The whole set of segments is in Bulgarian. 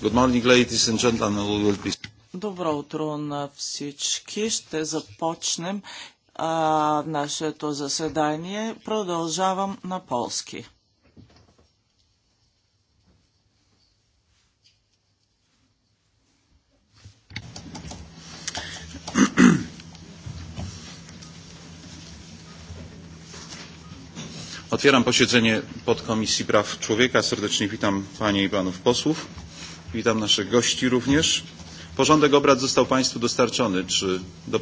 Good morning, ladies and gentlemen. We will be... Добро утро на всички. Ще започнем а, нашето заседание. Продължавам на полски. Otwieram posiedzenie podkomisji praw człowieka. Serdecznie witam panie i panów posłów. Witam naszych gości również. Porządek obrad został Państwu dostarczony. Czy do...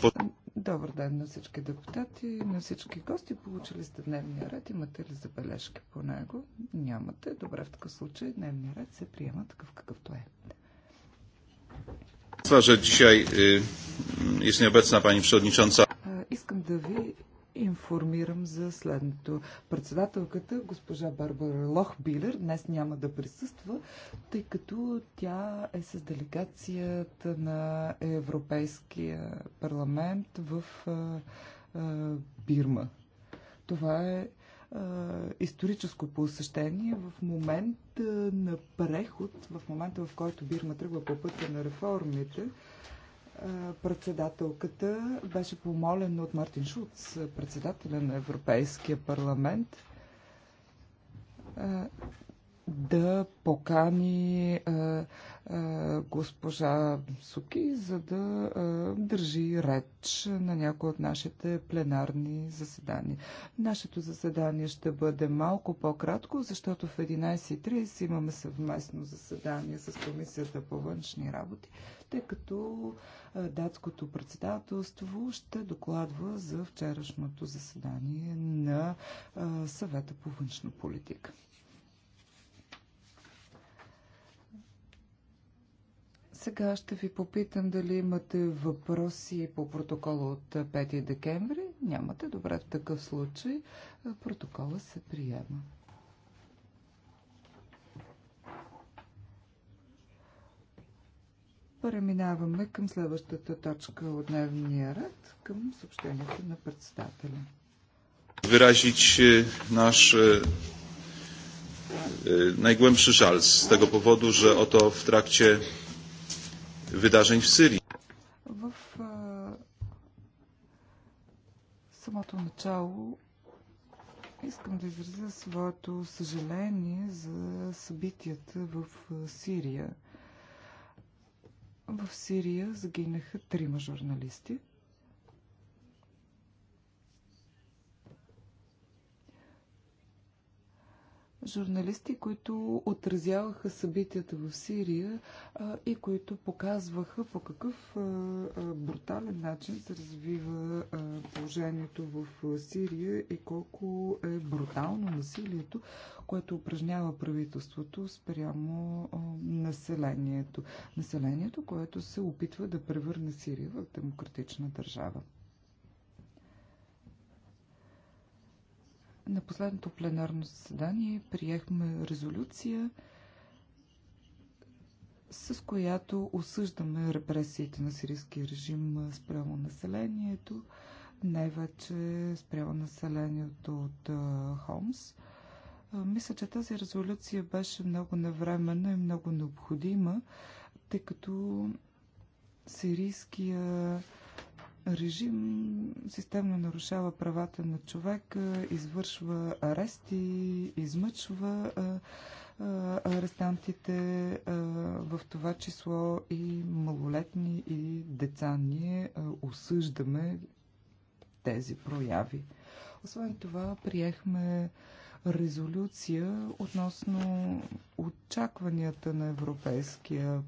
Добър ден на всички депутати, на всички гости. Получили сте дневния ред. Имате ли забележки по него? Нямате. Добре, в такъв случай дневния ред се приема такъв какъвто е. Że dzisiaj jest nieobecna pani przewodnicząca. Искам да ви информирам за следното. Председателката, госпожа Барбара Лохбилер, днес няма да присъства, тъй като тя е с делегацията на Европейския парламент в а, а, Бирма. Това е историческо посещение в момент на преход, в момента в който Бирма тръгва по пътя на реформите. Председателката беше помолена от Мартин Шуц, председателя на Европейския парламент, да покани а, а, госпожа Суки, за да а, държи реч на някои от нашите пленарни заседания. Нашето заседание ще бъде малко по-кратко, защото в 11.30 имаме съвместно заседание с Комисията по външни работи, тъй като датското председателство ще докладва за вчерашното заседание на съвета по външна политика. Сега ще ви попитам дали имате въпроси по протокола от 5 декември. Нямате. Добре, в такъв случай протокола се приема. Преминаваме към следващата точка от дневния ред, към съобщението на председателя. Wyrazić най najgłębszy żal z tego powodu, że oto w trakcie wydarzeń w Syrii. В самото начало искам да изразя своето съжаление за събитията в Сирия. В Сирия загинаха трима журналисти – журналисти, които отразяваха събитията в Сирия а, и които показваха по какъв а, брутален начин се развива а, положението в Сирия и колко е брутално насилието, което упражнява правителството спрямо а, населението. Населението, което се опитва да превърне Сирия в демократична държава. На последното пленарно заседание приехме резолюция, с която осъждаме репресиите на сирийския режим спрямо населението, най-вече спрямо населението от Холмс. Мисля, че тази резолюция беше много навременна и много необходима, тъй като сирийския режим системно нарушава правата на човека, извършва арести, измъчва арестантите, в това число и малолетни и деца. Ние осъждаме тези прояви. Освен това, приехме резолюция относно очакванията на Европейския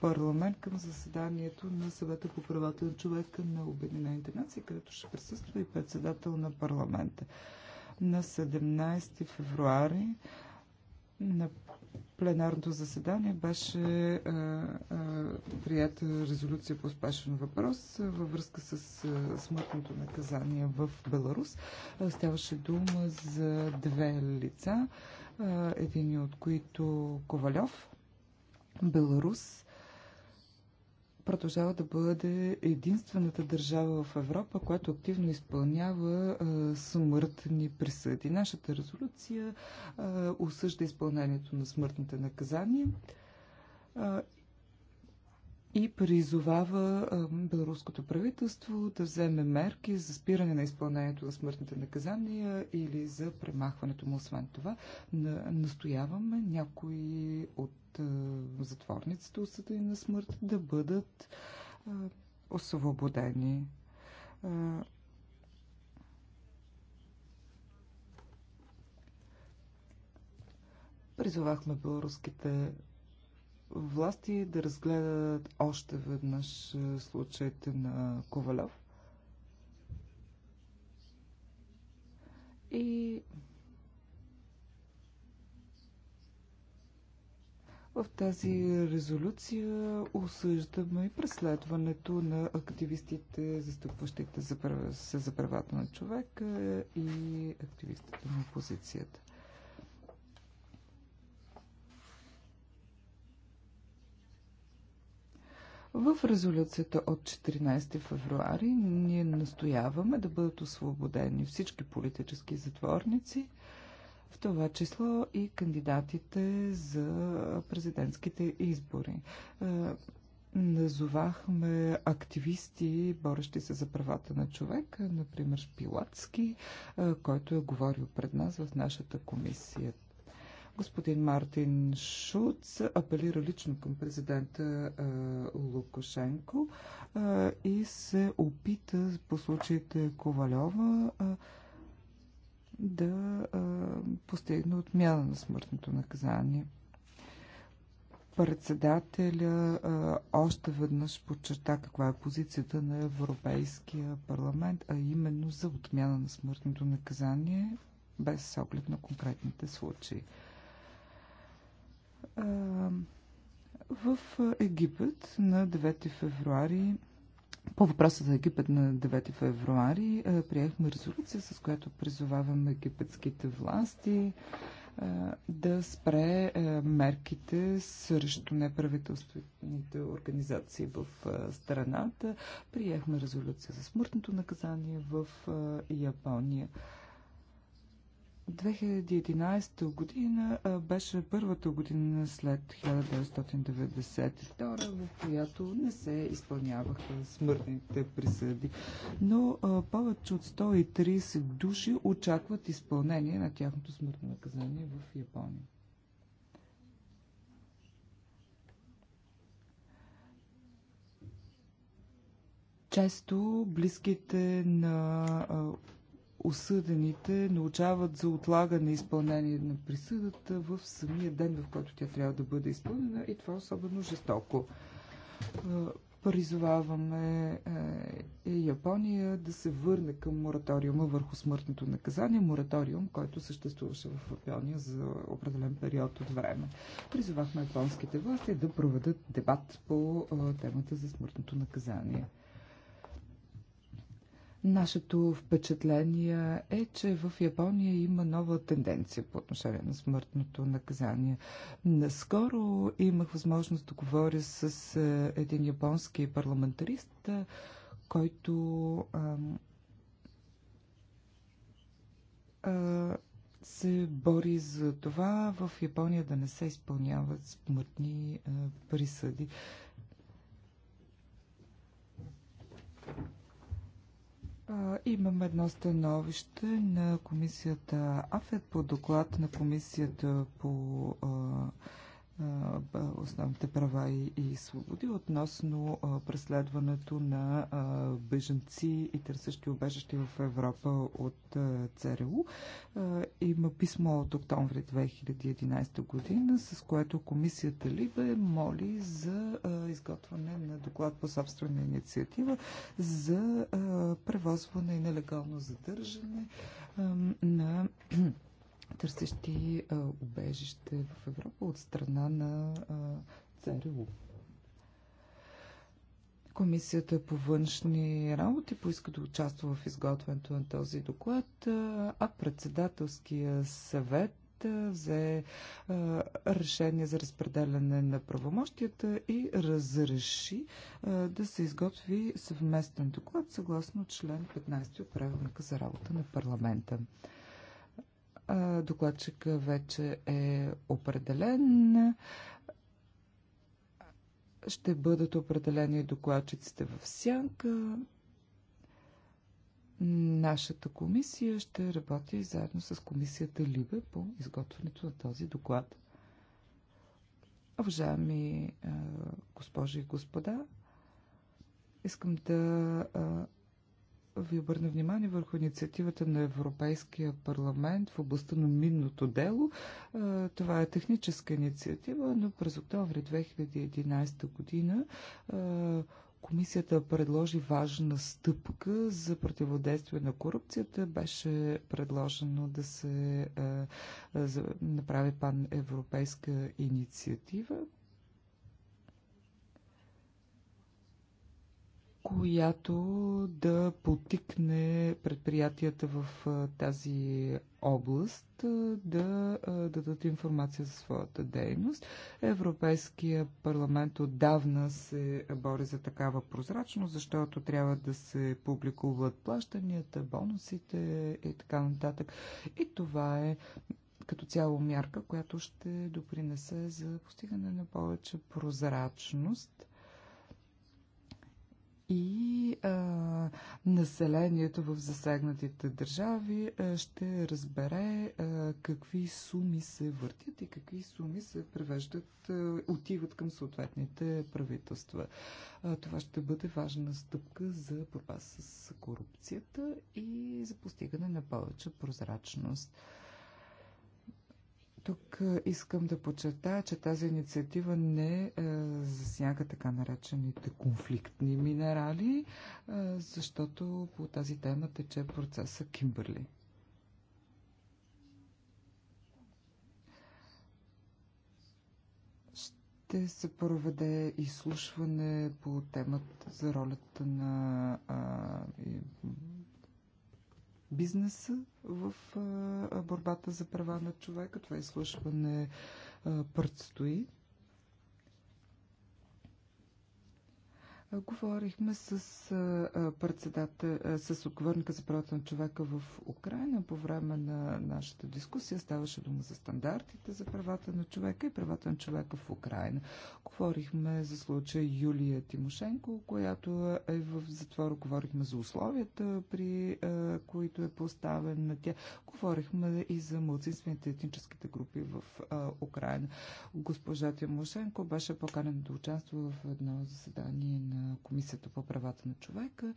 парламент към заседанието на съвета по правата на човека на Обединените нации, където ще присъства и председател на парламента. На 17 февруари на пленарното заседание беше а, а, прията резолюция по спешен въпрос във връзка с а, смъртното наказание в Беларус. А, ставаше дума за две лица, а, един от които Ковалев, беларус, продължава да бъде единствената държава в Европа, която активно изпълнява смъртни присъди. Нашата резолюция осъжда изпълнението на смъртните наказания и призовава белорусското правителство да вземе мерки за спиране на изпълнението на смъртните наказания или за премахването му. Освен това, настояваме някои от затворниците, осъдени на смърт, да бъдат освободени. Призовахме белоруските власти да разгледат още веднъж е, случаите на Ковалев. И В тази резолюция осъждаме и преследването на активистите, застъпващите се за правата на човека и активистите на опозицията. В резолюцията от 14 февруари ние настояваме да бъдат освободени всички политически затворници, в това число и кандидатите за президентските избори. Е, назовахме активисти, борещи се за правата на човек, например Шпилацки, е, който е говорил пред нас в нашата комисия Господин Мартин Шуц апелира лично към президента Лукашенко и се опита по случаите Ковалева да постигне отмяна на смъртното наказание председателя още веднъж подчерта каква е позицията на Европейския парламент, а именно за отмяна на смъртното наказание без оглед на конкретните случаи в Египет на 9 февруари по въпроса за Египет на 9 февруари приехме резолюция, с която призоваваме египетските власти да спре мерките срещу неправителствените организации в страната. Приехме резолюция за смъртното наказание в Япония. 2011 година беше първата година след 1992, в която не се изпълняваха смъртните присъди, но повече от 130 души очакват изпълнение на тяхното смъртно наказание в Япония. Често близките на осъдените научават за отлагане изпълнение на присъдата в самия ден, в който тя трябва да бъде изпълнена и това е особено жестоко. Е, призоваваме е, Япония да се върне към мораториума върху смъртното наказание, мораториум, който съществуваше в Япония за определен период от време. Призовахме японските власти да проведат дебат по е, темата за смъртното наказание. Нашето впечатление е, че в Япония има нова тенденция по отношение на смъртното наказание. Наскоро имах възможност да говоря с е, един японски парламентарист, е, който а, а, е, се бори за това в Япония да не се изпълняват смъртни а, присъди. Имам едно становище на комисията АФЕД по доклад на комисията по основните права и, и свободи относно преследването на беженци и търсещи обежащи в Европа от ЦРУ. Има писмо от октомври 2011 година, с което комисията Либе моли за изготвяне на доклад по собствена инициатива за превозване и нелегално задържане на търсещи убежище в Европа от страна на ЦРУ. Комисията по външни работи поиска да участва в изготвянето на този доклад, а председателския съвет взе а, решение за разпределяне на правомощията и разреши а, да се изготви съвместен доклад съгласно член 15 от правилника за работа на парламента. Докладчика вече е определен. Ще бъдат определени докладчиците в сянка. Нашата комисия ще работи заедно с комисията Либе по изготвянето на този доклад. Уважаеми госпожи и господа, искам да ви обърна внимание върху инициативата на Европейския парламент в областта на минното дело. Това е техническа инициатива, но през октомври 2011 година Комисията предложи важна стъпка за противодействие на корупцията. Беше предложено да се направи пан-европейска инициатива, която да потикне предприятията в тази област да дадат информация за своята дейност. Европейския парламент отдавна се бори за такава прозрачност, защото трябва да се публикуват плащанията, бонусите и така нататък. И това е като цяло мярка, която ще допринесе за постигане на повече прозрачност и а, населението в засегнатите държави а, ще разбере а, какви суми се въртят и какви суми се превеждат, а, отиват към съответните правителства. А, това ще бъде важна стъпка за борба с корупцията и за постигане на повече прозрачност. Тук е, искам да подчертая, че тази инициатива не е, засяга така наречените конфликтни минерали, е, защото по тази тема тече процеса Кимберли. ще се проведе изслушване по темата за ролята на Е, бизнеса в борбата за права на човека. Това изслушване предстои. Говорихме с председател, с отговорника за правата на човека в Украина по време на нашата дискусия. Ставаше дума за стандартите за правата на човека и правата на човека в Украина. Говорихме за случая Юлия Тимошенко, която е в затвора. Говорихме за условията, при които е поставен на тя. Говорихме и за младсинствените етническите групи в Украина. Госпожа Тимошенко беше поканена да участва в едно заседание на на Комисията по правата на човека.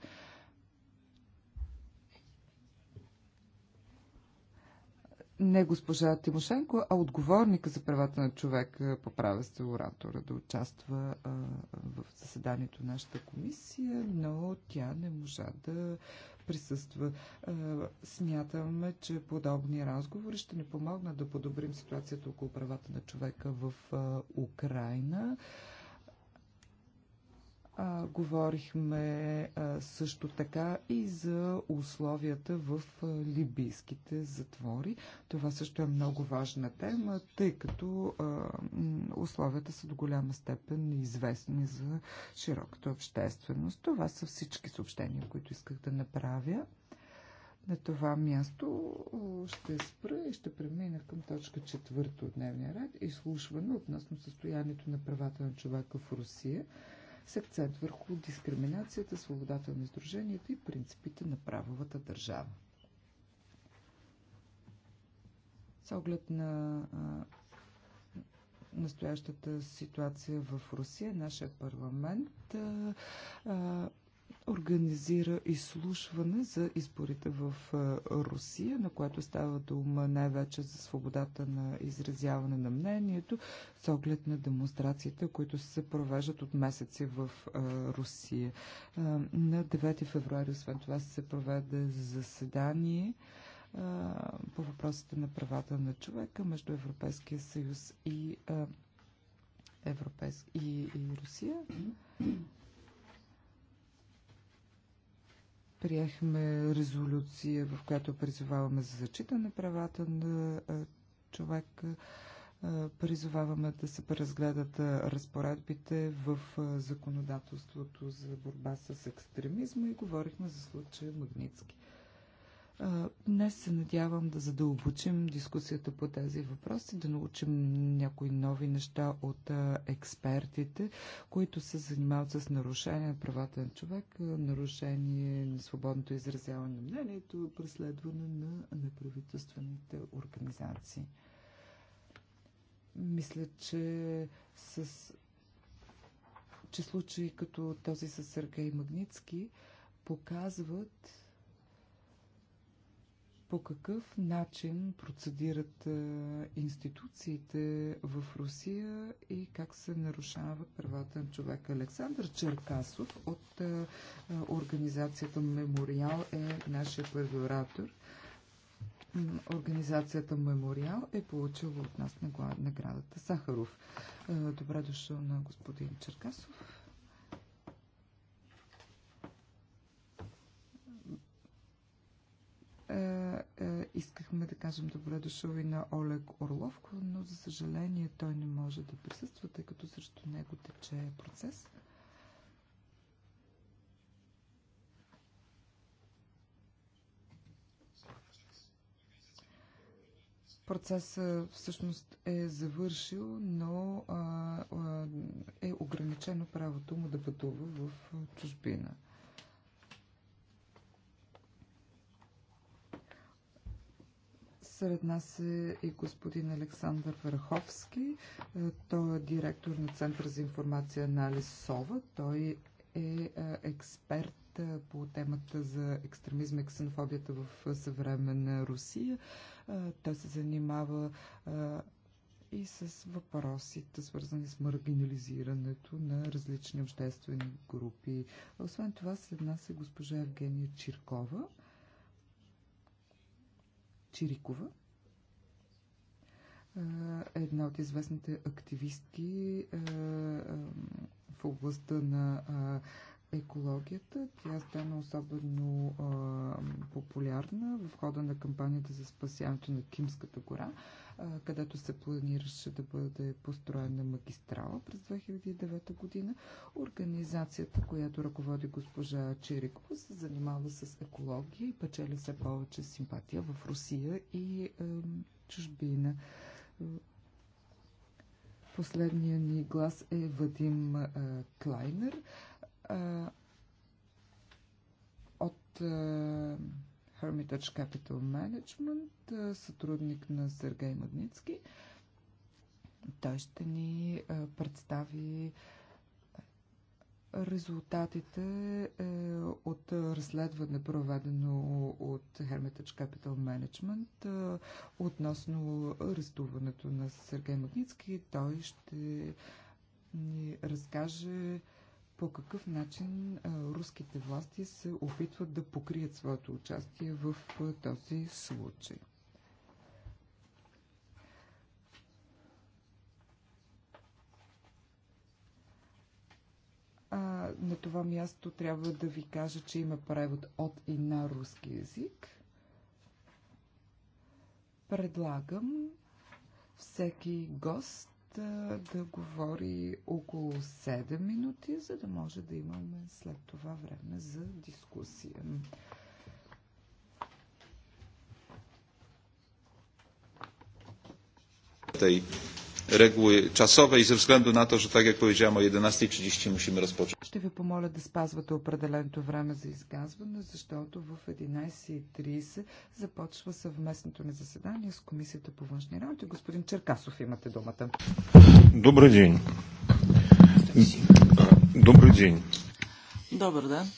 Не госпожа Тимошенко, а отговорника за правата на човека поправя се оратора да участва а, в заседанието на нашата комисия, но тя не можа да присъства. Смятаме, че подобни разговори ще ни помогнат да подобрим ситуацията около правата на човека в Украина. А, говорихме а, също така и за условията в а, либийските затвори. Това също е много важна тема, тъй като а, условията са до голяма степен известни за широката общественост. Това са всички съобщения, които исках да направя. На това място ще спра и ще премина към точка четвърта от дневния ред изслушване относно състоянието на правата на човека в Русия с акцент върху дискриминацията, свободата на издружението и принципите на правовата държава. С оглед на настоящата ситуация в Русия, нашия парламент а, а, организира изслушване за изборите в Русия, на което става дума най-вече за свободата на изразяване на мнението, с оглед на демонстрациите, които се провеждат от месеци в Русия. На 9 февруари, освен това, се проведе заседание по въпросите на правата на човека между Европейския съюз и, Европейс... и, и Русия. Приехме резолюция, в която призоваваме за зачитане правата на човека. Призоваваме да се преразгледат разпоредбите в законодателството за борба с екстремизма и говорихме за случая Магницки. Днес се надявам да задълбочим дискусията по тези въпроси, да научим някои нови неща от експертите, които се занимават с нарушение на правата на човек, нарушение на свободното изразяване на мнението, преследване на неправителствените организации. Мисля, че с че случаи като този с Сергей Магницки показват, по какъв начин процедират институциите в Русия и как се нарушават правата на човека. Александър Черкасов от организацията Мемориал е нашия първи оратор. Организацията Мемориал е получила от нас наградата Сахаров. Добре дошъл на господин Черкасов. Е, е, искахме да кажем добре дошъл и на Олег Орлов, но за съжаление той не може да присъства, тъй като срещу него тече процес. процесът е, всъщност е завършил, но а, а, е ограничено правото му да пътува в чужбина. Сред нас е и господин Александър Върховски. Е, той е директор на Център за информация анализ СОВА. Той е, е експерт е, по темата за екстремизма и ксенофобията в съвременна Русия. Той се занимава и с въпросите, свързани с маргинализирането на различни обществени групи. Освен това, след нас е госпожа Евгения Чиркова Чирикова, една от известните активистки в областта на екологията. Тя стана особено а, популярна в хода на кампанията за спасяването на Кимската гора, а, където се планираше да бъде построена магистрала през 2009 година. Организацията, която ръководи госпожа Чирикова, се занимава с екология и печели все повече симпатия в Русия и а, чужбина. Последният ни глас е Вадим а, Клайнер от Hermitage Capital Management, сътрудник на Сергей Магницки. Той ще ни представи резултатите е, от разследване, проведено от Hermitage Capital Management относно арестуването на Сергей Магницки. Той ще ни разкаже по какъв начин руските власти се опитват да покрият своето участие в този случай. а, на това място трябва да ви кажа, че има превод от и на руски язик. Предлагам всеки гост да, да говори около 7 минути, за да може да имаме след това време за дискусия. Тъй reguły czasowe i ze względu na to, że tak jak powiedziałem o 11.30 musimy rozpocząć. Ще ви помоля да спазвате определеното време за изказване, защото в 11.30 започва съвместното ни заседание с Комисията по външни работи. Господин Черкасов, имате думата. Добър ден. Добър ден. Добър ден.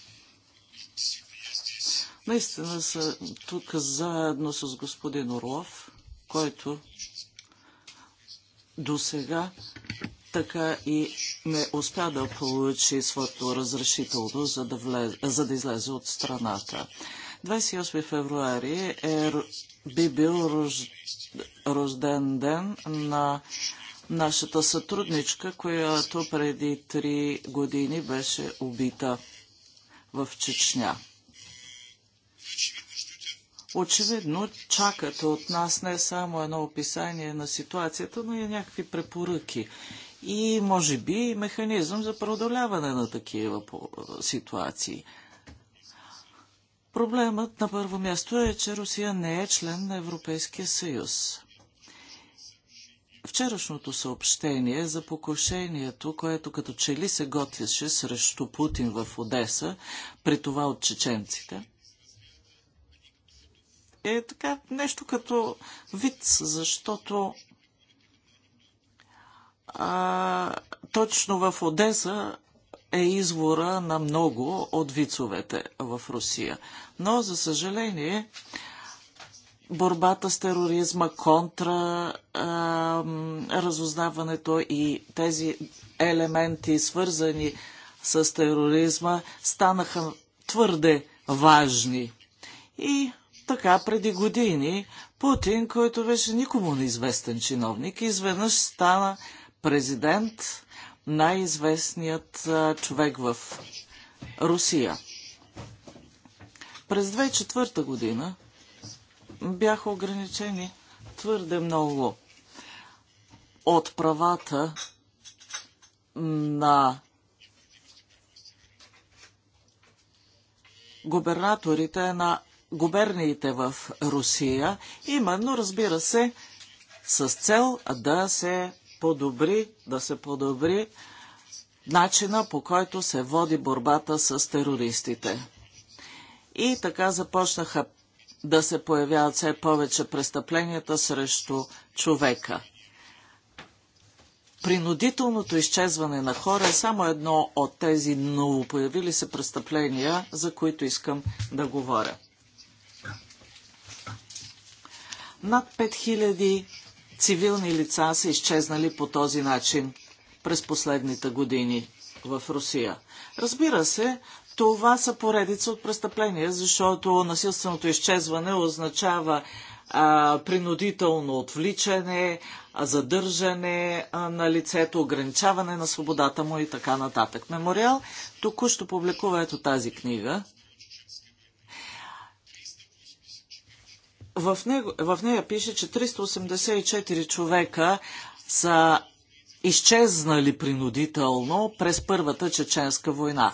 Наистина са тук заедно с господин Орлов, който до сега така и не успя да получи своето разрешително, за да, влез, за да излезе от страната. 28 февруари е, би бил рож, рожден ден на нашата сътрудничка, която преди три години беше убита в Чечня очевидно чакат от нас не само едно описание на ситуацията, но и някакви препоръки. И може би механизъм за преодоляване на такива ситуации. Проблемът на първо място е, че Русия не е член на Европейския съюз. Вчерашното съобщение за покушението, което като че ли се готвеше срещу Путин в Одеса, при това от чеченците, е така нещо като вид, защото а, точно в Одеса е извора на много от вицовете в Русия. Но, за съжаление, борбата с тероризма, контра а, разузнаването и тези елементи, свързани с тероризма, станаха твърде важни. И така преди години Путин, който беше никому неизвестен чиновник, изведнъж стана президент, най-известният човек в Русия. През 2004 година бяха ограничени твърде много от правата на губернаторите на губерниите в Русия, именно, разбира се, с цел да се подобри, да се подобри начина по който се води борбата с терористите. И така започнаха да се появяват все повече престъпленията срещу човека. Принудителното изчезване на хора е само едно от тези новопоявили се престъпления, за които искам да говоря. Над 5000 цивилни лица са изчезнали по този начин през последните години в Русия. Разбира се, това са поредица от престъпления, защото насилственото изчезване означава а, принудително отвличане, задържане а, на лицето, ограничаване на свободата му и така нататък. Мемориал току-що публикува ето тази книга – в, него, в нея пише, че 384 човека са изчезнали принудително през Първата чеченска война.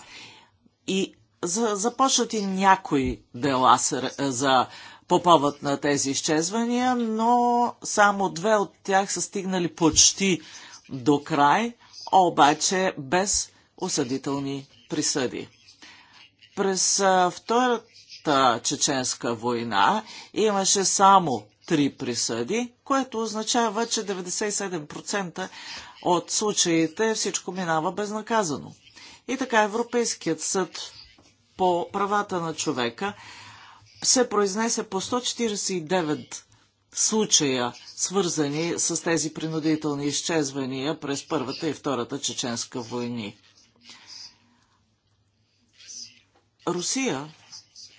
И за, и някои дела за, по повод на тези изчезвания, но само две от тях са стигнали почти до край, обаче без осъдителни присъди. През втората чеченска война имаше само три присъди, което означава, че 97% от случаите всичко минава безнаказано. И така Европейският съд по правата на човека се произнесе по 149 случая, свързани с тези принудителни изчезвания през Първата и Втората чеченска войни. Русия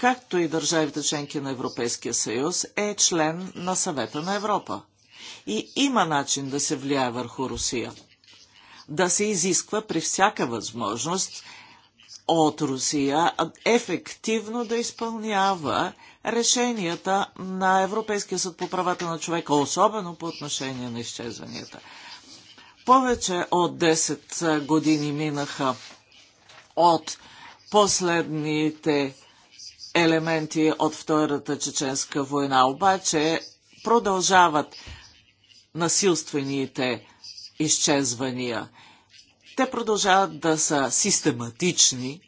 както и държавите членки на Европейския съюз, е член на съвета на Европа. И има начин да се влияе върху Русия. Да се изисква при всяка възможност от Русия ефективно да изпълнява решенията на Европейския съд по правата на човека, особено по отношение на изчезванията. Повече от 10 години минаха от последните елементи от Втората чеченска война. Обаче продължават насилствените изчезвания. Те продължават да са систематични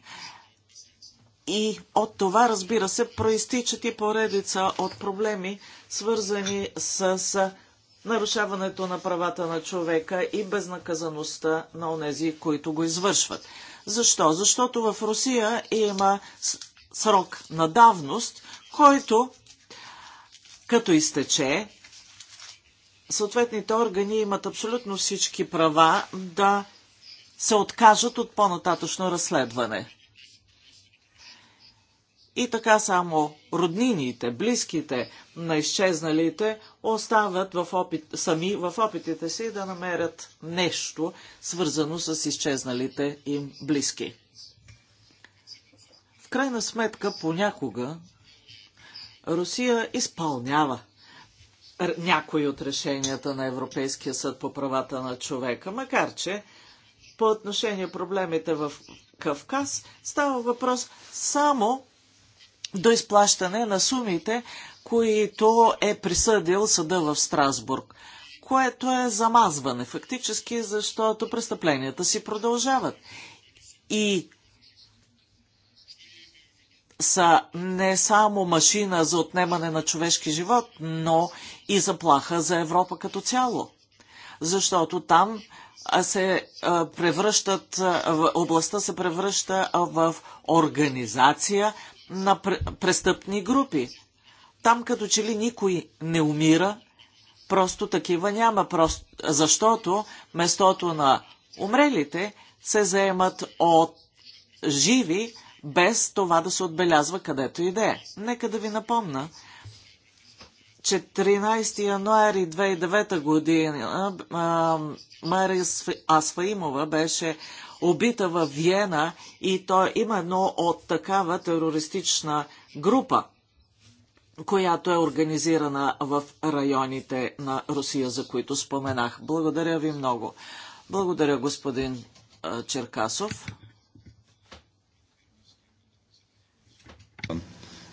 и от това, разбира се, проистичат и поредица от проблеми, свързани с нарушаването на правата на човека и безнаказаността на онези, които го извършват. Защо? Защото в Русия има срок на давност, който като изтече, съответните органи имат абсолютно всички права да се откажат от по-нататъчно разследване. И така само роднините, близките на изчезналите остават в опит, сами в опитите си да намерят нещо, свързано с изчезналите им близки крайна сметка понякога Русия изпълнява някои от решенията на Европейския съд по правата на човека, макар че по отношение проблемите в Кавказ става въпрос само до изплащане на сумите, които е присъдил съда в Страсбург, което е замазване фактически, защото престъпленията си продължават. И са не само машина за отнемане на човешки живот, но и заплаха за Европа като цяло. Защото там се превръщат, областта се превръща в организация на престъпни групи. Там като че ли никой не умира, просто такива няма, просто, защото местото на умрелите се заемат от живи, без това да се отбелязва където и да е. Нека да ви напомна, 14 януари 2009 година Марис Мария Асфаимова беше убита в Виена и то едно от такава терористична група, която е организирана в районите на Русия, за които споменах. Благодаря ви много. Благодаря, господин Черкасов.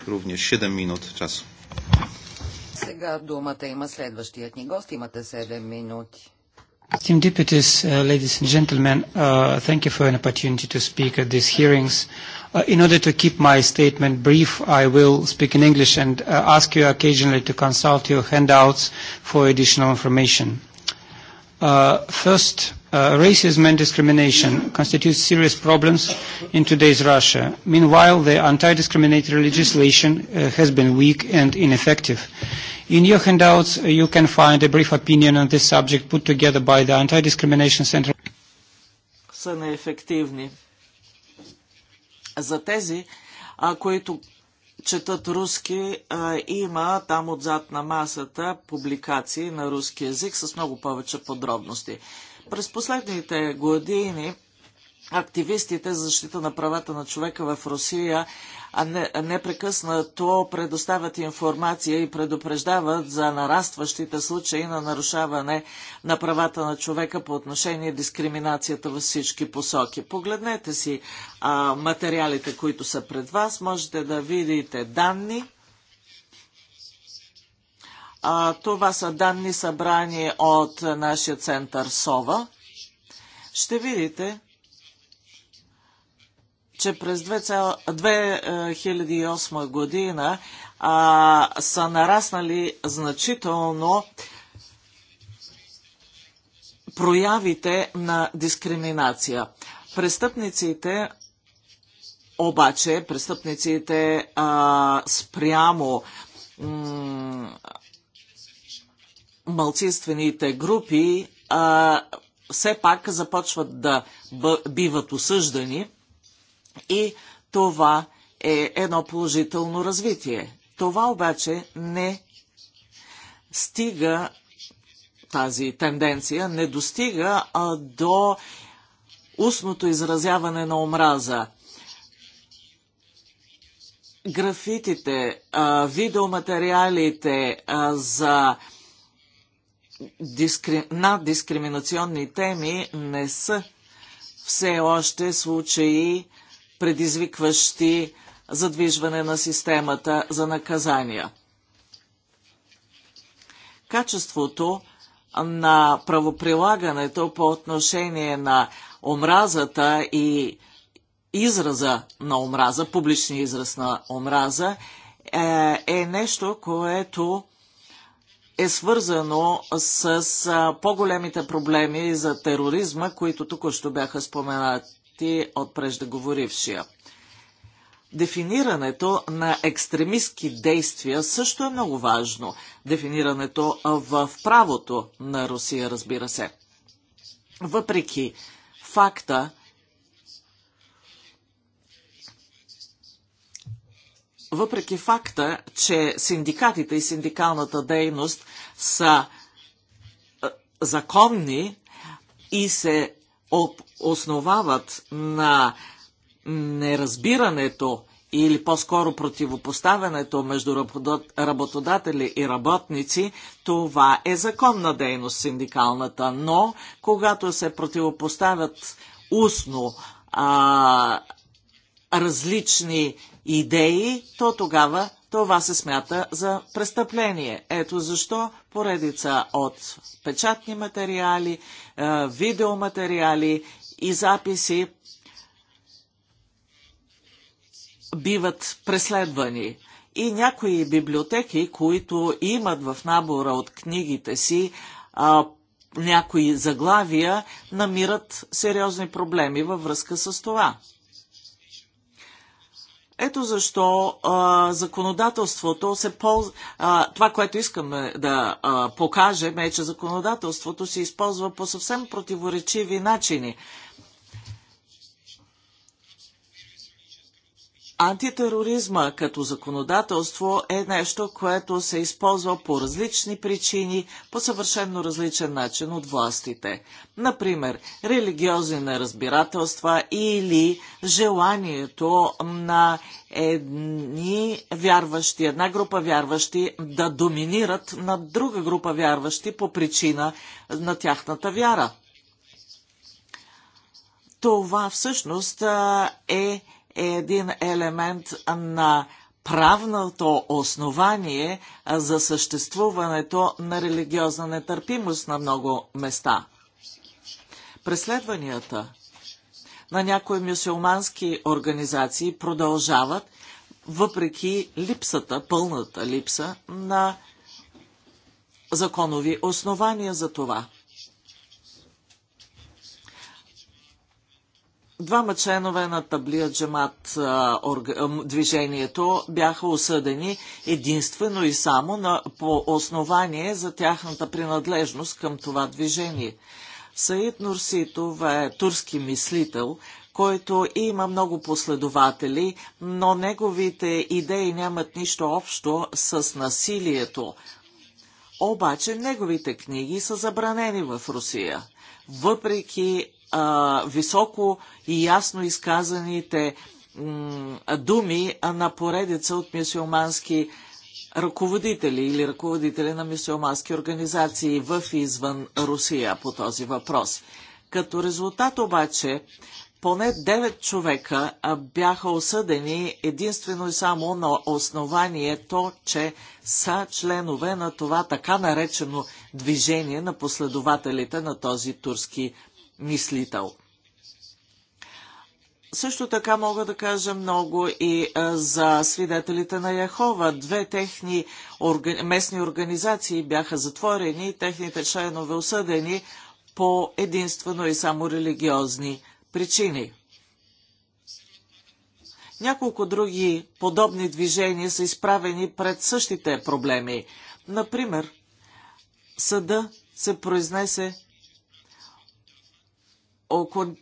również 7 minut czasu. Сега думата има следващият ни гост. Имате 7 минути. Team deputies, uh, ladies and gentlemen, uh, thank you for an opportunity to speak at these hearings. Uh, in order to keep my statement brief, I will speak in English and uh, ask you occasionally to consult your handouts for additional information. Uh, first, Uh, racism and discrimination constitute serious problems in today's Russia. Meanwhile, the anti-discriminatory legislation uh, has been weak and ineffective. In your handouts, you can find a brief opinion on this subject put together by the Anti-Discrimination Center. Са неефективни. За тези, а, които четат руски, а, има там отзад на масата публикации на руски язик с много повече подробности. През последните години активистите за защита на правата на човека в Русия непрекъснато предоставят информация и предупреждават за нарастващите случаи на нарушаване на правата на човека по отношение дискриминацията във всички посоки. Погледнете си материалите, които са пред вас. Можете да видите данни това са данни събрани от нашия център СОВА. Ще видите, че през 2008 е, година а, са нараснали значително проявите на дискриминация. Престъпниците обаче, престъпниците а, спрямо малцинствените групи а, все пак започват да биват осъждани и това е едно положително развитие. Това обаче не стига тази тенденция, не достига а, до устното изразяване на омраза. Графитите, а, видеоматериалите а, за дискри... на дискриминационни теми не са все още случаи, предизвикващи задвижване на системата за наказания. Качеството на правоприлагането по отношение на омразата и израза на омраза, публичния израз на омраза, е, е нещо, което е свързано с по-големите проблеми за тероризма, които току-що бяха споменати от преждеговорившия. Дефинирането на екстремистски действия също е много важно. Дефинирането в правото на Русия, разбира се. Въпреки факта, въпреки факта, че синдикатите и синдикалната дейност са е, законни и се основават на неразбирането или по-скоро противопоставянето между работодатели и работници, това е законна дейност синдикалната, но когато се противопоставят устно а, различни идеи, то тогава това се смята за престъпление. Ето защо поредица от печатни материали, е, видеоматериали и записи биват преследвани. И някои библиотеки, които имат в набора от книгите си а, някои заглавия, намират сериозни проблеми във връзка с това. Ето защо а, законодателството се ползва. това, което искаме да а, покажем е, че законодателството се използва по съвсем противоречиви начини. Антитероризма като законодателство е нещо, което се използва по различни причини, по съвършенно различен начин от властите. Например, религиозни неразбирателства или желанието на едни вярващи, една група вярващи да доминират над друга група вярващи по причина на тяхната вяра. Това всъщност е е един елемент на правното основание за съществуването на религиозна нетърпимост на много места. Преследванията на някои мюсюлмански организации продължават въпреки липсата, пълната липса на законови основания за това. Двама членове на Таблия Джамат движението бяха осъдени единствено и само на, по основание за тяхната принадлежност към това движение. Саид Нурситов е турски мислител, който има много последователи, но неговите идеи нямат нищо общо с насилието. Обаче неговите книги са забранени в Русия, въпреки а, високо и ясно изказаните думи на поредица от мюсюлмански ръководители или ръководители на мюсюлмански организации в и извън Русия по този въпрос. Като резултат обаче, поне 9 човека бяха осъдени единствено и само на основанието, че са членове на това така наречено движение на последователите на този турски мислител. Също така мога да кажа много и за свидетелите на Яхова. Две техни местни организации бяха затворени, техните членове осъдени по единствено и само религиозни причини. Няколко други подобни движения са изправени пред същите проблеми. Например, съда се произнесе окон,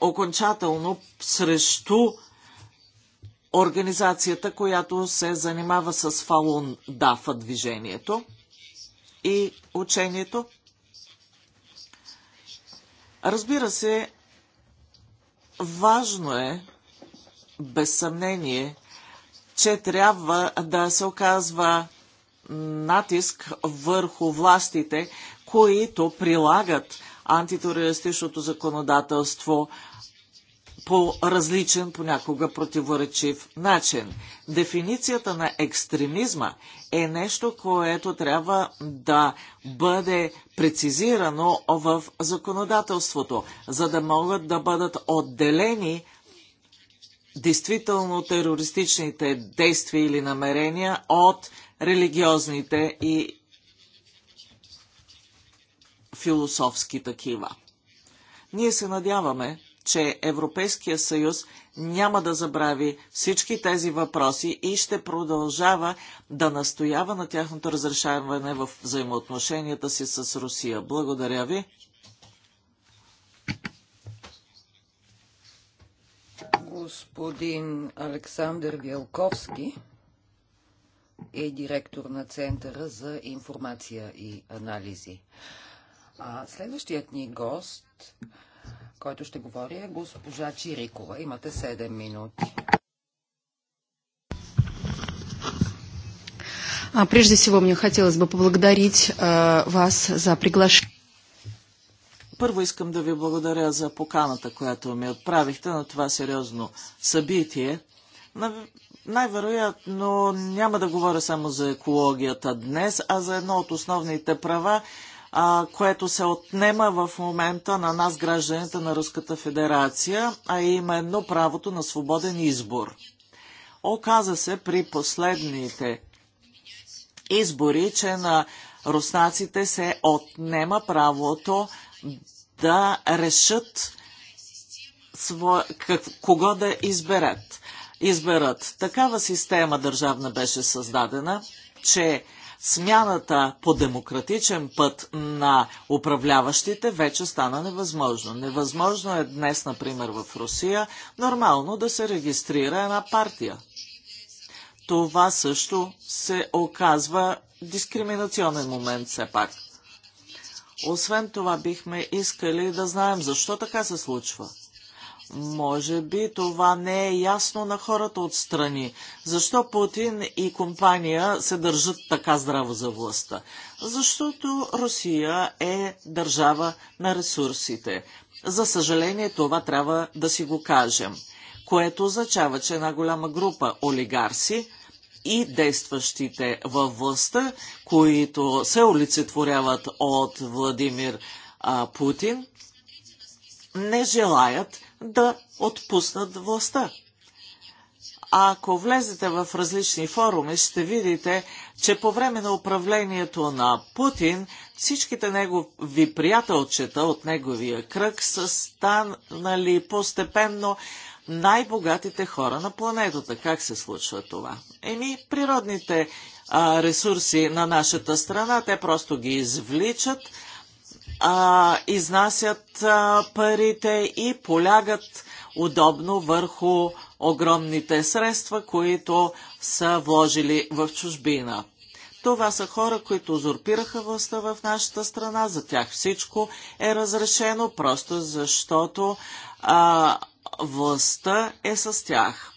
окончателно срещу организацията, която се занимава с Фалун Дафа движението и учението. Разбира се, важно е, без съмнение, че трябва да се оказва натиск върху властите, които прилагат антитерористичното законодателство по различен, понякога противоречив начин. Дефиницията на екстремизма е нещо, което трябва да бъде прецизирано в законодателството, за да могат да бъдат отделени действително терористичните действия или намерения от религиозните и философски такива. Ние се надяваме, че Европейския съюз няма да забрави всички тези въпроси и ще продължава да настоява на тяхното разрешаване в взаимоотношенията си с Русия. Благодаря ви. Господин Александър Вялковски е директор на Центъра за информация и анализи. А следващият ни гост, който ще говори, е госпожа Чирикова. Имате 7 минути. Прежде всего, мне хотелось бы поблагодарить вас за приглашение. Първо искам да ви благодаря за поканата, която ми отправихте на това сериозно събитие. Най-вероятно няма да говоря само за екологията днес, а за едно от основните права, а, което се отнема в момента на нас, гражданите на Руската федерация, а именно правото на свободен избор. Оказа се при последните избори, че на руснаците се отнема правото да решат сво... как... кого да изберат. изберат. Такава система държавна беше създадена, че смяната по демократичен път на управляващите вече стана невъзможно. Невъзможно е днес, например, в Русия нормално да се регистрира една партия. Това също се оказва дискриминационен момент все пак. Освен това бихме искали да знаем защо така се случва. Може би това не е ясно на хората отстрани. Защо Путин и компания се държат така здраво за властта? Защото Русия е държава на ресурсите. За съжаление, това трябва да си го кажем, което означава, че една голяма група олигарси и действащите във властта, които се олицетворяват от Владимир а, Путин, не желаят да отпуснат властта. А ако влезете в различни форуми, ще видите, че по време на управлението на Путин всичките негови приятелчета от неговия кръг са станали постепенно най-богатите хора на планетата. Как се случва това? Еми, природните а, ресурси на нашата страна, те просто ги извличат – а, изнасят а, парите и полягат удобно върху огромните средства, които са вложили в чужбина. Това са хора, които узурпираха властта в нашата страна. За тях всичко е разрешено, просто защото а, властта е с тях.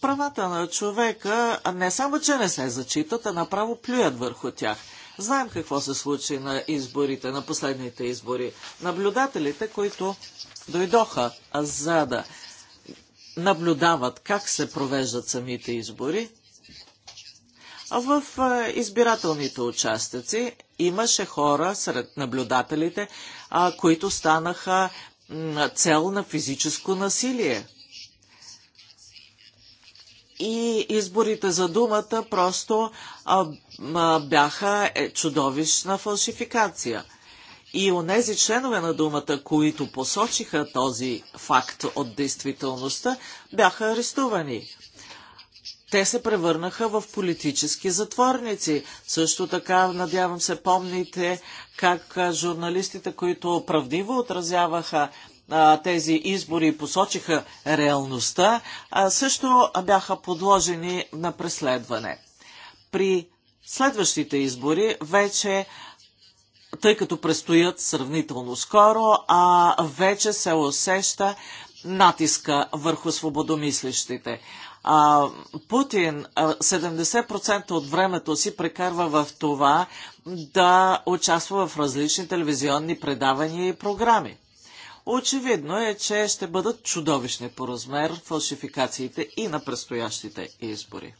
Правата на човека не само, че не се зачитат, а направо плюят върху тях – Знаем какво се случи на изборите, на последните избори. Наблюдателите, които дойдоха за да наблюдават как се провеждат самите избори, а в избирателните участъци имаше хора сред наблюдателите, които станаха цел на физическо насилие и изборите за думата просто а, а, бяха е, чудовищна фалшификация. И онези членове на думата, които посочиха този факт от действителността, бяха арестувани. Те се превърнаха в политически затворници. Също така, надявам се, помните как журналистите, които правдиво отразяваха а, тези избори посочиха реалността, а, също бяха подложени на преследване. При следващите избори вече тъй като предстоят сравнително скоро, а вече се усеща натиска върху свободомислещите. А, Путин 70% от времето си прекарва в това да участва в различни телевизионни предавания и програми. Очевидно е, че ще бъдат чудовищни по размер фалшификациите и на предстоящите избори.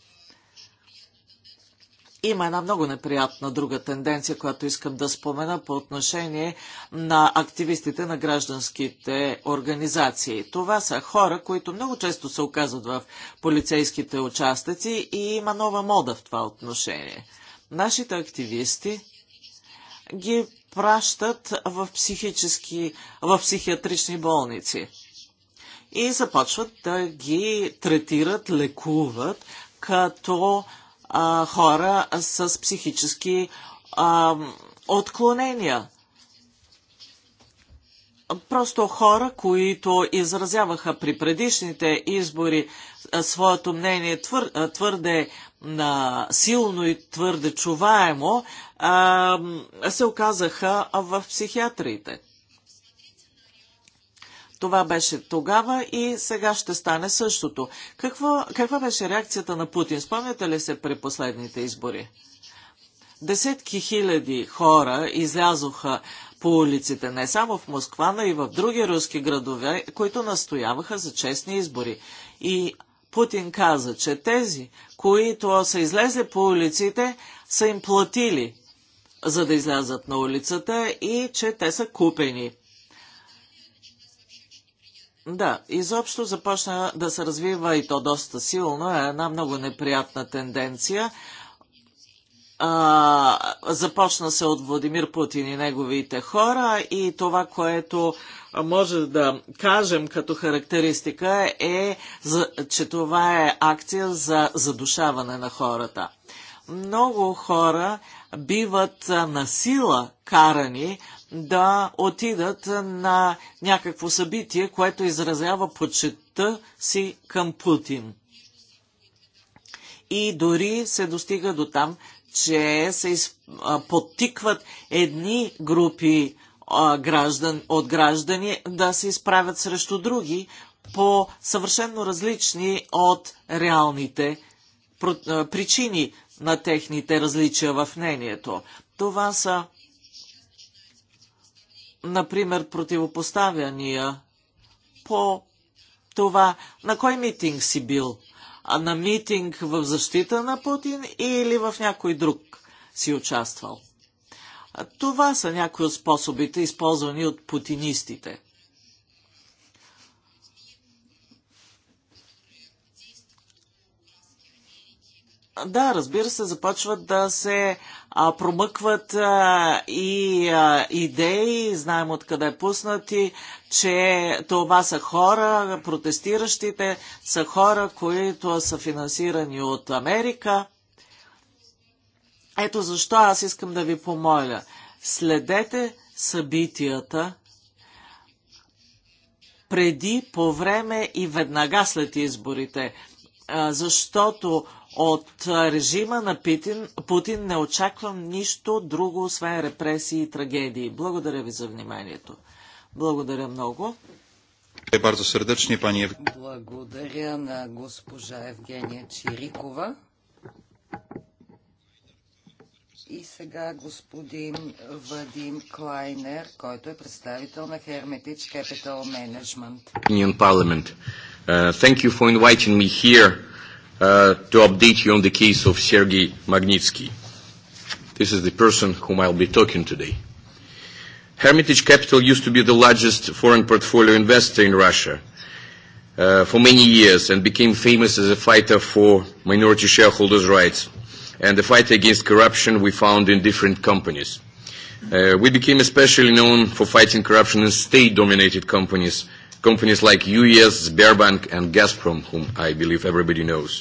Има една много неприятна друга тенденция, която искам да спомена по отношение на активистите на гражданските организации. Това са хора, които много често се оказват в полицейските участъци и има нова мода в това отношение. Нашите активисти ги пращат в, психически, в психиатрични болници и започват да ги третират, лекуват като а, хора с психически а, отклонения. Просто хора, които изразяваха при предишните избори своето мнение твърде на силно и твърде чуваемо, а, се оказаха в психиатриите. Това беше тогава и сега ще стане същото. Какво, каква беше реакцията на Путин? Спомняте ли се при последните избори? Десетки хиляди хора излязоха по улиците, не само в Москва, но и в други руски градове, които настояваха за честни избори. И Путин каза, че тези, които са излезли по улиците, са им платили, за да излязат на улицата и че те са купени. Да, изобщо започна да се развива и то доста силно, е една много неприятна тенденция – а, започна се от Владимир Путин и неговите хора и това, което може да кажем като характеристика е, че това е акция за задушаване на хората. Много хора биват на сила карани да отидат на някакво събитие, което изразява почетта си към Путин. И дори се достига до там, че се подтикват едни групи граждан, от граждани да се изправят срещу други по съвършенно различни от реалните причини на техните различия в мнението. Това са, например, противопоставяния по това на кой митинг си бил – на митинг в защита на Путин или в някой друг си участвал. Това са някои от способите, използвани от путинистите. Да, разбира се, започват да се а, промъкват а, и а, идеи, знаем откъде е пуснати, че това са хора, протестиращите са хора, които са финансирани от Америка. Ето защо аз искам да ви помоля. Следете събитията преди, по време и веднага след изборите, а, защото от режима на Путин, Путин не очаквам нищо друго, освен репресии и трагедии. Благодаря ви за вниманието. Благодаря много. Е, Благодаря на госпожа Евгения Чирикова. И сега господин Вадим Клайнер, който е представител на Hermitage Capital Management. Union Parliament. Uh, thank you for inviting me here uh, to update you on the case of Sergei Magnitsky. This is the person whom I'll be talking today. Hermitage Capital used to be the largest foreign portfolio investor in Russia uh, for many years and became famous as a fighter for minority shareholders' rights and the fight against corruption we found in different companies. Uh, we became especially known for fighting corruption in state-dominated companies companies like UES, Sberbank, and Gazprom, whom I believe everybody knows.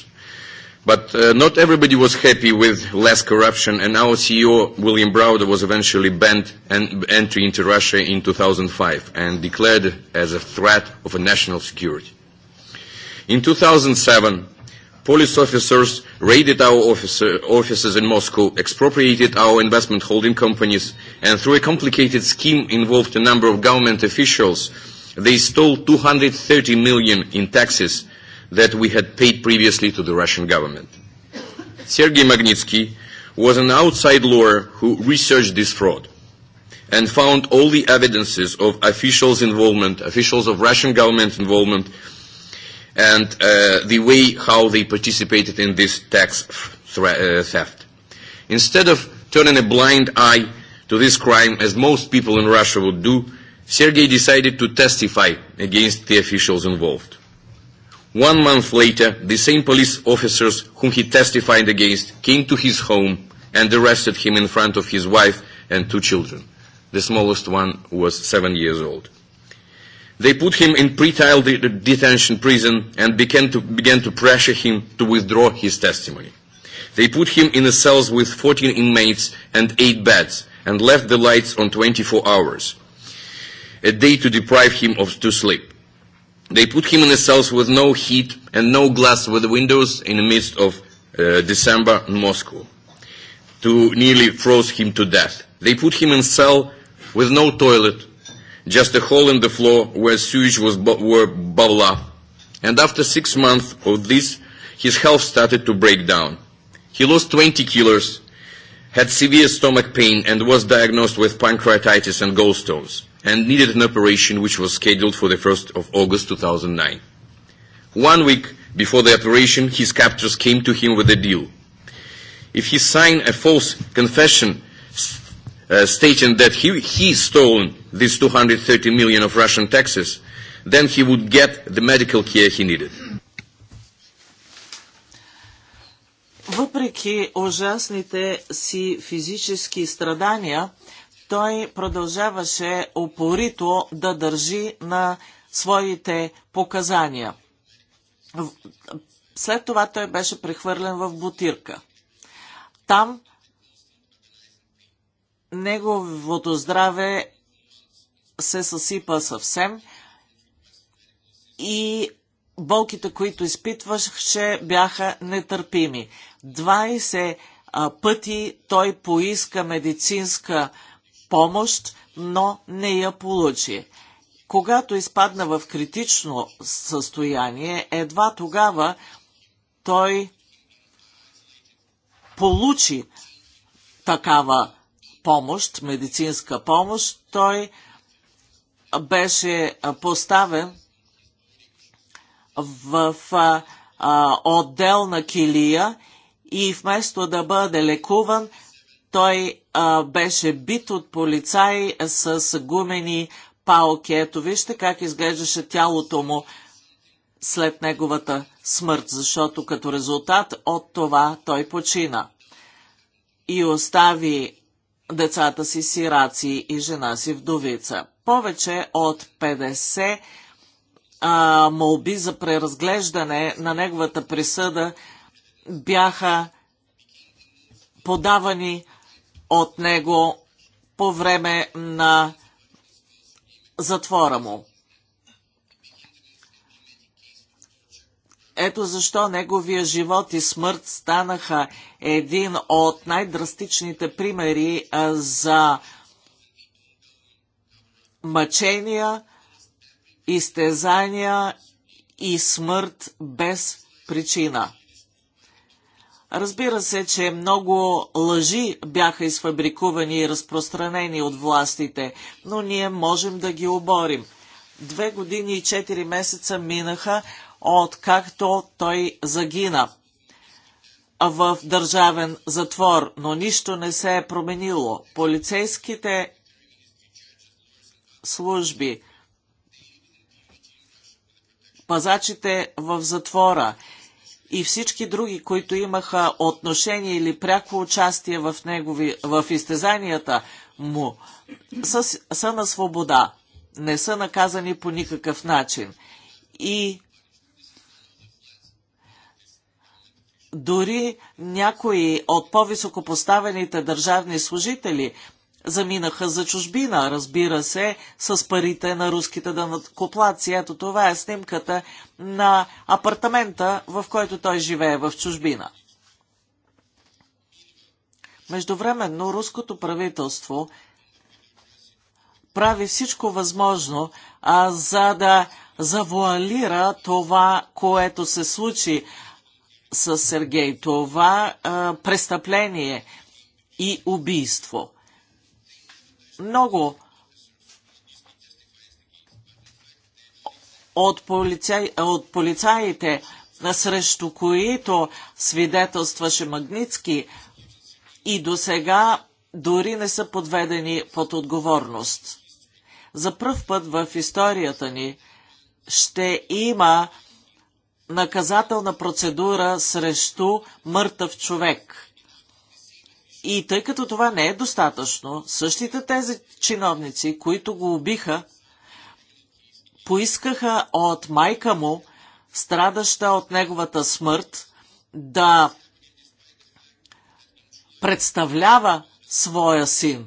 But uh, not everybody was happy with less corruption, and our CEO, William Browder, was eventually banned and entry into Russia in 2005 and declared as a threat of a national security. In 2007, police officers raided our officer, offices in Moscow, expropriated our investment holding companies, and through a complicated scheme involved a number of government officials, They stole 230 million in taxes that we had paid previously to the Russian government. Sergei Magnitsky was an outside lawyer who researched this fraud and found all the evidences of officials' involvement, officials of Russian government involvement, and uh, the way how they participated in this tax thre- uh, theft. Instead of turning a blind eye to this crime, as most people in Russia would do, Sergei decided to testify against the officials involved. One month later, the same police officers whom he testified against came to his home and arrested him in front of his wife and two children. The smallest one was seven years old. They put him in pretrial de- detention prison and began to, began to pressure him to withdraw his testimony. They put him in a cells with 14 inmates and eight beds and left the lights on 24 hours a day to deprive him of to sleep. They put him in a cells with no heat and no glass with the windows in the midst of uh, December in Moscow to nearly froze him to death. They put him in a cell with no toilet, just a hole in the floor where sewage was bu- were bubble up. And after six months of this, his health started to break down. He lost 20 kilos, had severe stomach pain, and was diagnosed with pancreatitis and gallstones and needed an operation which was scheduled for the 1st of August 2009. One week before the operation, his captors came to him with a deal. If he signed a false confession uh, stating that he, he stolen these 230 million of Russian taxes, then he would get the medical care he needed. Въпреки ужасните си физически страдания, той продължаваше опорито да държи на своите показания. След това той беше прехвърлен в бутирка. Там неговото здраве се съсипа съвсем и болките, които изпитваше, бяха нетърпими. 20 пъти той поиска медицинска помощ, но не я получи. Когато изпадна в критично състояние, едва тогава той получи такава помощ, медицинска помощ, той беше поставен в отделна килия и вместо да бъде лекуван, той а, беше бит от полицай с гумени палки. Ето вижте как изглеждаше тялото му след неговата смърт, защото като резултат от това той почина и остави децата си сираци и жена си вдовица. Повече от 50 а, молби за преразглеждане на неговата присъда бяха подавани от него по време на затвора му. Ето защо неговия живот и смърт станаха един от най-драстичните примери за мъчения, изтезания и смърт без причина. Разбира се, че много лъжи бяха изфабрикувани и разпространени от властите, но ние можем да ги оборим. Две години и четири месеца минаха откакто той загина в държавен затвор, но нищо не се е променило. Полицейските служби, пазачите в затвора – и всички други, които имаха отношение или пряко участие в, негови, в изтезанията му, са, са на свобода, не са наказани по никакъв начин. И дори някои от по-високопоставените държавни служители заминаха за чужбина, разбира се, с парите на руските данъкоплаци. Ето това е снимката на апартамента, в който той живее в чужбина. Междувременно руското правителство прави всичко възможно, а, за да завуалира това, което се случи с Сергей. Това а, престъпление и убийство много от, полицай, от полицаите, срещу които свидетелстваше Магницки и до сега дори не са подведени под отговорност. За пръв път в историята ни ще има наказателна процедура срещу мъртъв човек – и тъй като това не е достатъчно, същите тези чиновници, които го убиха, поискаха от майка му, страдаща от неговата смърт, да представлява своя син.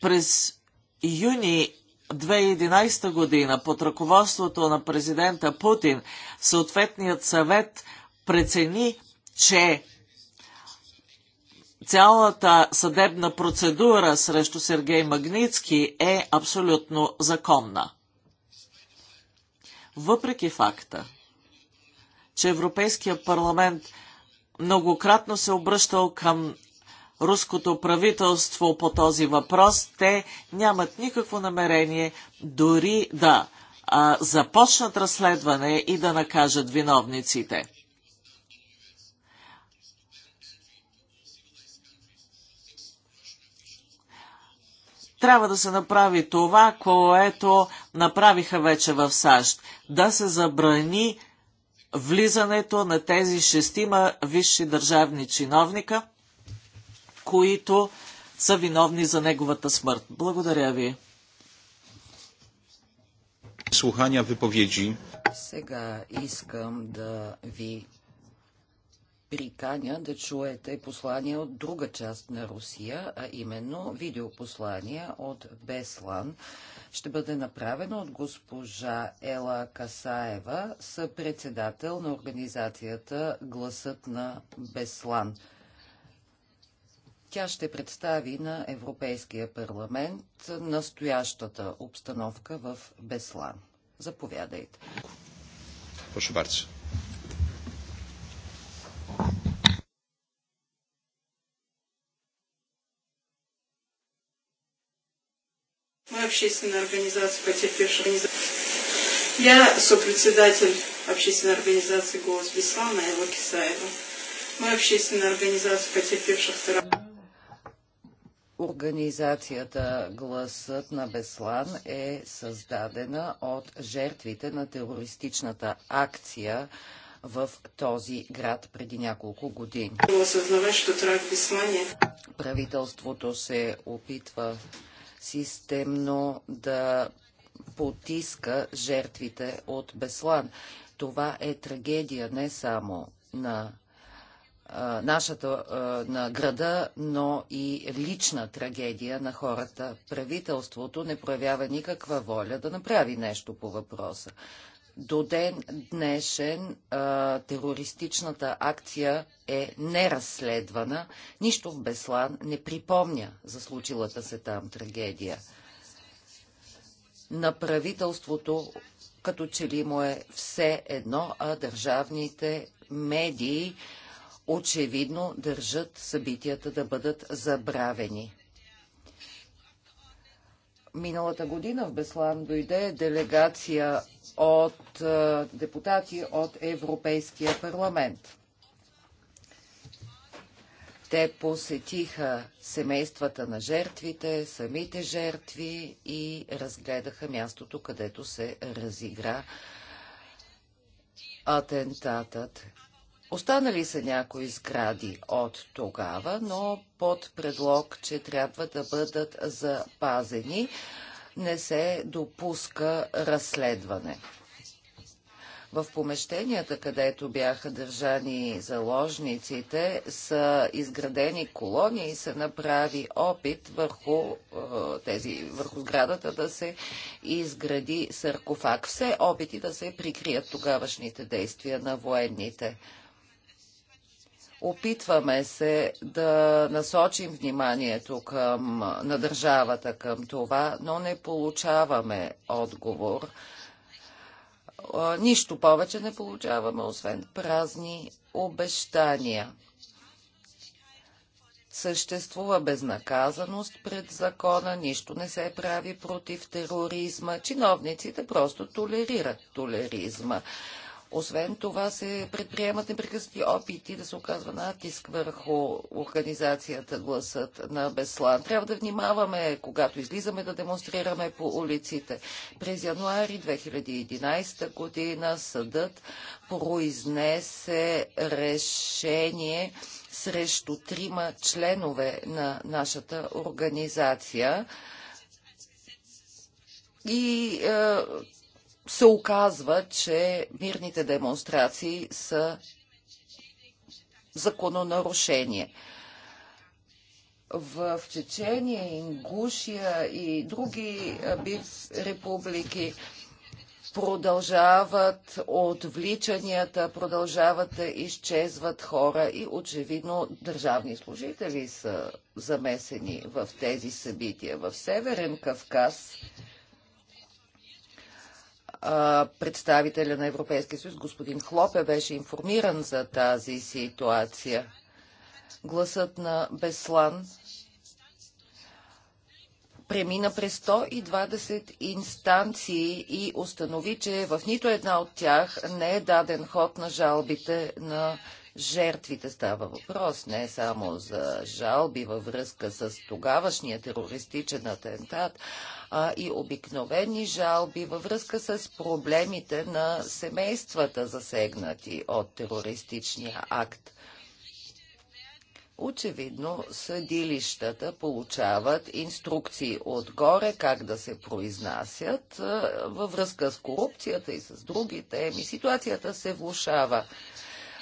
През юни 2011 година под ръководството на президента Путин съответният съвет прецени, че цялата съдебна процедура срещу Сергей Магницки е абсолютно законна. Въпреки факта, че Европейския парламент многократно се обръщал към руското правителство по този въпрос, те нямат никакво намерение дори да а, започнат разследване и да накажат виновниците. трябва да се направи това, което направиха вече в САЩ. Да се забрани влизането на тези шестима висши държавни чиновника които са виновни за неговата смърт. Благодаря ви. Слухания виповеди. Сега искам да ви приканя да чуете послания от друга част на Русия, а именно видеопослания от Беслан. Ще бъде направено от госпожа Ела Касаева, съпредседател на организацията Гласът на Беслан. Тя ще представи на Европейския парламент настоящата обстановка в Беслан. Заповядайте. Прошу bardzo. Моя общественная организация потерпевших организаций. Я сопредседатель общественной организации «Голос Беслана» Элла Кисаева. Мы общественная организация потерпевших стран. Организацията Гласът на Беслан е създадена от жертвите на терористичната акция в този град преди няколко години. Правителството се опитва системно да потиска жертвите от Беслан. Това е трагедия не само на нашата на града, но и лична трагедия на хората. Правителството не проявява никаква воля да направи нещо по въпроса. До ден днешен а, терористичната акция е неразследвана. Нищо в Беслан не припомня за случилата се там трагедия. На правителството като че ли му е все едно, а държавните медии очевидно държат събитията да бъдат забравени. Миналата година в Беслан дойде делегация от е, депутати от Европейския парламент. Те посетиха семействата на жертвите, самите жертви и разгледаха мястото, където се разигра атентатът. Останали са някои сгради от тогава, но под предлог, че трябва да бъдат запазени, не се допуска разследване. В помещенията, където бяха държани заложниците, са изградени колони и се направи опит върху, е, тези, върху сградата да се изгради саркофаг. Все опити да се прикрият тогавашните действия на военните. Опитваме се да насочим вниманието към, на държавата към това, но не получаваме отговор. Нищо повече не получаваме, освен празни обещания. Съществува безнаказаност пред закона, нищо не се прави против тероризма. Чиновниците просто толерират толеризма. Освен това се предприемат непрекъснати опити да се оказва натиск върху организацията гласът на Беслан. Трябва да внимаваме, когато излизаме да демонстрираме по улиците. През януари 2011 година съдът произнесе решение срещу трима членове на нашата организация. И е, се оказва, че мирните демонстрации са закононарушение. В Чечения, Ингушия и други републики продължават отвличанията, продължават да изчезват хора и очевидно държавни служители са замесени в тези събития. В Северен Кавказ представителя на Европейския съюз, господин Хлопе, беше информиран за тази ситуация. Гласът на Беслан премина през 120 инстанции и установи, че в нито една от тях не е даден ход на жалбите на жертвите. Става въпрос не само за жалби във връзка с тогавашния терористичен атентат, а и обикновени жалби във връзка с проблемите на семействата, засегнати от терористичния акт. Очевидно, съдилищата получават инструкции отгоре как да се произнасят във връзка с корупцията и с други теми. Ситуацията се влушава.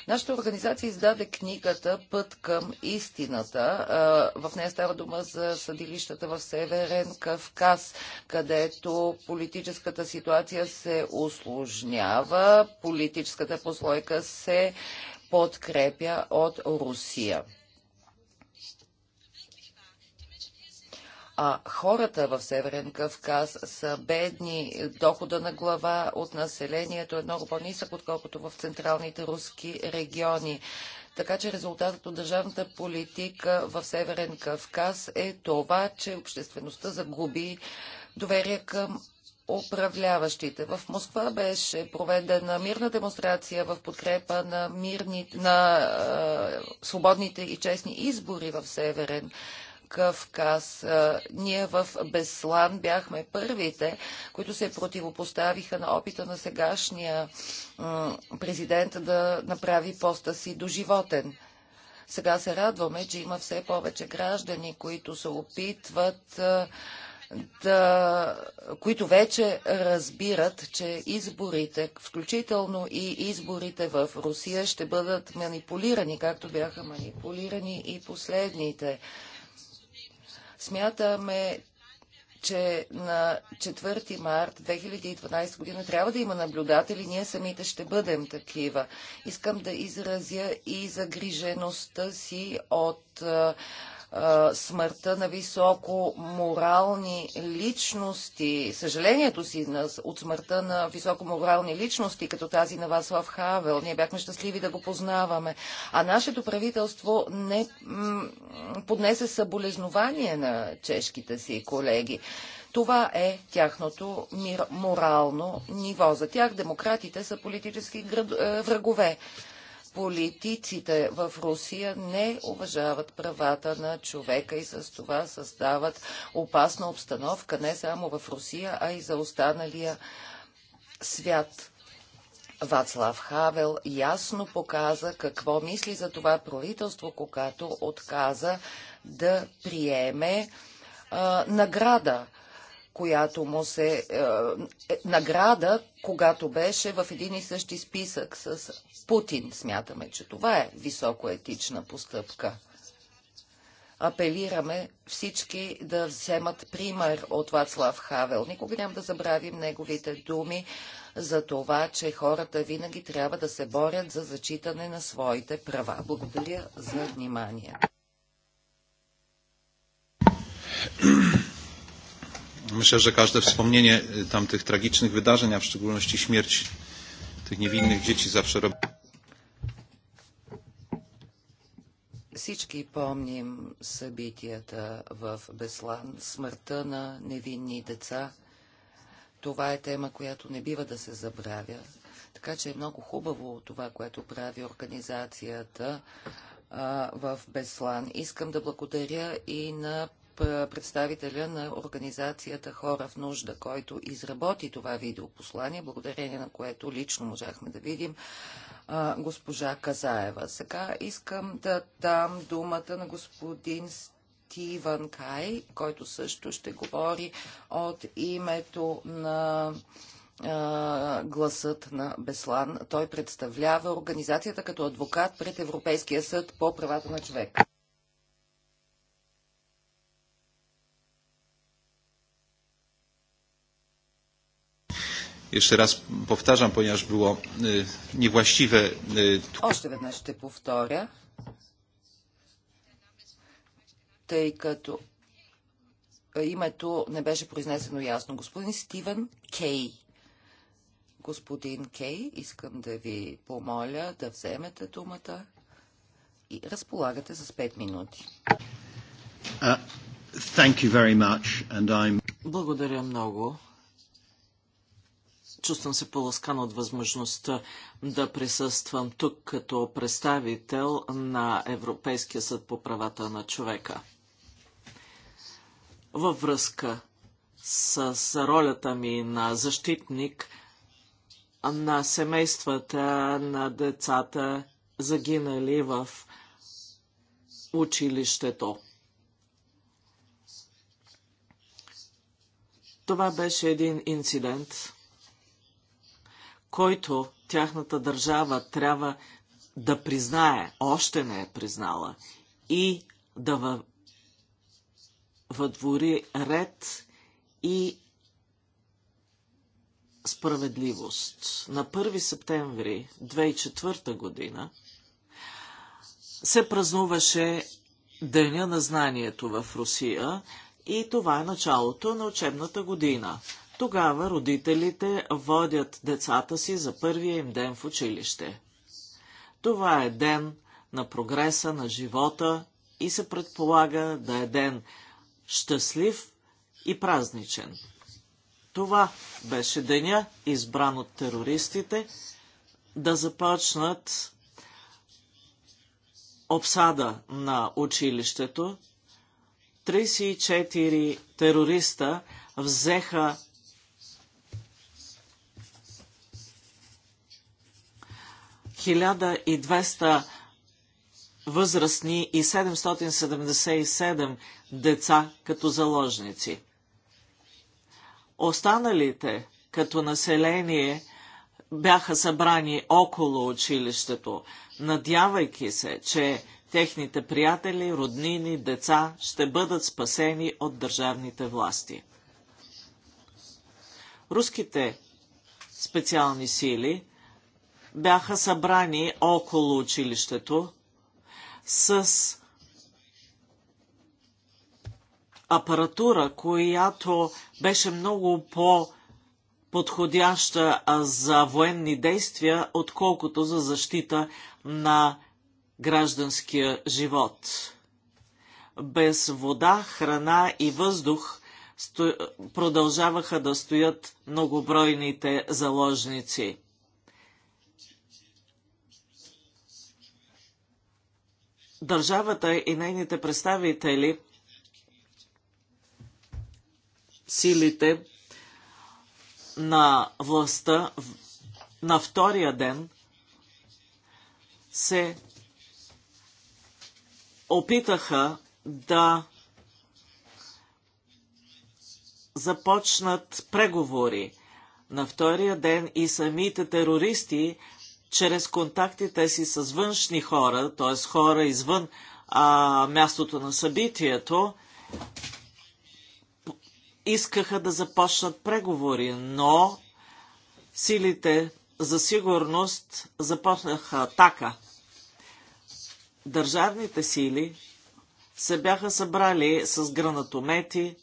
Нашата организация издаде книгата Път към истината. В нея става дума за съдилищата в Северен Кавказ, където политическата ситуация се усложнява, политическата послойка се подкрепя от Русия. а хората в Северен Кавказ са бедни, дохода на глава от населението е много по-нисък, отколкото в централните руски региони. Така че резултатът от държавната политика в Северен Кавказ е това, че обществеността загуби доверие към управляващите. В Москва беше проведена мирна демонстрация в подкрепа на, мирни, на е, свободните и честни избори в Северен Кавказ. Ние в Беслан бяхме първите, които се противопоставиха на опита на сегашния президент да направи поста си доживотен. Сега се радваме, че има все повече граждани, които се опитват да, които вече разбират, че изборите, включително и изборите в Русия, ще бъдат манипулирани, както бяха манипулирани и последните Смятаме, че на 4 март 2012 година трябва да има наблюдатели, ние самите ще бъдем такива. Искам да изразя и загрижеността си от смъртта на високо морални личности, съжалението си на, от смъртта на високо морални личности, като тази на Васлав Хавел. Ние бяхме щастливи да го познаваме. А нашето правителство не поднесе съболезнование на чешките си колеги. Това е тяхното мир, морално ниво. За тях демократите са политически град, е, врагове политиците в Русия не уважават правата на човека и с това създават опасна обстановка не само в Русия, а и за останалия свят. Вацлав Хавел ясно показа какво мисли за това правителство, когато отказа да приеме а, награда която му се е, е, награда, когато беше в един и същи списък с Путин. Смятаме, че това е високоетична постъпка. Апелираме всички да вземат пример от Вацлав Хавел. Никога няма да забравим неговите думи за това, че хората винаги трябва да се борят за зачитане на своите права. Благодаря за внимание. Myślę, że każde wspomnienie tamtych tragicznych wydarzeń, a w szczególności śmierć tych niewinnych dzieci zawsze robi. Всички помним събитията в Беслан, смъртта на невинни деца. Това е тема, която не бива да се забравя. Така че е много хубаво това, което прави организацията а, в Беслан. Искам да благодаря и на представителя на организацията Хора в нужда, който изработи това видеопослание, благодарение на което лично можахме да видим а, госпожа Казаева. Сега искам да дам думата на господин Стиван Кай, който също ще говори от името на гласът на Беслан. Той представлява организацията като адвокат пред Европейския съд по правата на човека. Jeszcze raz powtarzam, ponieważ było niewłaściwe. Още веднъж ще повторя, тъй като е, името не беше произнесено ясно. Господин Стивен Кей. Господин Кей, искам да ви помоля да вземете думата и разполагате с 5 минути. Uh, thank you very much, and I'm... Благодаря много. Чувствам се поласкан от възможността да присъствам тук като представител на Европейския съд по правата на човека. Във връзка с ролята ми на защитник на семействата на децата, загинали в училището. Това беше един инцидент, който тяхната държава трябва да признае, още не е признала, и да въдвори ред и справедливост. На 1 септември 2004 година се празнуваше Деня на знанието в Русия и това е началото на учебната година. Тогава родителите водят децата си за първия им ден в училище. Това е ден на прогреса, на живота и се предполага да е ден щастлив и празничен. Това беше деня, избран от терористите, да започнат обсада на училището. 34 терориста взеха 1200 възрастни и 777 деца като заложници. Останалите като население бяха събрани около училището, надявайки се, че техните приятели, роднини, деца ще бъдат спасени от държавните власти. Руските специални сили – бяха събрани около училището с апаратура, която беше много по- подходяща за военни действия, отколкото за защита на гражданския живот. Без вода, храна и въздух продължаваха да стоят многобройните заложници. държавата и нейните представители, силите на властта на втория ден се опитаха да започнат преговори. На втория ден и самите терористи чрез контактите си с външни хора, т.е. хора извън а, мястото на събитието, искаха да започнат преговори, но силите за сигурност започнаха атака. Държавните сили се бяха събрали с гранатомети,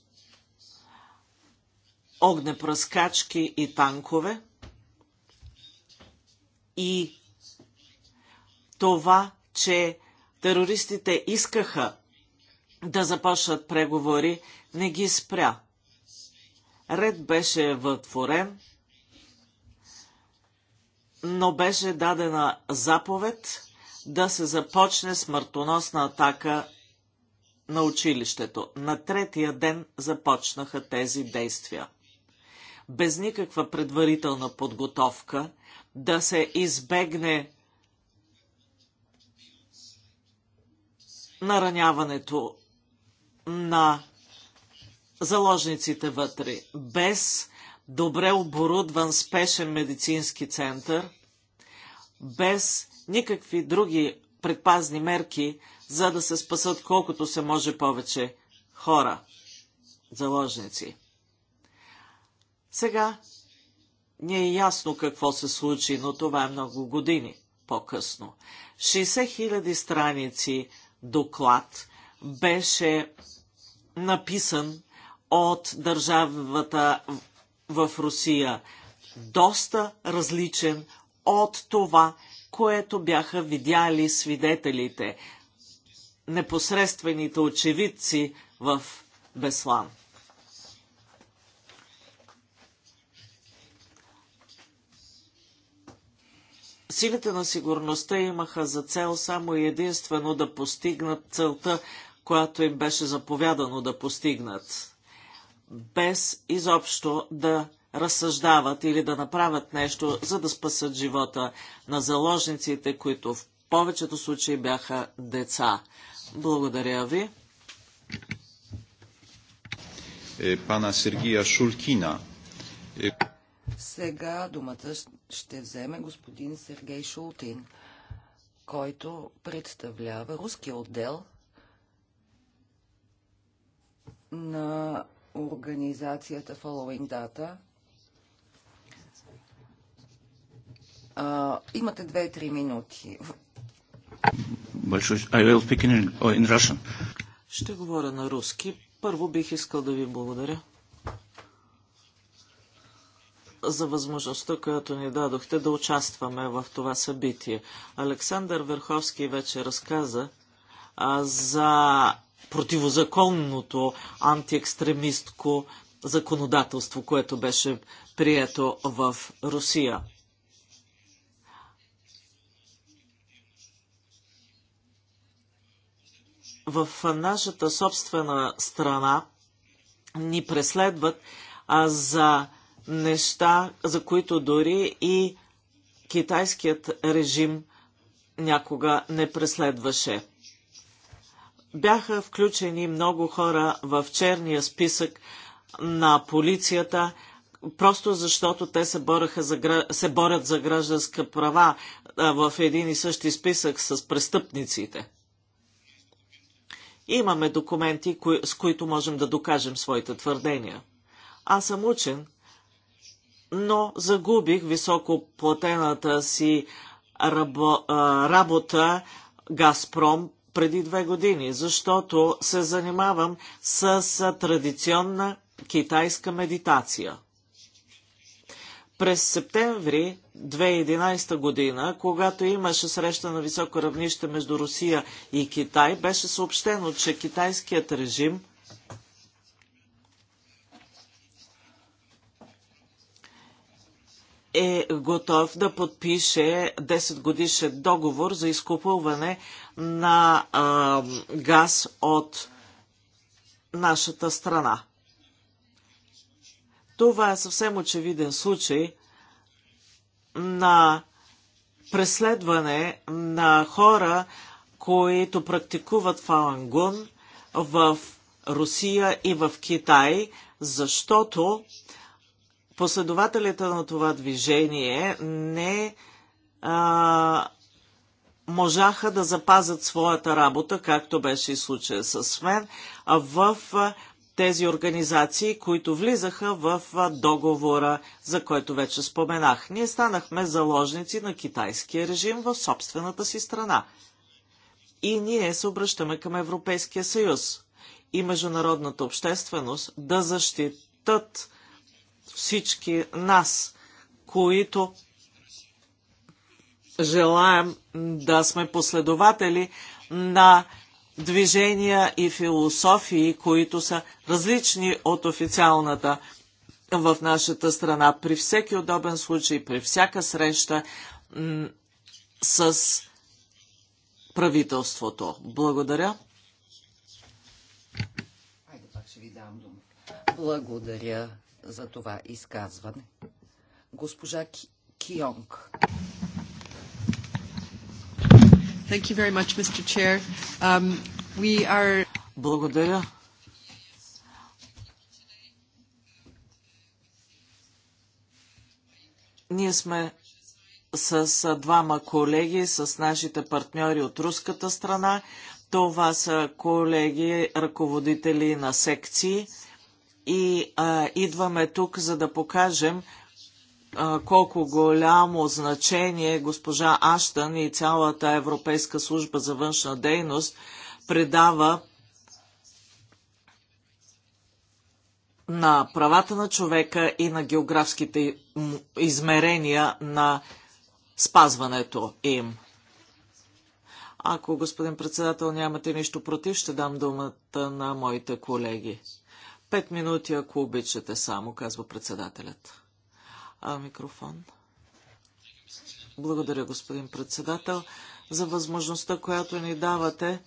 огнепръскачки и танкове – и това, че терористите искаха да започнат преговори, не ги спря. Ред беше вътворен, но беше дадена заповед да се започне смъртоносна атака на училището. На третия ден започнаха тези действия. Без никаква предварителна подготовка да се избегне нараняването на заложниците вътре, без добре оборудван спешен медицински център, без никакви други предпазни мерки, за да се спасат колкото се може повече хора, заложници. Сега не е ясно какво се случи, но това е много години по-късно. 60 000 страници доклад беше написан от държавата в Русия. Доста различен от това, което бяха видяли свидетелите, непосредствените очевидци в Беслан. Силите на сигурността имаха за цел само и единствено да постигнат целта, която им беше заповядано да постигнат, без изобщо да разсъждават или да направят нещо, за да спасат живота на заложниците, които в повечето случаи бяха деца. Благодаря ви. Е, пана Сергия Шулькина. Е, Сега думата ще вземе господин Сергей Шултин, който представлява руския отдел на организацията Following Data. А, имате 2-3 минути. Ще говоря на руски. Първо бих искал да ви благодаря за възможността, която ни дадохте да участваме в това събитие. Александър Верховски вече разказа а, за противозаконното антиекстремистко законодателство, което беше прието в Русия. В нашата собствена страна ни преследват а, за неща, за които дори и китайският режим някога не преследваше. Бяха включени много хора в черния списък на полицията, просто защото те се, бореха за, се борят за гражданска права в един и същи списък с престъпниците. Имаме документи, кои, с които можем да докажем своите твърдения. Аз съм учен но загубих високоплатената си рабо, работа Газпром преди две години, защото се занимавам с традиционна китайска медитация. През септември 2011 година, когато имаше среща на високо равнище между Русия и Китай, беше съобщено, че китайският режим – е готов да подпише 10 годишен договор за изкупуване на а, газ от нашата страна. Това е съвсем очевиден случай на преследване на хора, които практикуват фалангун в Русия и в Китай, защото последователите на това движение не а, можаха да запазят своята работа, както беше и случая с мен, в тези организации, които влизаха в договора, за който вече споменах. Ние станахме заложници на китайския режим в собствената си страна. И ние се обръщаме към Европейския съюз и международната общественост да защитат всички нас, които желаем да сме последователи на движения и философии, които са различни от официалната в нашата страна. При всеки удобен случай, при всяка среща с правителството. Благодаря. Благодаря за това изказване. Госпожа Кионг. Thank you very much, Mr. Chair. Um, we are... Благодаря. Ние сме с двама колеги, с нашите партньори от руската страна. Това са колеги, ръководители на секции – и а, идваме тук, за да покажем а, колко голямо значение госпожа Аштън и цялата Европейска служба за външна дейност предава на правата на човека и на географските измерения на спазването им. Ако, господин председател, нямате нищо против, ще дам думата на моите колеги. Пет минути, ако обичате само, казва председателят. А микрофон. Благодаря, господин председател, за възможността, която ни давате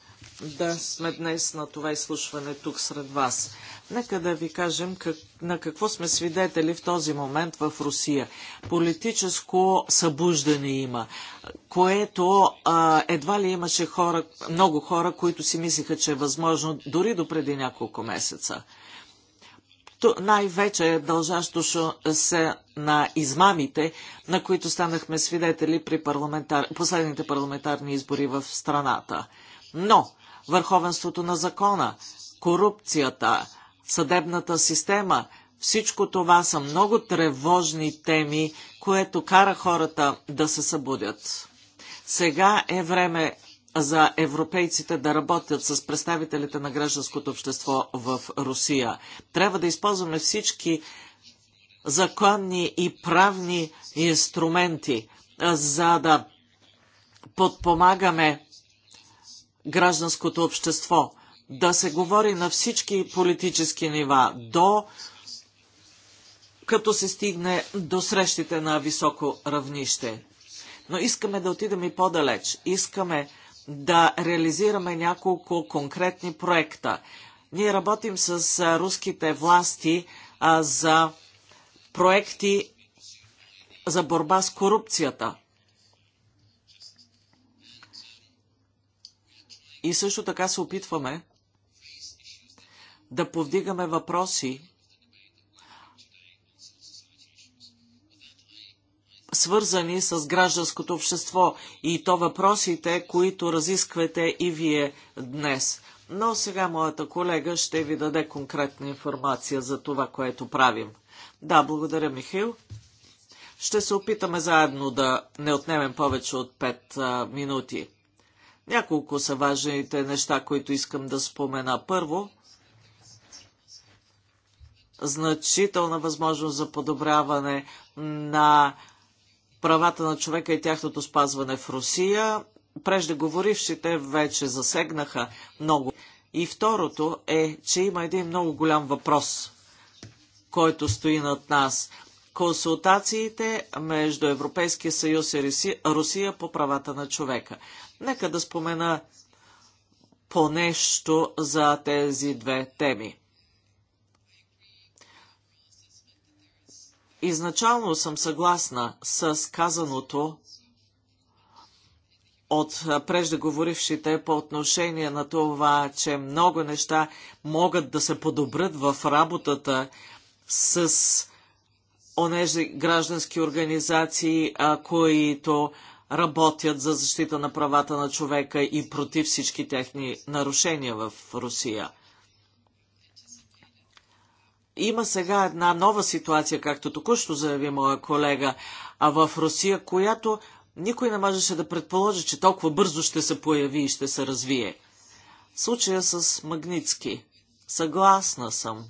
да сме днес на това изслушване тук сред вас. Нека да ви кажем как, на какво сме свидетели в този момент в Русия. Политическо събуждане има, което а, едва ли имаше хора, много хора, които си мислиха, че е възможно дори до преди няколко месеца най-вече дължащо се на измамите, на които станахме свидетели при парламентар... последните парламентарни избори в страната. Но върховенството на закона, корупцията, съдебната система, всичко това са много тревожни теми, което кара хората да се събудят. Сега е време за европейците да работят с представителите на гражданското общество в Русия. Трябва да използваме всички законни и правни инструменти, за да подпомагаме гражданското общество, да се говори на всички политически нива, до като се стигне до срещите на високо равнище. Но искаме да отидем и по-далеч. Искаме да реализираме няколко конкретни проекта. Ние работим с руските власти за проекти за борба с корупцията. И също така се опитваме да повдигаме въпроси, свързани с гражданското общество и то въпросите, които разисквате и вие днес. Но сега моята колега ще ви даде конкретна информация за това, което правим. Да, благодаря, Михил. Ще се опитаме заедно да не отнемем повече от 5 а, минути. Няколко са важните неща, които искам да спомена. Първо, значителна възможност за подобряване на правата на човека и тяхното спазване в Русия. Преждеговорившите вече засегнаха много. И второто е, че има един много голям въпрос, който стои над нас. Консултациите между Европейския съюз и Русия по правата на човека. Нека да спомена по нещо за тези две теми. Изначално съм съгласна с казаното от преждеговорившите по отношение на това, че много неща могат да се подобрят в работата с онези граждански организации, които работят за защита на правата на човека и против всички техни нарушения в Русия – има сега една нова ситуация, както току-що заяви моя колега, а в Русия, която никой не можеше да предположи, че толкова бързо ще се появи и ще се развие. Случая с Магницки. Съгласна съм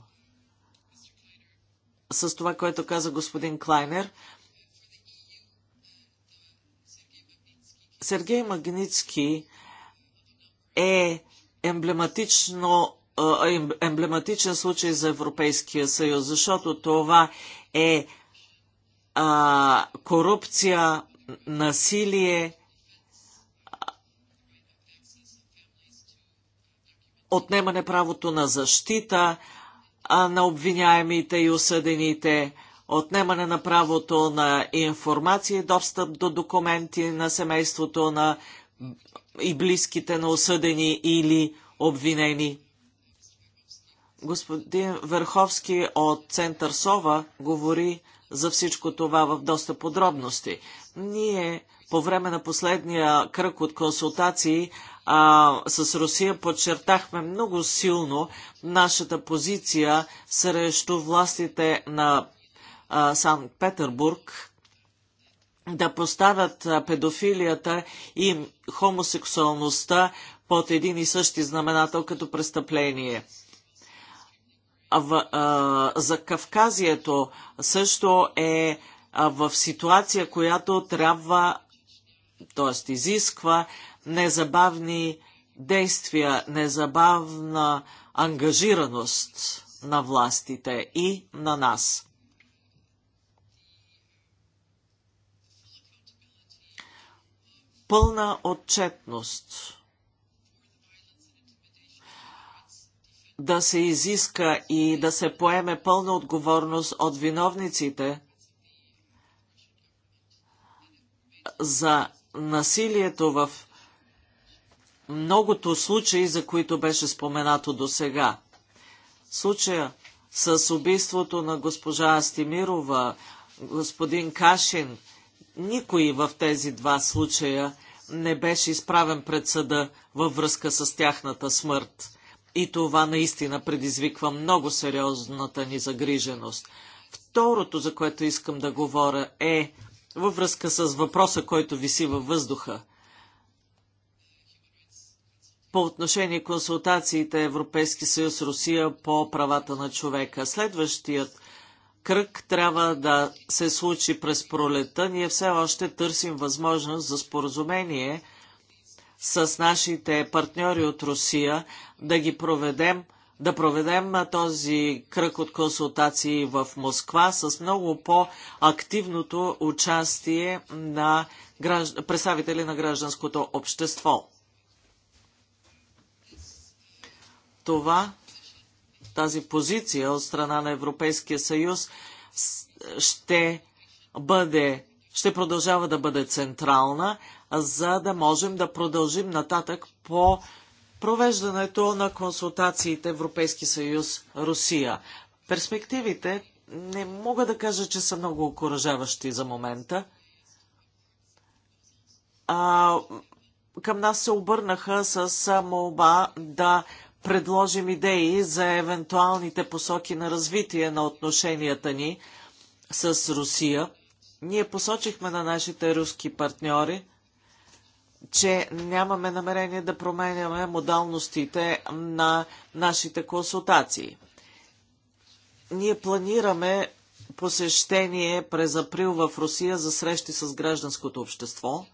с това, което каза господин Клайнер. Сергей Магницки е емблематично емблематичен случай за Европейския съюз, защото това е а, корупция, насилие, отнемане правото на защита а, на обвиняемите и осъдените, отнемане на правото на информация и достъп до документи на семейството на и близките на осъдени или обвинени. Господин Верховски от Център Сова говори за всичко това в доста подробности. Ние по време на последния кръг от консултации а, с Русия подчертахме много силно нашата позиция срещу властите на Санкт-Петербург да поставят педофилията и хомосексуалността под един и същи знаменател като престъпление в, а, за Кавказието също е в ситуация, която трябва, т.е. изисква незабавни действия, незабавна ангажираност на властите и на нас. Пълна отчетност да се изиска и да се поеме пълна отговорност от виновниците за насилието в многото случаи, за които беше споменато до сега. Случая с убийството на госпожа Астимирова, господин Кашин, никой в тези два случая не беше изправен пред съда във връзка с тяхната смърт. И това наистина предизвиква много сериозната ни загриженост. Второто, за което искам да говоря е във връзка с въпроса, който виси във въздуха. По отношение консултациите Европейски съюз Русия по правата на човека. Следващият кръг трябва да се случи през пролета. Ние все още търсим възможност за споразумение – с нашите партньори от Русия да ги проведем, да проведем този кръг от консултации в Москва с много по-активното участие на гражд... представители на гражданското общество. Това, тази позиция от страна на Европейския съюз ще бъде, ще продължава да бъде централна, за да можем да продължим нататък по провеждането на консултациите Европейски съюз Русия. Перспективите не мога да кажа, че са много окоръжаващи за момента. А, към нас се обърнаха с молба да предложим идеи за евентуалните посоки на развитие на отношенията ни с Русия. Ние посочихме на нашите руски партньори, че нямаме намерение да променяме модалностите на нашите консултации. Ние планираме посещение през април в Русия за срещи с гражданското общество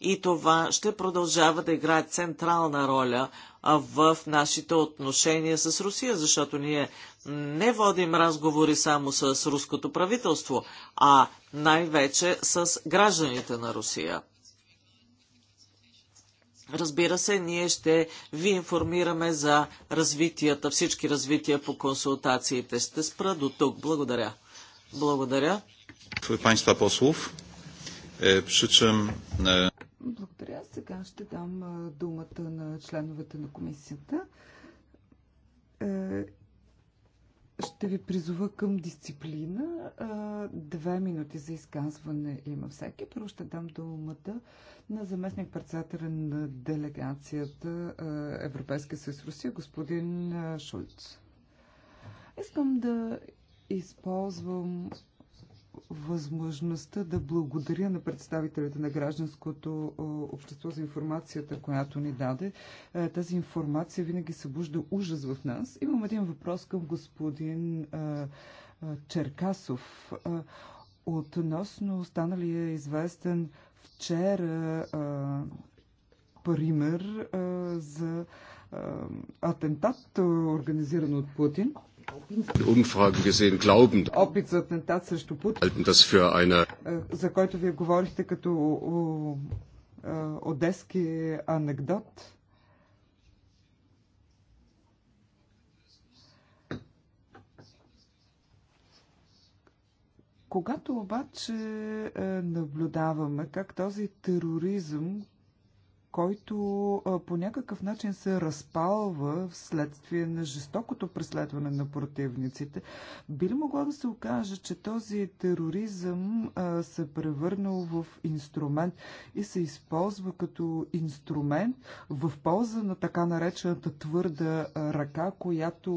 и това ще продължава да играе централна роля в нашите отношения с Русия, защото ние не водим разговори само с руското правителство, а най-вече с гражданите на Русия. Разбира се, ние ще ви информираме за развитията, всички развития по консултациите. Ще спра до тук. Благодаря. Благодаря. Państwa posłów, е, przy czym... Е, Благодаря. Сега ще дам е, думата на членовете на комисията ще ви призова към дисциплина. Две минути за изказване има всеки. Първо ще дам думата на заместник председателя на делегацията Европейска съюз Русия, господин Шульц. Искам да използвам възможността да благодаря на представителите на гражданското общество за информацията, която ни даде. Тази информация винаги събужда ужас в нас. Имам един въпрос към господин Черкасов относно станалия е известен вчера пример за атентат, организиран от Путин. Umfragen gesehen glauben, опит за атентат срещу Путин, за който вие говорихте като одески анекдот. Когато обаче наблюдаваме как този тероризъм, който по някакъв начин се разпалва вследствие на жестокото преследване на противниците. Би ли могло да се окаже, че този тероризъм се е превърнал в инструмент и се използва като инструмент в полза на така наречената твърда ръка, която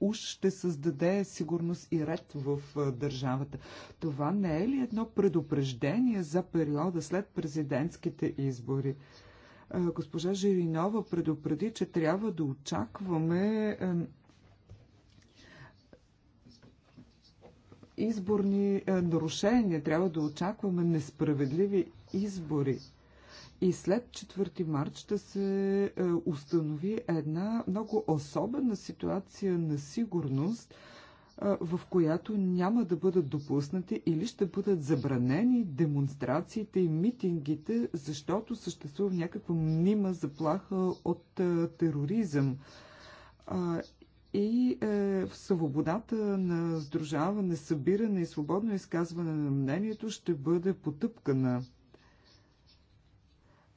уж ще създаде сигурност и ред в държавата? Това не е ли едно предупреждение за периода след президентските избори? Госпожа Жиринова предупреди, че трябва да очакваме изборни е, нарушения, трябва да очакваме несправедливи избори. И след 4 март ще се е, установи една много особена ситуация на сигурност, в която няма да бъдат допуснати или ще бъдат забранени демонстрациите и митингите, защото съществува някаква мнима заплаха от тероризъм. И е, в свободата на сдружаване, събиране и свободно изказване на мнението ще бъде потъпкана.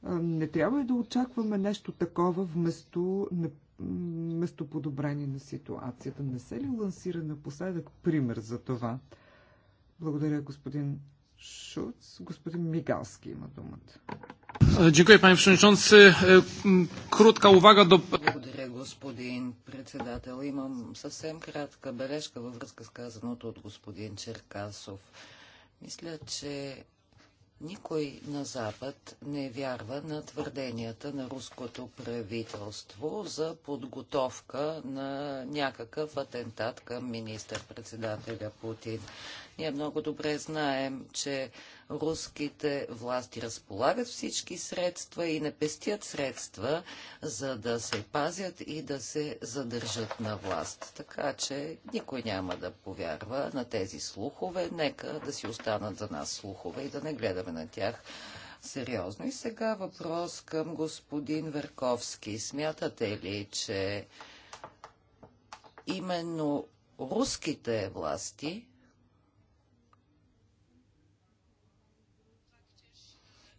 Не трябва и да очакваме нещо такова вместо местоподобрение на ситуацията. Не се ли лансира напоследък пример за това? Благодаря, господин Шуц. Господин Мигалски има думата. Дякую, е, panie Пшеничонце. Krótka увага до... Благодаря, господин председател. Имам съвсем кратка бележка във връзка с казаното от господин Черкасов. Мисля, че никой на Запад не вярва на твърденията на руското правителство за подготовка на някакъв атентат към министър-председателя Путин. Ние много добре знаем, че руските власти разполагат всички средства и не пестят средства, за да се пазят и да се задържат на власт. Така че никой няма да повярва на тези слухове. Нека да си останат за нас слухове и да не гледаме на тях сериозно. И сега въпрос към господин Верковски. Смятате ли, че именно руските власти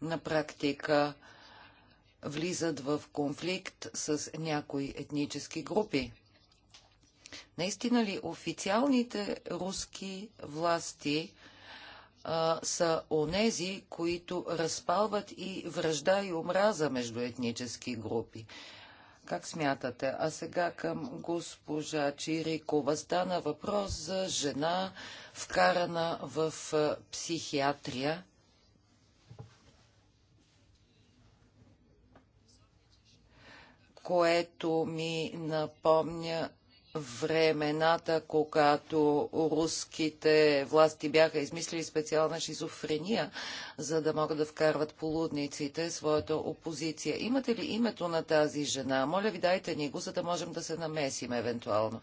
на практика влизат в конфликт с някои етнически групи. Наистина ли официалните руски власти а, са онези, които разпалват и връжда и омраза между етнически групи? Как смятате? А сега към госпожа Чирикова стана въпрос за жена, вкарана в психиатрия което ми напомня времената, когато руските власти бяха измислили специална шизофрения, за да могат да вкарват полудниците своята опозиция. Имате ли името на тази жена? Моля ви, дайте ни го, за да можем да се намесим евентуално.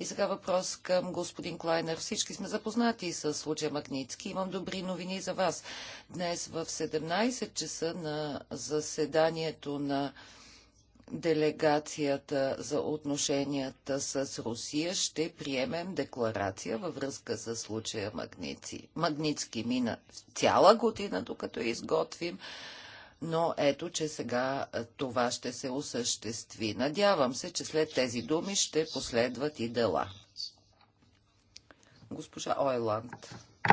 И сега въпрос към господин Клайнер. Всички сме запознати с случая Магницки. Имам добри новини за вас. Днес в 17 часа на заседанието на делегацията за отношенията с Русия ще приемем декларация във връзка с случая Магници. Магницки мина цяла година, докато изготвим, но ето, че сега това ще се осъществи. Надявам се, че след тези думи ще последват и дела. Госпожа Ойланд.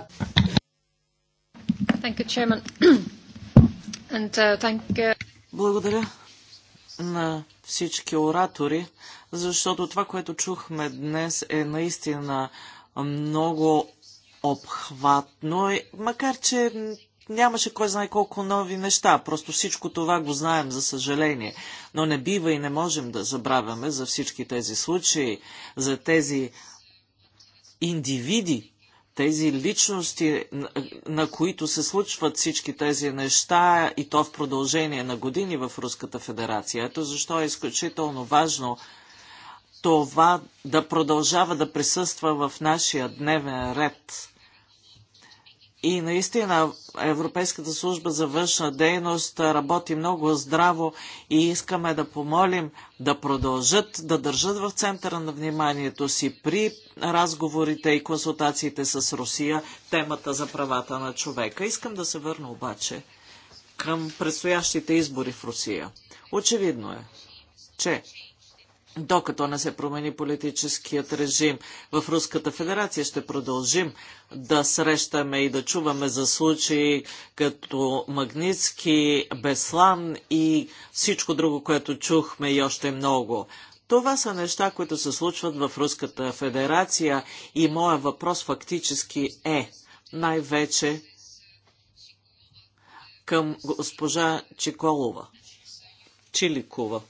Uh, uh, Благодаря на всички оратори, защото това, което чухме днес е наистина много обхватно, макар че нямаше кой знае колко нови неща. Просто всичко това го знаем, за съжаление. Но не бива и не можем да забравяме за всички тези случаи, за тези индивиди, тези личности, на които се случват всички тези неща и то в продължение на години в Руската федерация. Ето защо е изключително важно това да продължава да присъства в нашия дневен ред. И наистина Европейската служба за външна дейност работи много здраво и искаме да помолим да продължат да държат в центъра на вниманието си при разговорите и консултациите с Русия темата за правата на човека. Искам да се върна обаче към предстоящите избори в Русия. Очевидно е, че докато не се промени политическият режим в Руската федерация, ще продължим да срещаме и да чуваме за случаи като Магницки, Беслан и всичко друго, което чухме и още много. Това са неща, които се случват в Руската федерация и моя въпрос фактически е най-вече към госпожа Чиколова. Чиликова.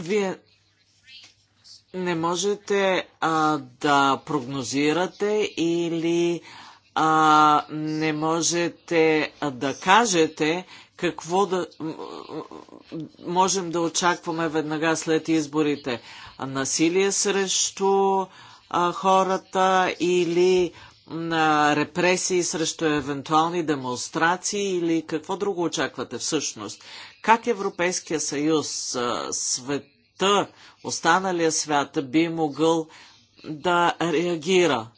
Вие не можете а, да прогнозирате или а, не можете да кажете какво да можем да очакваме веднага след изборите. Насилие срещу а, хората или а, репресии срещу евентуални демонстрации или какво друго очаквате всъщност? Как Европейския съюз, света, останалия свят би могъл да реагира?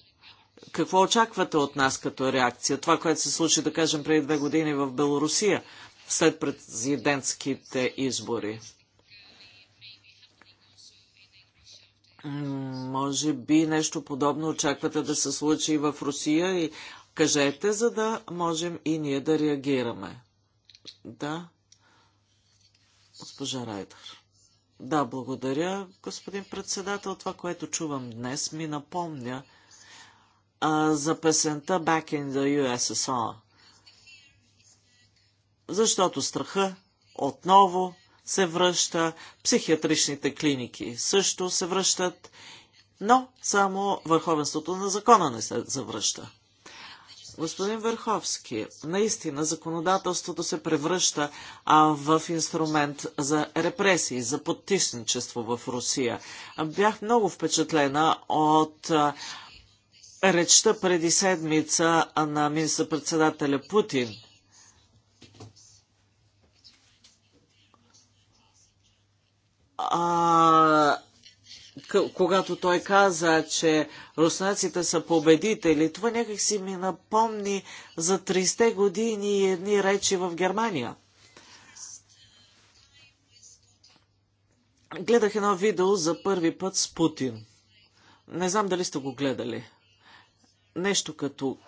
Какво очаквате от нас като реакция? Това, което се случи, да кажем, преди две години в Белорусия, след президентските избори. Може би нещо подобно очаквате да се случи и в Русия и кажете, за да можем и ние да реагираме. Да. Госпожа Райдър. Да, благодаря, господин председател. Това, което чувам днес, ми напомня а, за песента Back in the USSR. Защото страха отново се връща, психиатричните клиники също се връщат, но само върховенството на закона не се завръща. Господин Върховски, наистина законодателството се превръща а, в инструмент за репресии, за подтисничество в Русия. Бях много впечатлена от а, речта преди седмица на министър-председателя Путин. А, когато той каза, че руснаците са победители, това някак си ми напомни за 30-те години и едни речи в Германия. Гледах едно видео за първи път с Путин. Не знам дали сте го гледали. Нещо като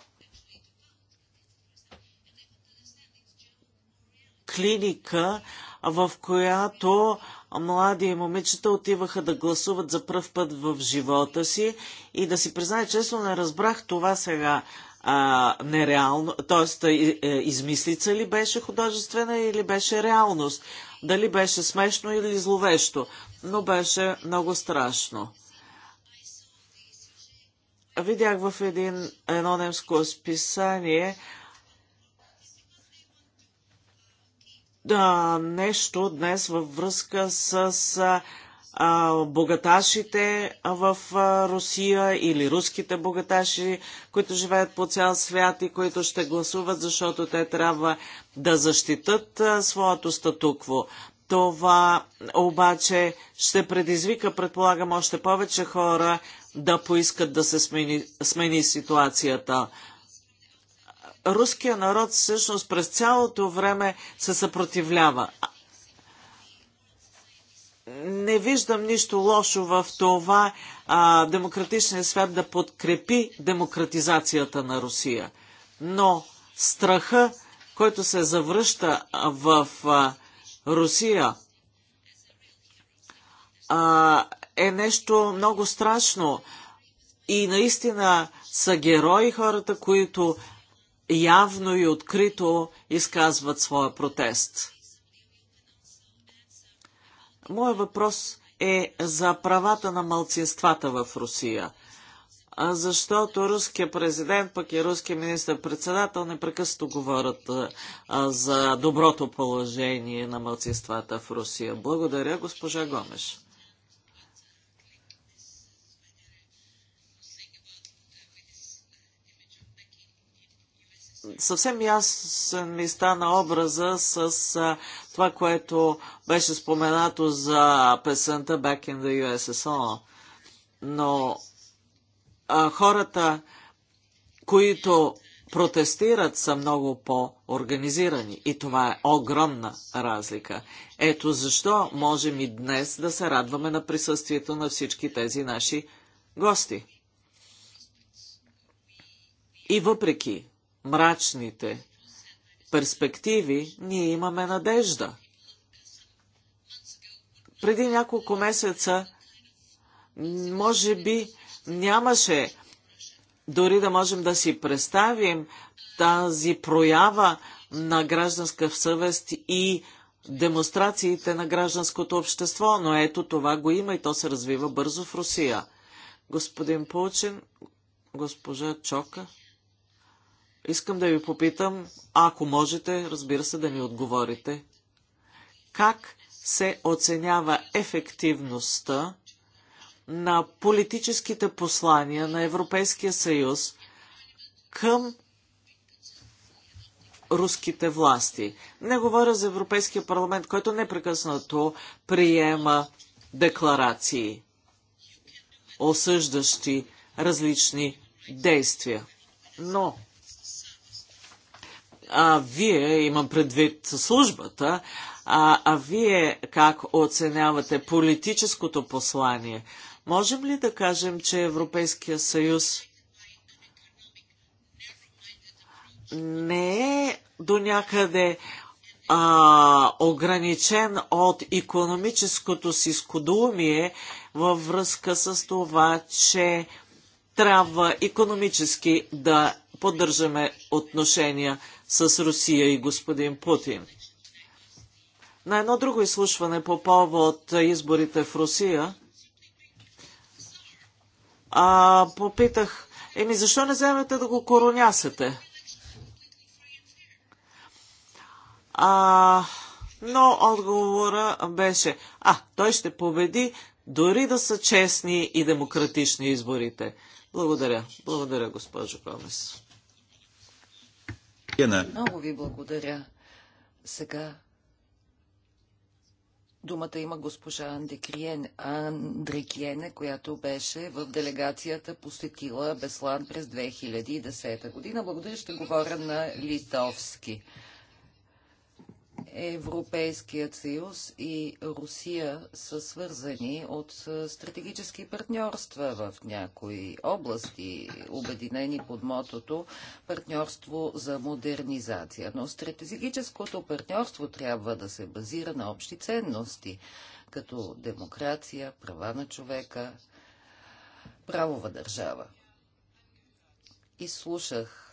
клиника в която млади момичета отиваха да гласуват за пръв път в живота си и да си призная честно, не разбрах това сега а, нереално, т.е. измислица ли беше художествена или беше реалност, дали беше смешно или зловещо, но беше много страшно. Видях в един, едно немско списание, а, нещо днес във връзка с а, богаташите в а, Русия или руските богаташи, които живеят по цял свят и които ще гласуват, защото те трябва да защитат а, своето статукво. Това обаче ще предизвика, предполагам, още повече хора да поискат да се смени, смени ситуацията руския народ всъщност през цялото време се съпротивлява. Не виждам нищо лошо в това а, демократичният свят да подкрепи демократизацията на Русия. Но страха, който се завръща в а, Русия, а, е нещо много страшно. И наистина са герои хората, които явно и открито изказват своя протест. Моят въпрос е за правата на малцинствата в Русия, защото руският президент, пък и руският министр-председател непрекъснато говорят за доброто положение на малцинствата в Русия. Благодаря, госпожа Гомеш. съвсем ясен ми стана образа с а, това, което беше споменато за песента Back in the USSR. Но а, хората, които протестират, са много по-организирани. И това е огромна разлика. Ето защо можем и днес да се радваме на присъствието на всички тези наши гости. И въпреки мрачните перспективи, ние имаме надежда. Преди няколко месеца, може би, нямаше дори да можем да си представим тази проява на гражданска съвест и демонстрациите на гражданското общество, но ето това го има и то се развива бързо в Русия. Господин Пучин, госпожа Чока. Искам да ви попитам, ако можете, разбира се, да ми отговорите, как се оценява ефективността на политическите послания на Европейския съюз към руските власти. Не говоря за Европейския парламент, който непрекъснато приема декларации, осъждащи различни действия. Но а, вие, имам предвид службата, а, а вие как оценявате политическото послание? Можем ли да кажем, че Европейския съюз не е до някъде а, ограничен от економическото си скудумие във връзка с това, че трябва економически да поддържаме отношения с Русия и господин Путин. На едно друго изслушване по повод изборите в Русия, а, попитах, еми защо не вземете да го коронясате? А, но отговора беше, а, той ще победи, дори да са честни и демократични изборите. Благодаря. Благодаря, госпожо Комес. Много ви благодаря. Сега думата има госпожа Андекриен, Андрекиене, която беше в делегацията посетила Беслан през 2010 година. Благодаря, ще говоря на литовски. Европейският съюз и Русия са свързани от стратегически партньорства в някои области, обединени под мотото партньорство за модернизация. Но стратегическото партньорство трябва да се базира на общи ценности, като демокрация, права на човека, правова държава. И слушах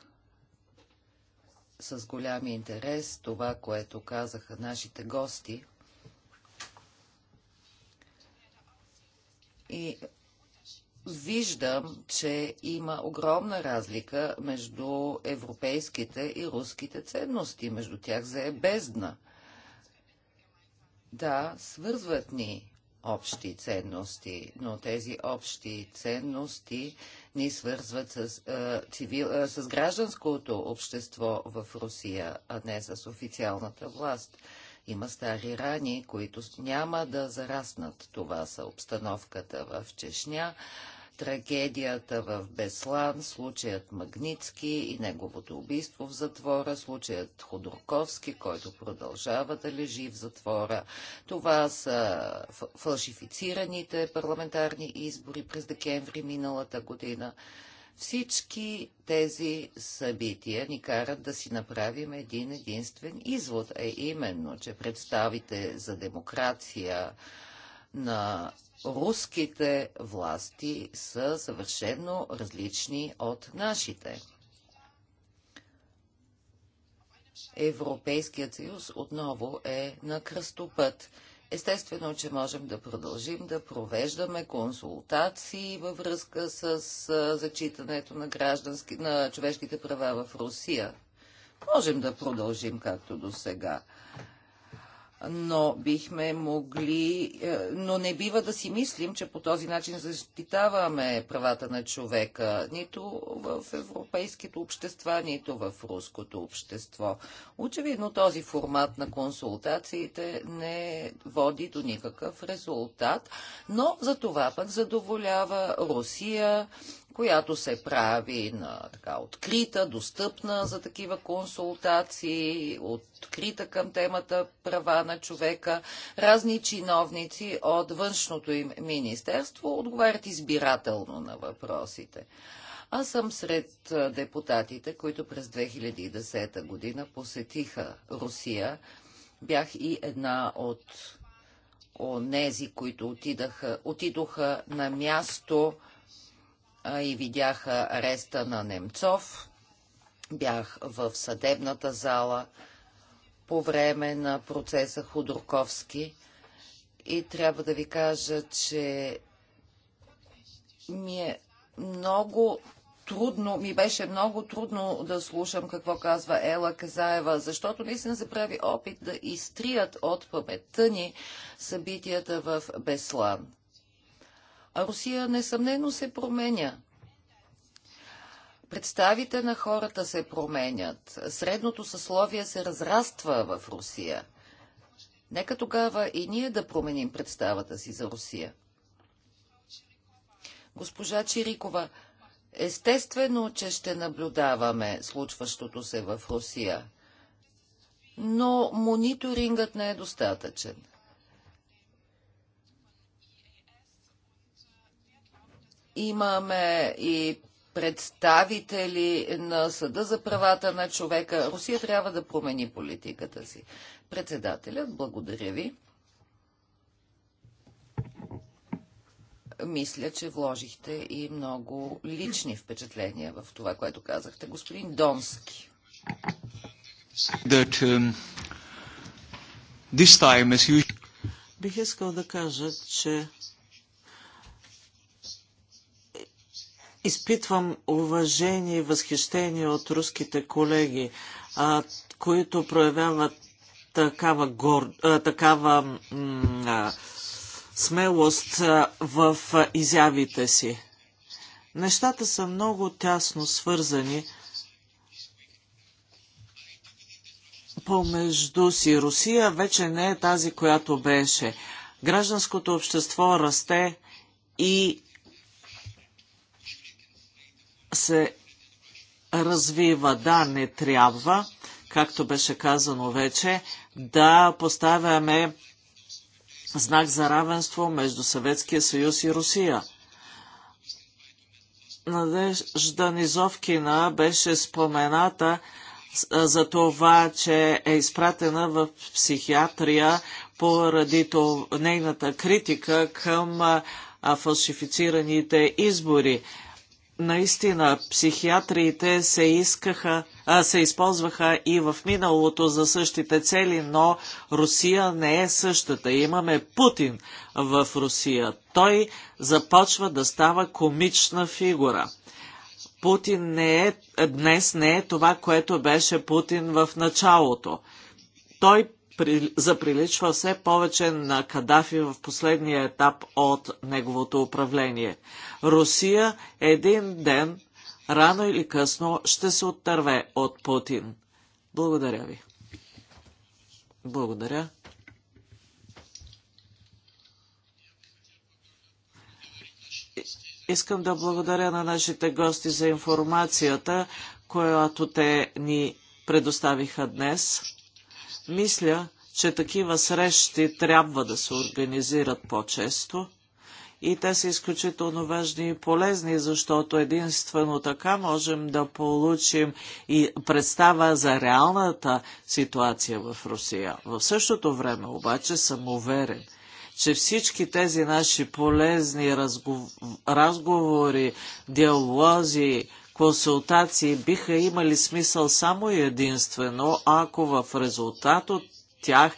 с голям интерес това, което казаха нашите гости. И виждам, че има огромна разлика между европейските и руските ценности. Между тях за е бездна. Да, свързват ни общи ценности, но тези общи ценности ни свързват с, а, е, цивил, а, е, с гражданското общество в Русия, а не с официалната власт. Има стари рани, които няма да зараснат. Това са обстановката в Чешня, трагедията в Беслан, случаят Магницки и неговото убийство в затвора, случаят Ходорковски, който продължава да лежи в затвора. Това са фалшифицираните парламентарни избори през декември миналата година. Всички тези събития ни карат да си направим един единствен извод, е именно, че представите за демокрация на руските власти са съвършено различни от нашите. Европейският съюз отново е на кръстопът. Естествено, че можем да продължим да провеждаме консултации във връзка с зачитането на, граждански, на човешките права в Русия. Можем да продължим както до сега но бихме могли, е, но не бива да си мислим, че по този начин защитаваме правата на човека нито в европейските общества, нито в руското общество. Очевидно този формат на консултациите не води до никакъв резултат, но за това пък задоволява Русия, която се прави на така открита, достъпна за такива консултации, открита към темата права на човека. Разни чиновници от външното им министерство отговарят избирателно на въпросите. Аз съм сред депутатите, които през 2010 година посетиха Русия. Бях и една от онези, които отидаха, отидоха на място и видяха ареста на Немцов. Бях в съдебната зала по време на процеса Ходорковски и трябва да ви кажа, че ми е много трудно, ми беше много трудно да слушам какво казва Ела Казаева, защото наистина се прави опит да изтрият от паметта ни събитията в Беслан. А Русия несъмнено се променя. Представите на хората се променят. Средното съсловие се разраства в Русия. Нека тогава и ние да променим представата си за Русия. Госпожа Чирикова, естествено, че ще наблюдаваме случващото се в Русия, но мониторингът не е достатъчен. Имаме и представители на Съда за правата на човека. Русия трябва да промени политиката си. Председателят, благодаря ви. Мисля, че вложихте и много лични впечатления в това, което казахте. Господин Донски. That, um, this time, as you... Бих искал да кажа, че изпитвам уважение и възхищение от руските колеги, а, които проявяват такава, гор... а, такава а, смелост а, в а, изявите си. Нещата са много тясно свързани помежду си. Русия вече не е тази, която беше. Гражданското общество расте и се развива. Да, не трябва, както беше казано вече, да поставяме знак за равенство между Съветския съюз и Русия. Надежда Низовкина беше спомената за това, че е изпратена в психиатрия поради нейната критика към фалшифицираните избори наистина психиатриите се искаха, а, се използваха и в миналото за същите цели, но Русия не е същата. Имаме Путин в Русия. Той започва да става комична фигура. Путин не е, днес не е това, което беше Путин в началото. Той заприличва все повече на Кадафи в последния етап от неговото управление. Русия един ден, рано или късно, ще се оттърве от Путин. Благодаря ви. Благодаря. Искам да благодаря на нашите гости за информацията, която те ни предоставиха днес. Мисля, че такива срещи трябва да се организират по-често и те са изключително важни и полезни, защото единствено така можем да получим и представа за реалната ситуация в Русия. В същото време обаче съм уверен, че всички тези наши полезни разговори, диалози, консултации биха имали смисъл само и единствено, ако в резултат от тях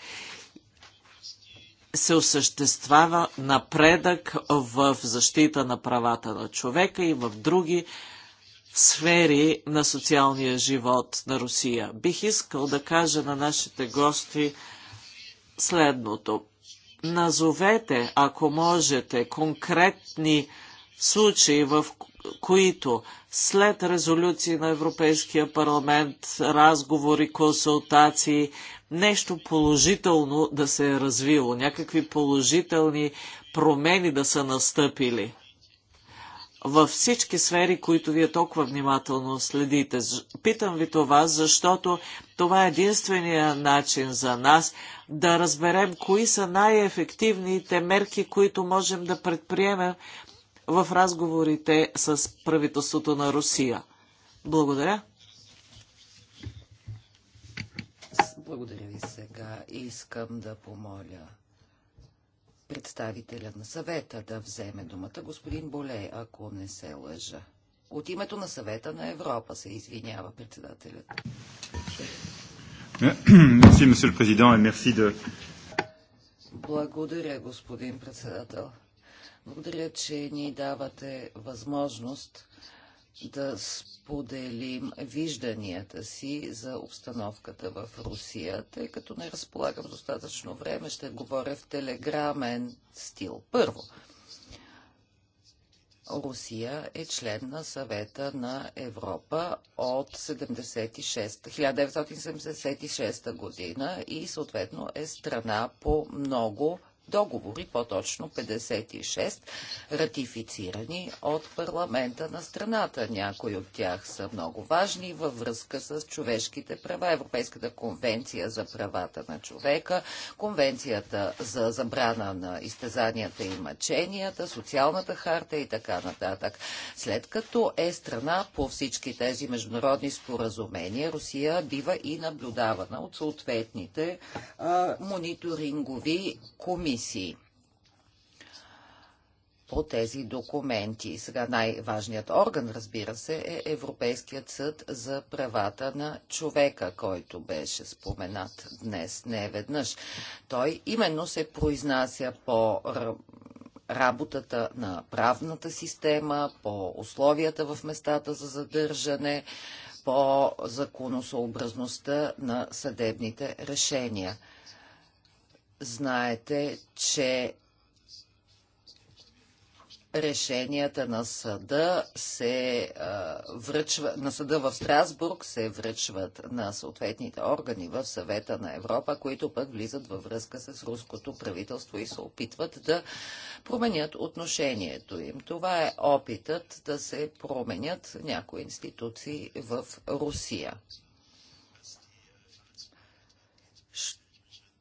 се осъществява напредък в защита на правата на човека и в други сфери на социалния живот на Русия. Бих искал да кажа на нашите гости следното. Назовете, ако можете, конкретни случаи, в които след резолюции на Европейския парламент, разговори, консултации, нещо положително да се е развило, някакви положителни промени да са настъпили във всички сфери, които вие толкова внимателно следите. Питам ви това, защото това е единствения начин за нас да разберем кои са най-ефективните мерки, които можем да предприемем в разговорите с правителството на Русия. Благодаря. Благодаря ви сега. Искам да помоля представителя на съвета да вземе думата, господин Болей, ако не се лъжа. От името на съвета на Европа се извинява председателят. Благодаря, господин председател. Благодаря, че ни давате възможност да споделим вижданията си за обстановката в Русия, тъй като не разполагам достатъчно време, ще говоря в телеграмен стил. Първо, Русия е член на съвета на Европа от 76, 1976 година и съответно е страна по много договори, по-точно 56, ратифицирани от парламента на страната. Някои от тях са много важни във връзка с човешките права. Европейската конвенция за правата на човека, конвенцията за забрана на изтезанията и мъченията, социалната харта и така нататък. След като е страна по всички тези международни споразумения, Русия бива и наблюдавана от съответните а, мониторингови комисии комисии по тези документи. Сега най-важният орган, разбира се, е Европейският съд за правата на човека, който беше споменат днес не веднъж. Той именно се произнася по работата на правната система, по условията в местата за задържане, по законосъобразността на съдебните решения – Знаете, че решенията на съда се връчва, на съда в Страсбург се връчват на съответните органи в съвета на Европа, които пък влизат във връзка с руското правителство и се опитват да променят отношението им. Това е опитът да се променят някои институции в Русия.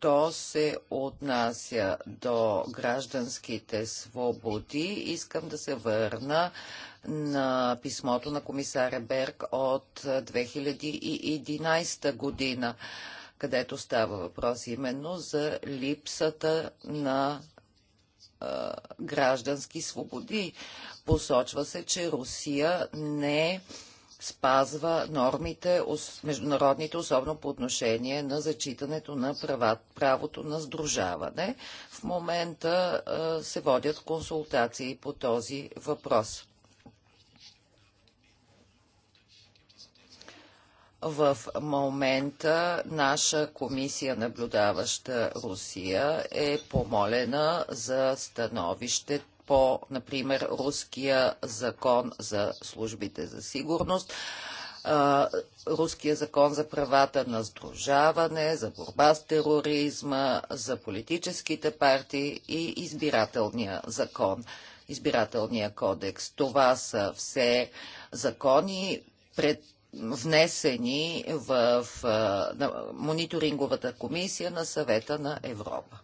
що се отнася до гражданските свободи, искам да се върна на писмото на комисаря Берг от 2011 година, където става въпрос именно за липсата на а, граждански свободи. Посочва се, че Русия не е спазва нормите, международните, особено по отношение на зачитането на права, правото на сдружаване. В момента се водят консултации по този въпрос. В момента наша комисия, наблюдаваща Русия, е помолена за становището по, например, руския закон за службите за сигурност, руския закон за правата на сдружаване, за борба с тероризма, за политическите партии и избирателния закон, избирателния кодекс. Това са все закони, пред внесени в, на, мониторинговата комисия на съвета на Европа.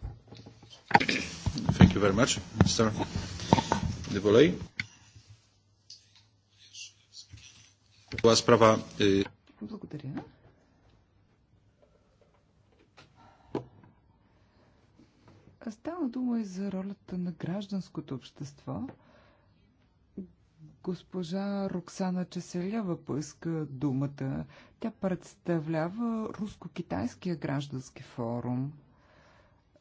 Thank you very much, Mr. Devolej. Była sprawa... Благодаря. Стана дума и за ролята на гражданското общество. Госпожа Роксана Чеселява поиска думата. Тя представлява Руско-Китайския граждански форум.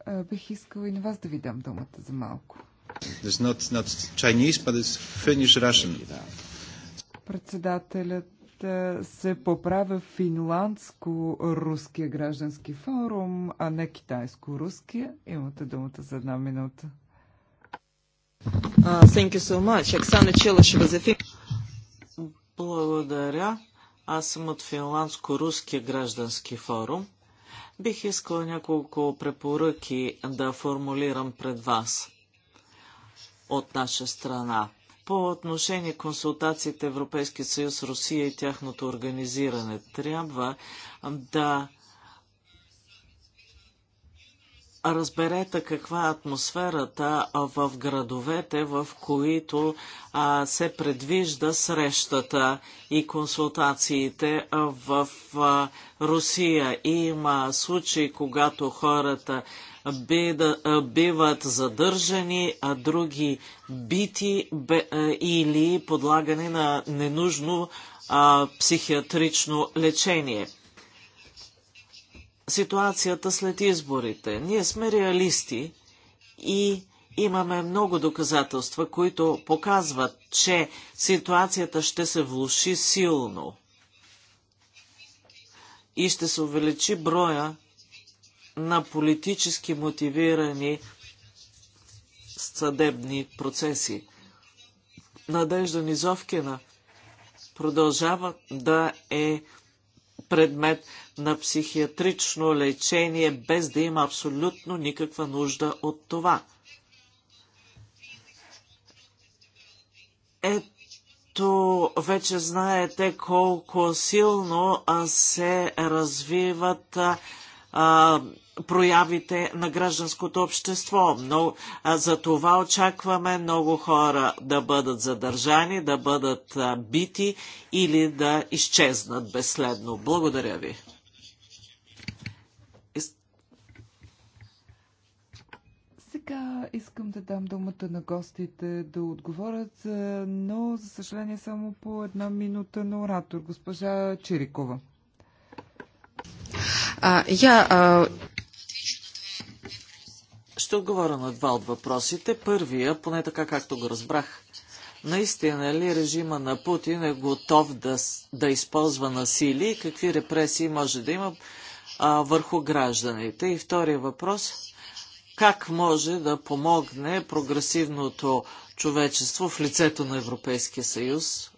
Е, бих искала и на вас да ви дам думата за малко. It's not, not Chinese, but it's Finnish Russian. Председателят е, се поправя финландско-руския граждански форум, а не китайско-руския. Имате думата за една минута. Uh, thank you so much. Оксана Челышева за Благодаря. Аз съм от финландско-руския граждански форум. Бих искала няколко препоръки да формулирам пред вас от наша страна. По отношение консултациите Европейски съюз, Русия и тяхното организиране, трябва да разберете каква е атмосферата в градовете, в които се предвижда срещата и консултациите в Русия. Има случаи, когато хората биват задържани, а други бити или подлагане на ненужно психиатрично лечение. Ситуацията след изборите. Ние сме реалисти и имаме много доказателства, които показват, че ситуацията ще се влуши силно и ще се увеличи броя на политически мотивирани съдебни процеси. Надежда Низовкина продължава да е предмет на психиатрично лечение, без да има абсолютно никаква нужда от това. Ето, вече знаете колко силно се развиват а, проявите на гражданското общество. Но а, за това очакваме много хора да бъдат задържани, да бъдат а, бити или да изчезнат безследно. Благодаря ви. Сега искам да дам думата на гостите да отговорят, но за съжаление само по една минута на оратор, госпожа Чирикова. я ще отговоря на два от въпросите. Първия, поне така както го разбрах, наистина ли режима на Путин е готов да, да използва насили и какви репресии може да има а, върху гражданите? И втория въпрос, как може да помогне прогресивното човечество в лицето на Европейския съюз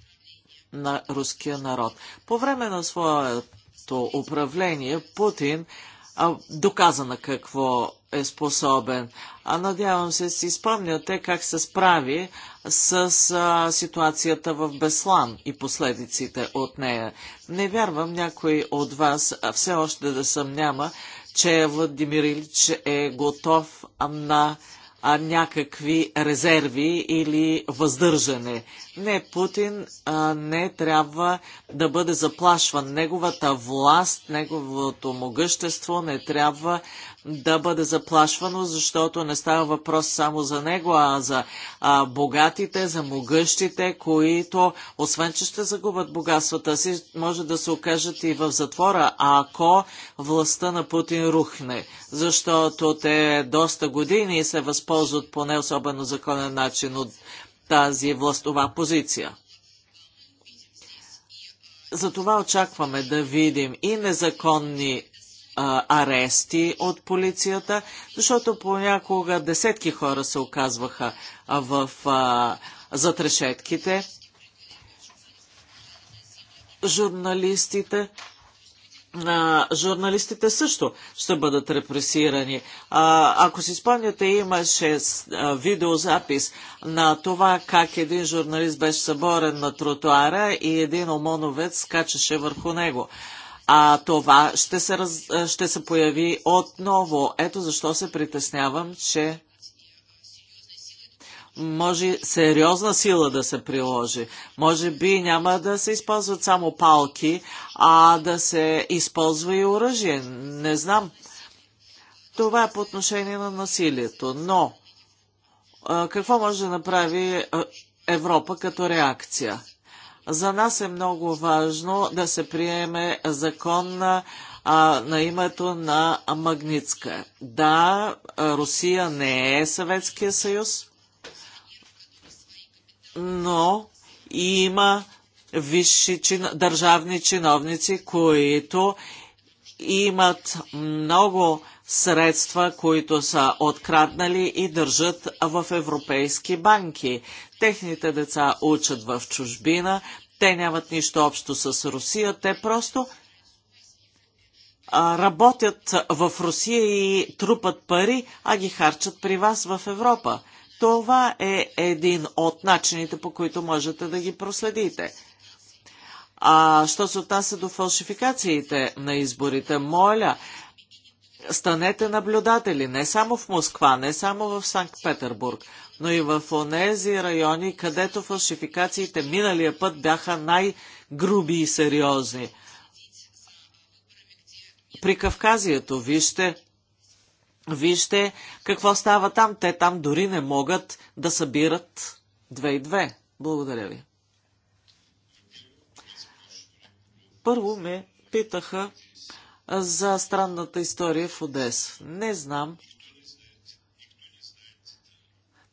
на руския народ? По време на своето управление Путин доказа на какво е способен. А надявам се си спомняте как се справи с а, ситуацията в Беслан и последиците от нея. Не вярвам някой от вас а все още да съмнява, че Владимир Ильич е готов на а, някакви резерви или въздържане. Не, Путин а, не трябва да бъде заплашван. Неговата власт, неговото могъщество не трябва да бъде заплашвано, защото не става въпрос само за него, а за а, богатите, за могъщите, които, освен че ще загубят богатствата си, може да се окажат и в затвора, ако властта на Путин рухне. Защото те доста години се възпитават възползват по не особено законен начин от тази властова позиция. Затова очакваме да видим и незаконни а, арести от полицията, защото понякога десетки хора се оказваха а, в а, Журналистите на журналистите също ще бъдат репресирани. А, ако си спомняте, имаше видеозапис на това как един журналист беше съборен на тротуара и един омоновец скачаше върху него. А това ще се, раз... ще се появи отново. Ето защо се притеснявам, че може сериозна сила да се приложи. Може би няма да се използват само палки, а да се използва и оръжие. Не знам. Това е по отношение на насилието. Но какво може да направи Европа като реакция? За нас е много важно да се приеме закон на, а, на името на Магницка. Да, Русия не е Съветския съюз, но има висши чин... държавни чиновници, които имат много средства, които са откраднали и държат в европейски банки. Техните деца учат в чужбина, те нямат нищо общо с Русия, те просто работят в Русия и трупат пари, а ги харчат при вас в Европа. Това е един от начините, по които можете да ги проследите. А що се отнася до фалшификациите на изборите, моля, станете наблюдатели не само в Москва, не само в Санкт-Петербург, но и в онези райони, където фалшификациите миналия път бяха най-груби и сериозни. При Кавказието, вижте, Вижте какво става там. Те там дори не могат да събират 2 и 2. Благодаря ви. Първо ме питаха за странната история в Одес. Не знам.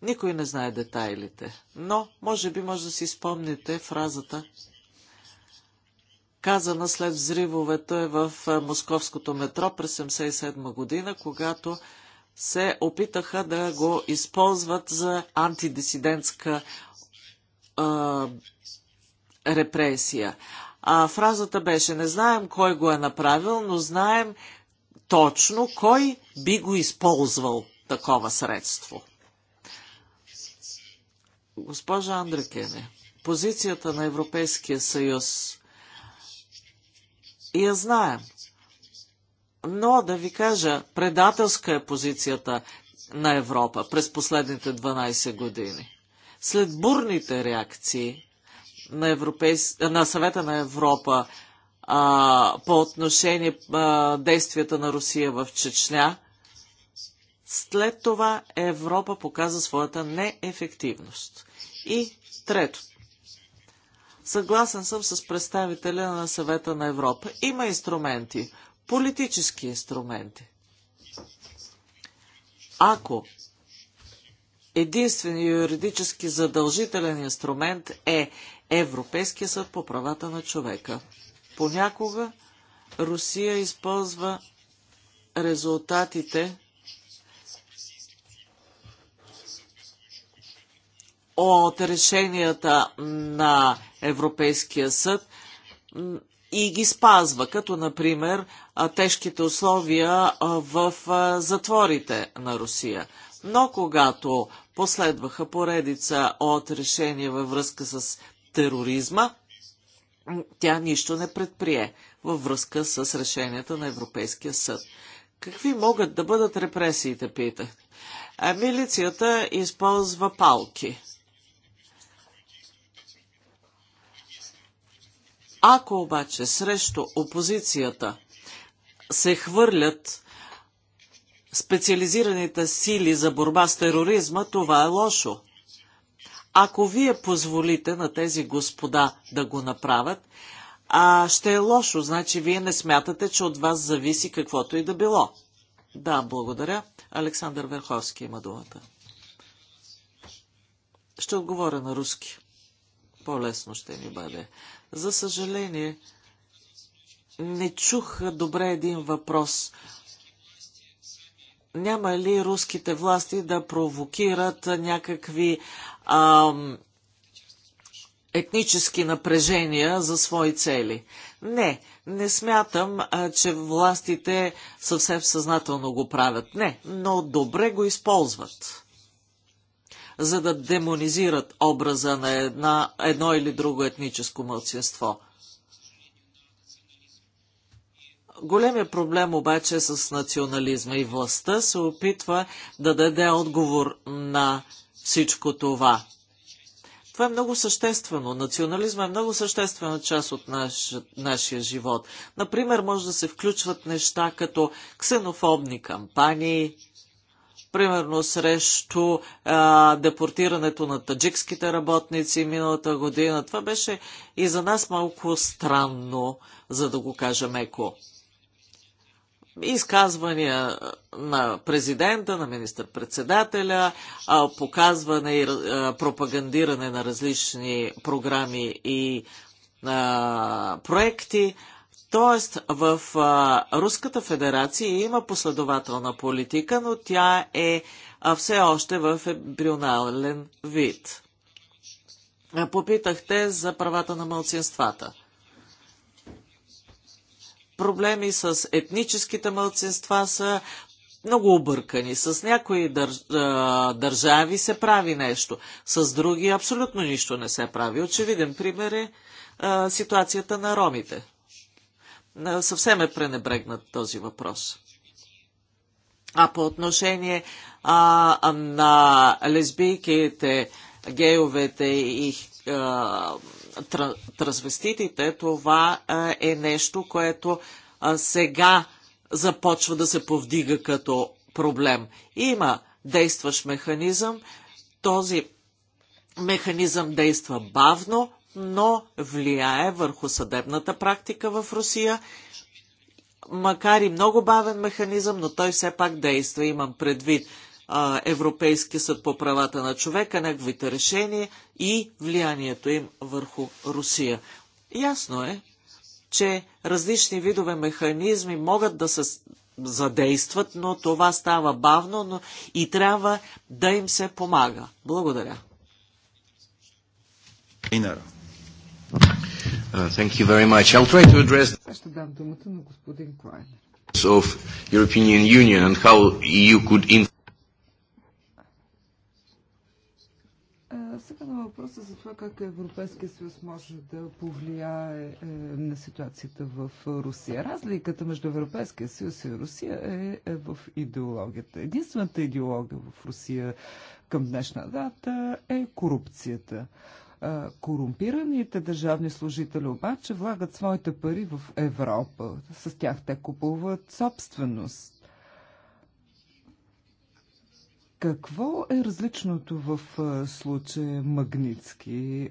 Никой не знае детайлите, но може би може да си спомните фразата – казана след взривовете в е, московското метро през 1977 година, когато се опитаха да го използват за антидисидентска а, е, репресия. А фразата беше не знаем кой го е направил, но знаем точно кой би го използвал такова средство. Госпожа Андрекене, позицията на Европейския съюз я знаем. Но да ви кажа, предателска е позицията на Европа през последните 12 години. След бурните реакции на, Европейс... на съвета на Европа а, по отношение а, действията на Русия в Чечня, след това Европа показа своята неефективност. И трето, Съгласен съм с представителя на съвета на Европа. Има инструменти, политически инструменти. Ако единственият юридически задължителен инструмент е Европейския съд по правата на човека. Понякога Русия използва резултатите от решенията на Европейския съд и ги спазва, като например тежките условия в затворите на Русия. Но когато последваха поредица от решения във връзка с тероризма, тя нищо не предприе във връзка с решенията на Европейския съд. Какви могат да бъдат репресиите, питах. Милицията използва палки. Ако обаче срещу опозицията се хвърлят специализираните сили за борба с тероризма, това е лошо. Ако вие позволите на тези господа да го направят, а ще е лошо, значи вие не смятате, че от вас зависи каквото и да било. Да, благодаря. Александър Верховски има думата. Ще отговоря на руски. По-лесно ще ни бъде. За съжаление, не чух добре един въпрос. Няма ли руските власти да провокират някакви ам, етнически напрежения за свои цели? Не, не смятам, а, че властите съвсем съзнателно го правят. Не, но добре го използват за да демонизират образа на една, едно или друго етническо мълцинство. Големия проблем обаче е с национализма и властта се опитва да даде отговор на всичко това. Това е много съществено. Национализма е много съществена част от наш, нашия живот. Например, може да се включват неща като ксенофобни кампании, примерно срещу а, депортирането на таджикските работници миналата година. Това беше и за нас малко странно, за да го кажа меко. Изказвания на президента, на министър-председателя, показване и а, пропагандиране на различни програми и а, проекти – Тоест, в а, Руската федерация има последователна политика, но тя е а, все още в ебрионален вид. Попитахте за правата на мълцинствата. Проблеми с етническите мълцинства са много объркани. С някои държави се прави нещо, с други абсолютно нищо не се прави. Очевиден пример е ситуацията на ромите. Е, съвсем е пренебрегнат този въпрос. А по отношение а, на лесбийките, гейовете и а, трансвеститите, това е нещо, което сега започва да се повдига като проблем. Има действащ механизъм, този механизъм действа бавно, но влияе върху съдебната практика в Русия, макар и много бавен механизъм, но той все пак действа. Имам предвид а, Европейски съд по правата на човека, неговите решения и влиянието им върху Русия. Ясно е, че различни видове механизми могат да се задействат, но това става бавно но и трябва да им се помага. Благодаря. Инара. Uh, thank you very much. I'll try to address ще дам думата на господин Клайнер. of European Union and how EU could Сега на въпроса за това как Европейския съюз може да повлияе е, на ситуацията в Русия. Разликата между Европейския съюз и Русия е, е в идеологията. Единствената идеология в Русия към днешна дата е корупцията. Корумпираните държавни служители обаче влагат своите пари в Европа. С тях те купуват собственост. Какво е различното в случая Магницки?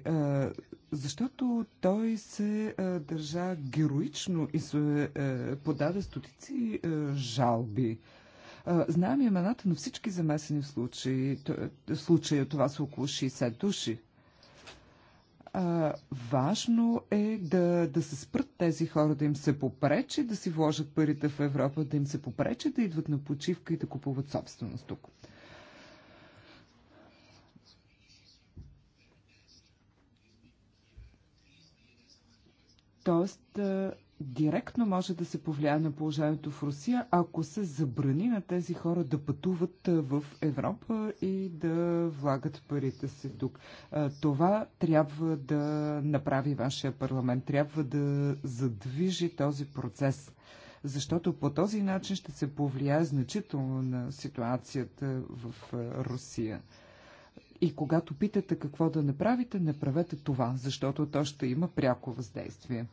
Защото той се държа героично и се подаде стотици жалби. Знаем имената на всички замесени случаи. Случая това са около 60 души. А, важно е да, да се спрат тези хора, да им се попречи, да си вложат парите в Европа, да им се попречи да идват на почивка и да купуват собственост тук. Тоест, директно може да се повлияе на положението в Русия, ако се забрани на тези хора да пътуват в Европа и да влагат парите си тук. Това трябва да направи вашия парламент. Трябва да задвижи този процес. Защото по този начин ще се повлияе значително на ситуацията в Русия. И когато питате какво да направите, направете това, защото то ще има пряко въздействие.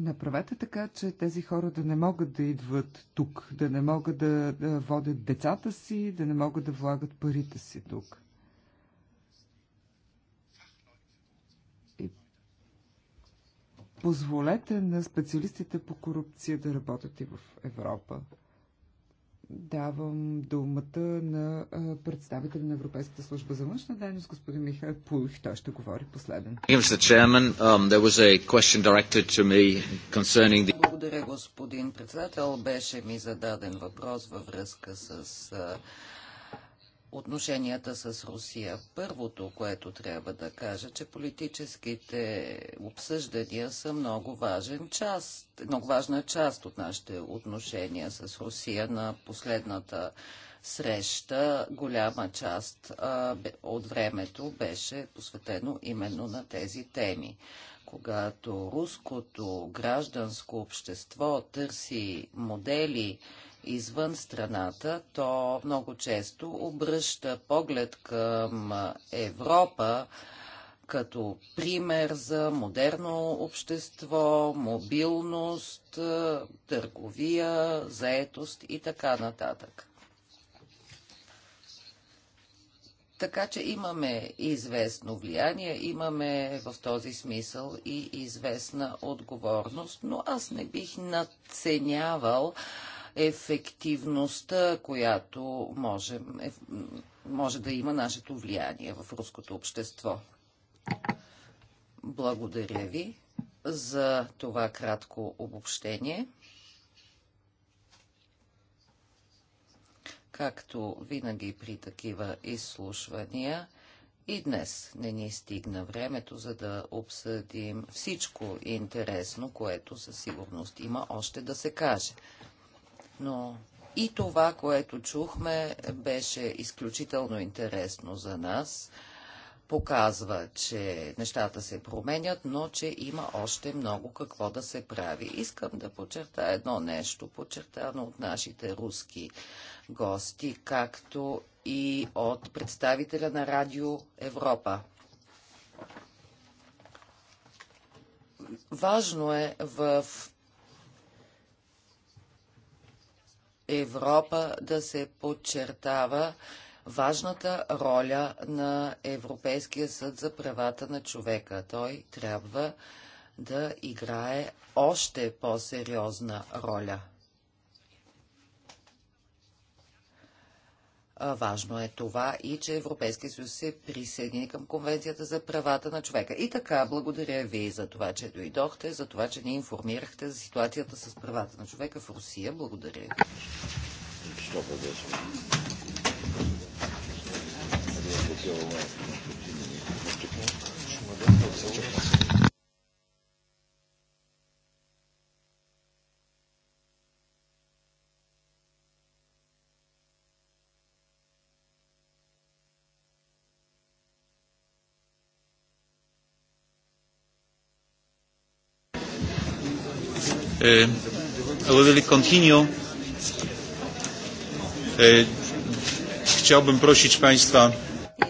Направете така, че тези хора да не могат да идват тук, да не могат да, да водят децата си, да не могат да влагат парите си тук. И позволете на специалистите по корупция да работят и в Европа. Давам думата на представителя на Европейската служба за външна дейност, господин Михаил Пулх. Той ще говори последен. Um, Благодаря, господин председател. Беше ми зададен въпрос във връзка с отношенията с Русия. Първото, което трябва да кажа, че политическите обсъждания са много, важен част, много важна част от нашите отношения с Русия на последната среща. Голяма част а, от времето беше посветено именно на тези теми. Когато руското гражданско общество търси модели, извън страната, то много често обръща поглед към Европа като пример за модерно общество, мобилност, търговия, заетост и така нататък. Така че имаме известно влияние, имаме в този смисъл и известна отговорност, но аз не бих надценявал ефективността, която може, е, може да има нашето влияние в руското общество. Благодаря ви за това кратко обобщение. Както винаги при такива изслушвания, и днес не ни стигна времето, за да обсъдим всичко интересно, което със сигурност има още да се каже. Но и това, което чухме, беше изключително интересно за нас. Показва, че нещата се променят, но че има още много какво да се прави. Искам да подчертая едно нещо, подчертано от нашите руски гости, както и от представителя на Радио Европа. Важно е в Европа да се подчертава важната роля на Европейския съд за правата на човека. Той трябва да играе още по-сериозна роля. Важно е това и че Европейския съюз се присъедини към Конвенцията за правата на човека. И така, благодаря ви за това, че дойдохте, за това, че ни информирахте за ситуацията с правата на човека в Русия. Благодаря ви. Thank you. Uh, we will continue. Uh, chciałbym prosić Państwa.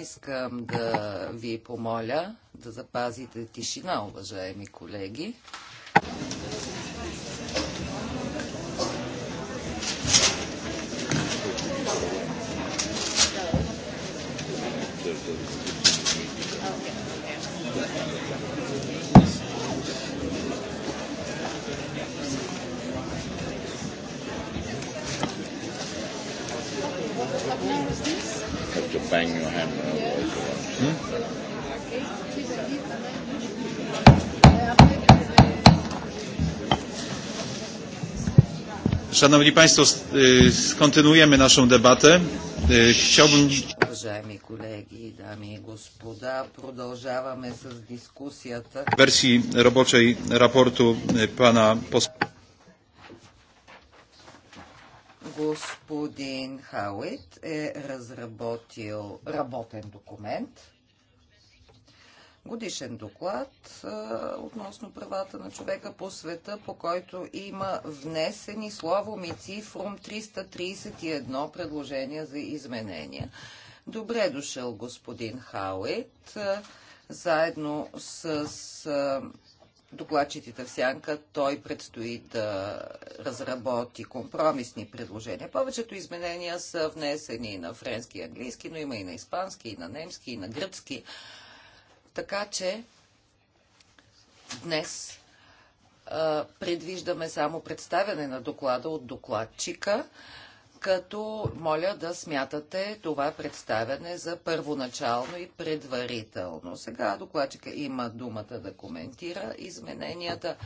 Искам да ви помоля да запазите тишина, уважаеми колеги. Okay. Have to bang your hammer. Szanowni Państwo, kontynuujemy naszą debatę. Chciałbym... Уважаеми колеги, дами и господа, продължаваме с дискусията. Версии рабочей рапорту pana posła. Господин Хауит е разработил работен документ, годишен доклад относно правата на човека по света, по който има внесени словом и цифром 331 предложения за изменения. Добре дошъл господин Хауит, заедно с докладчиците в сянка, той предстои да разработи компромисни предложения. Повечето изменения са внесени на френски и английски, но има и на испански, и на немски, и на гръцки. Така че днес предвиждаме само представяне на доклада от докладчика като моля да смятате това представяне за първоначално и предварително. Сега докладчика има думата да коментира измененията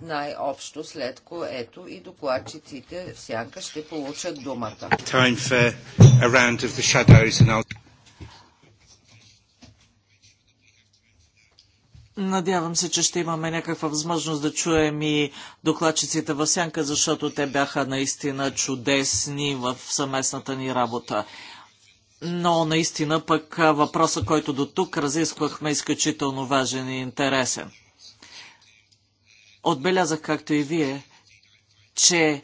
най-общо, след което и докладчиците в сянка ще получат думата. Надявам се, че ще имаме някаква възможност да чуем и докладчиците в сянка, защото те бяха наистина чудесни в съместната ни работа. Но наистина пък въпросът, който до тук разисквахме, е изключително важен и интересен. Отбелязах, както и вие, че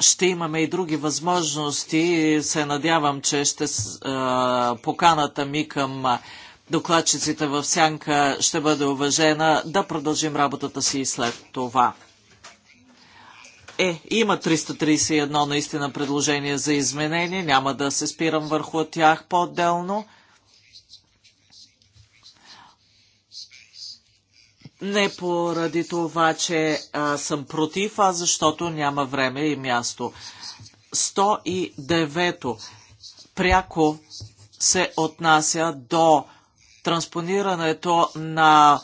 ще имаме и други възможности. Се надявам, че ще поканата ми към докладчиците в сянка ще бъде уважена, да продължим работата си и след това. Е, има 331 наистина предложения за изменение, няма да се спирам върху тях по-отделно. Не поради това, че а, съм против, а защото няма време и място. 109. Пряко се отнася до транспонирането на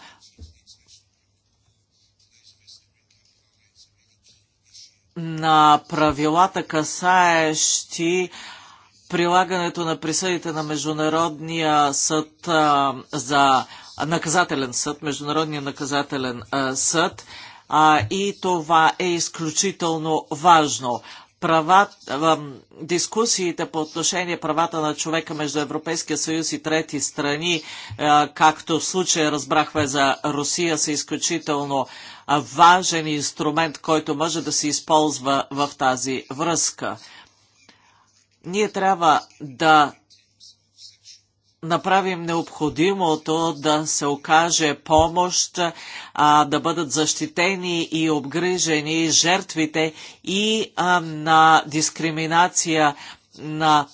на правилата, касаещи прилагането на присъдите на Международния съд а, за наказателен съд, Международния наказателен а, съд. А, и това е изключително важно права, а, дискусиите по отношение правата на човека между Европейския съюз и трети страни, а, както в случая разбрахме за Русия, са изключително важен инструмент, който може да се използва в тази връзка. Ние трябва да направим необходимото да се окаже помощ, а, да бъдат защитени и обгрижени жертвите и а, на дискриминация на,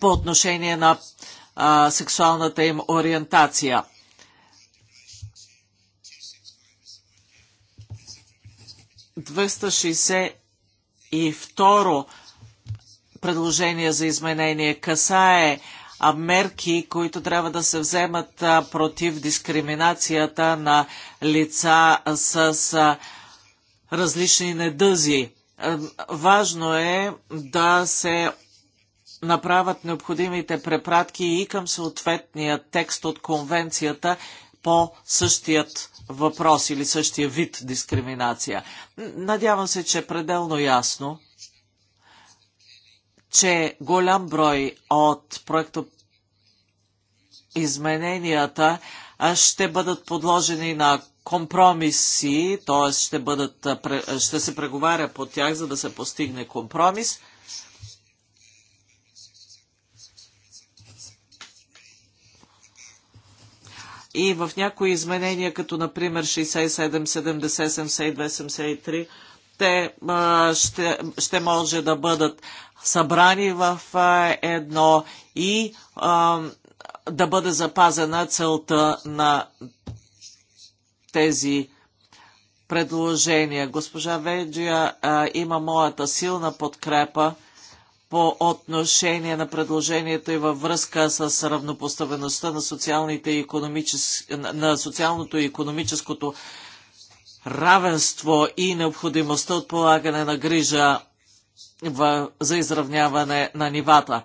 по отношение на а, сексуалната им ориентация. Двеста и второ предложение за изменение касае мерки, които трябва да се вземат против дискриминацията на лица с различни недъзи. Важно е да се направят необходимите препратки и към съответния текст от конвенцията по същият въпрос или същия вид дискриминация. Надявам се, че е пределно ясно че голям брой от проекто измененията ще бъдат подложени на компромиси, т.е. Ще, бъдат, ще се преговаря по тях, за да се постигне компромис. И в някои изменения, като например 67, 70, 72, 73, те а, ще, ще може да бъдат събрани в едно и да бъде запазена целта на тези предложения. Госпожа Веджия има моята силна подкрепа по отношение на предложението и във връзка с равнопоставеността на, социалните и економичес... на социалното и економическото равенство и необходимостта от полагане на грижа в, за изравняване на нивата.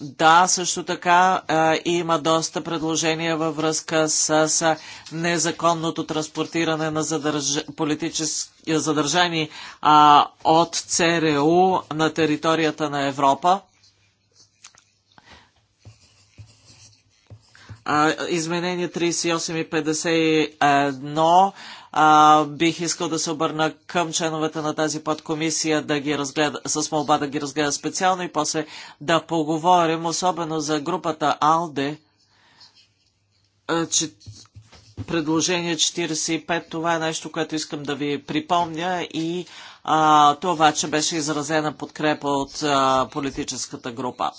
Да, също така а, има доста предложения във връзка с, с незаконното транспортиране на задърж... политически задържани а, от ЦРУ на територията на Европа. А, изменение 38 и 51 а, бих искал да се обърна към членовете на тази подкомисия да ги разгледа, с молба да ги разгледа специално и после да поговорим, особено за групата АЛДЕ, че предложение 45, това е нещо, което искам да ви припомня и а, това, че беше изразена подкрепа от а, политическата група.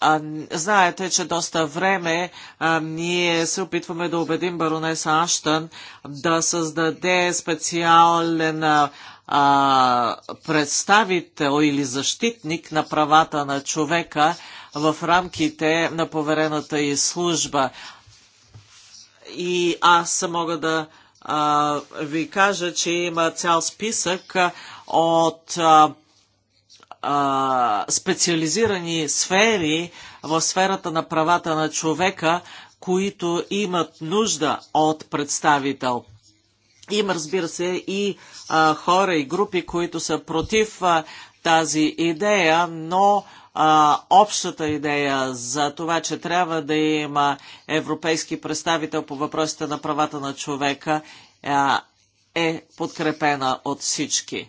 А, знаете, че доста време а, ние се опитваме да убедим баронеса Аштън да създаде специален а, представител или защитник на правата на човека в рамките на поверената и служба. И аз мога да а, ви кажа, че има цял списък от а, специализирани сфери в сферата на правата на човека, които имат нужда от представител. Има, разбира се, и а, хора и групи, които са против а, тази идея, но а, общата идея за това, че трябва да има европейски представител по въпросите на правата на човека, а, е подкрепена от всички.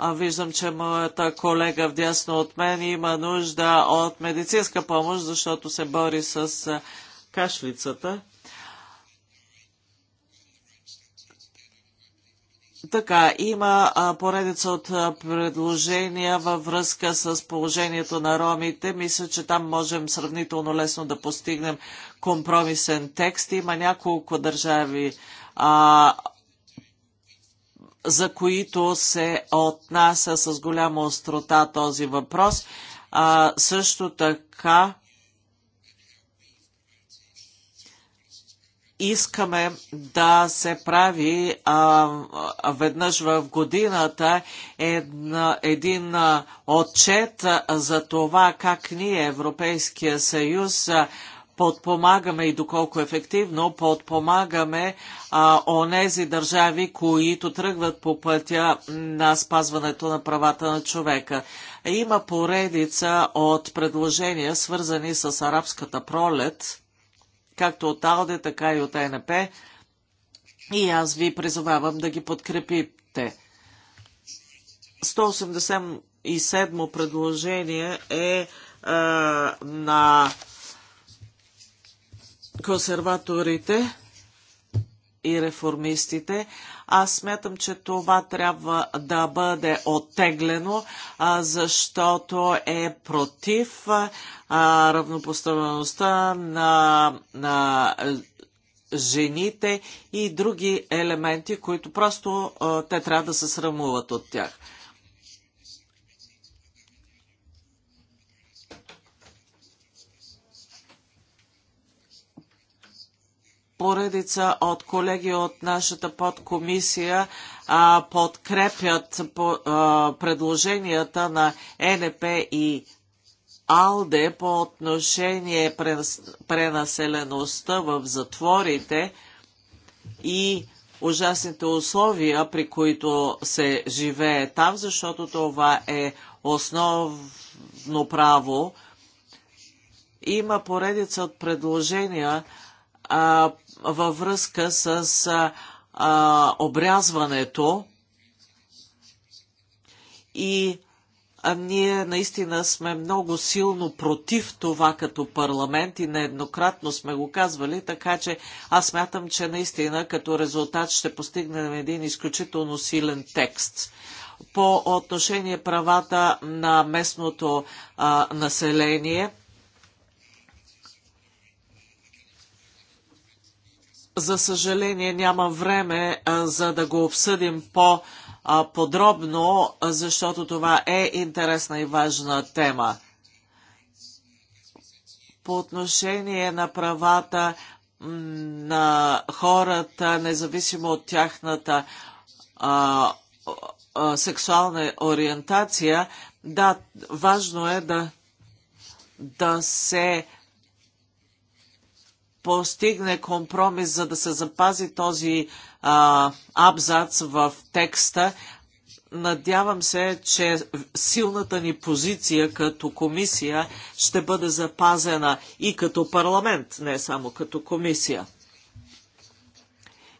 А виждам, че моята колега вдясно от мен има нужда от медицинска помощ, защото се бори с кашлицата. Така, има поредица от предложения във връзка с положението на ромите. Мисля, че там можем сравнително лесно да постигнем компромисен текст. Има няколко държави а, за които се отнася с голяма острота този въпрос. А, също така искаме да се прави а, веднъж в годината една, един отчет за това как ние, Европейския съюз, подпомагаме и доколко ефективно подпомагаме а, онези държави, които тръгват по пътя на спазването на правата на човека. Има поредица от предложения, свързани с арабската пролет, както от АЛДЕ, така и от НП, и аз ви призовавам да ги подкрепите. 187 предложение е а, на консерваторите и реформистите. Аз смятам, че това трябва да бъде оттеглено, защото е против равнопоставеността на, на жените и други елементи, които просто те трябва да се срамуват от тях. поредица от колеги от нашата подкомисия а, подкрепят по, а, предложенията на е НП и АЛДЕ по отношение пренаселеността в затворите и ужасните условия, при които се живее там, защото това е основно право. Има поредица от предложения, а, във връзка с а, а, обрязването и а ние наистина сме много силно против това като парламент и нееднократно сме го казвали, така че аз смятам, че наистина като резултат ще постигнем един изключително силен текст. По отношение правата на местното а, население, За съжаление няма време за да го обсъдим по-подробно, защото това е интересна и важна тема. По отношение на правата на хората, независимо от тяхната а, а, сексуална ориентация, да, важно е да, да се постигне компромис, за да се запази този а, абзац в текста. Надявам се, че силната ни позиция като комисия ще бъде запазена и като парламент, не само като комисия.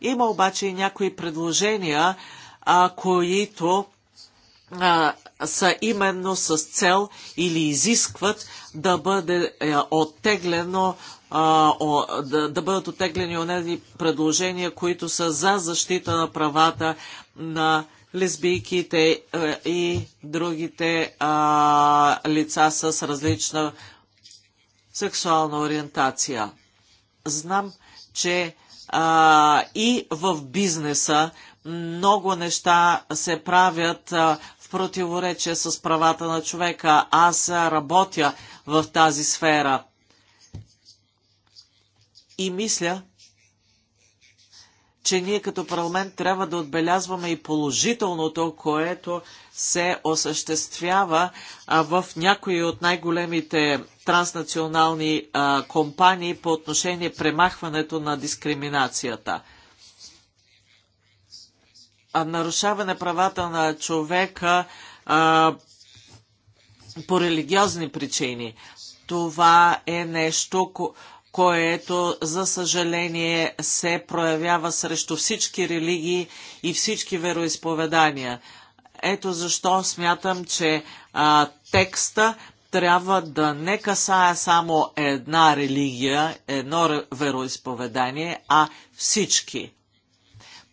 Има обаче и някои предложения, а, които а, са именно с цел или изискват да бъде а, е, оттеглено а, о, да, да бъдат отеглени онези предложения, които са за защита на правата на лесбийките и другите а, лица с различна сексуална ориентация. Знам, че а, и в бизнеса много неща се правят а, в противоречие с правата на човека. Аз работя в тази сфера и мисля, че ние като парламент трябва да отбелязваме и положителното, което се осъществява в някои от най-големите транснационални компании по отношение премахването на дискриминацията. нарушаване правата на човека а, по религиозни причини. Това е нещо, което, за съжаление, се проявява срещу всички религии и всички вероисповедания. Ето защо смятам, че а, текста трябва да не касае само една религия, едно вероисповедание, а всички.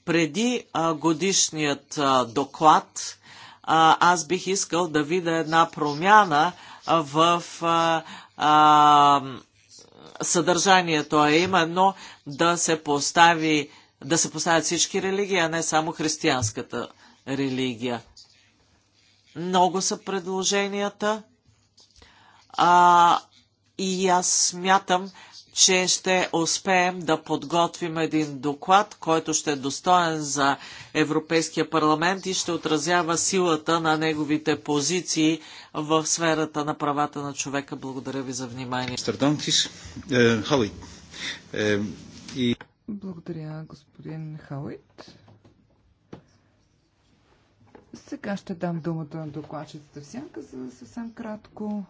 Преди а, годишният а, доклад а, аз бих искал да видя една промяна в а, а, съдържанието, а именно да се, постави, да се поставят всички религии, а не само християнската религия. Много са предложенията а, и аз смятам, че ще успеем да подготвим един доклад, който ще е достоен за Европейския парламент и ще отразява силата на неговите позиции в сферата на правата на човека. Благодаря ви за внимание. Е, е, Благодаря, господин Халит. Сега ще дам думата на докладчицата в сянка за съвсем кратко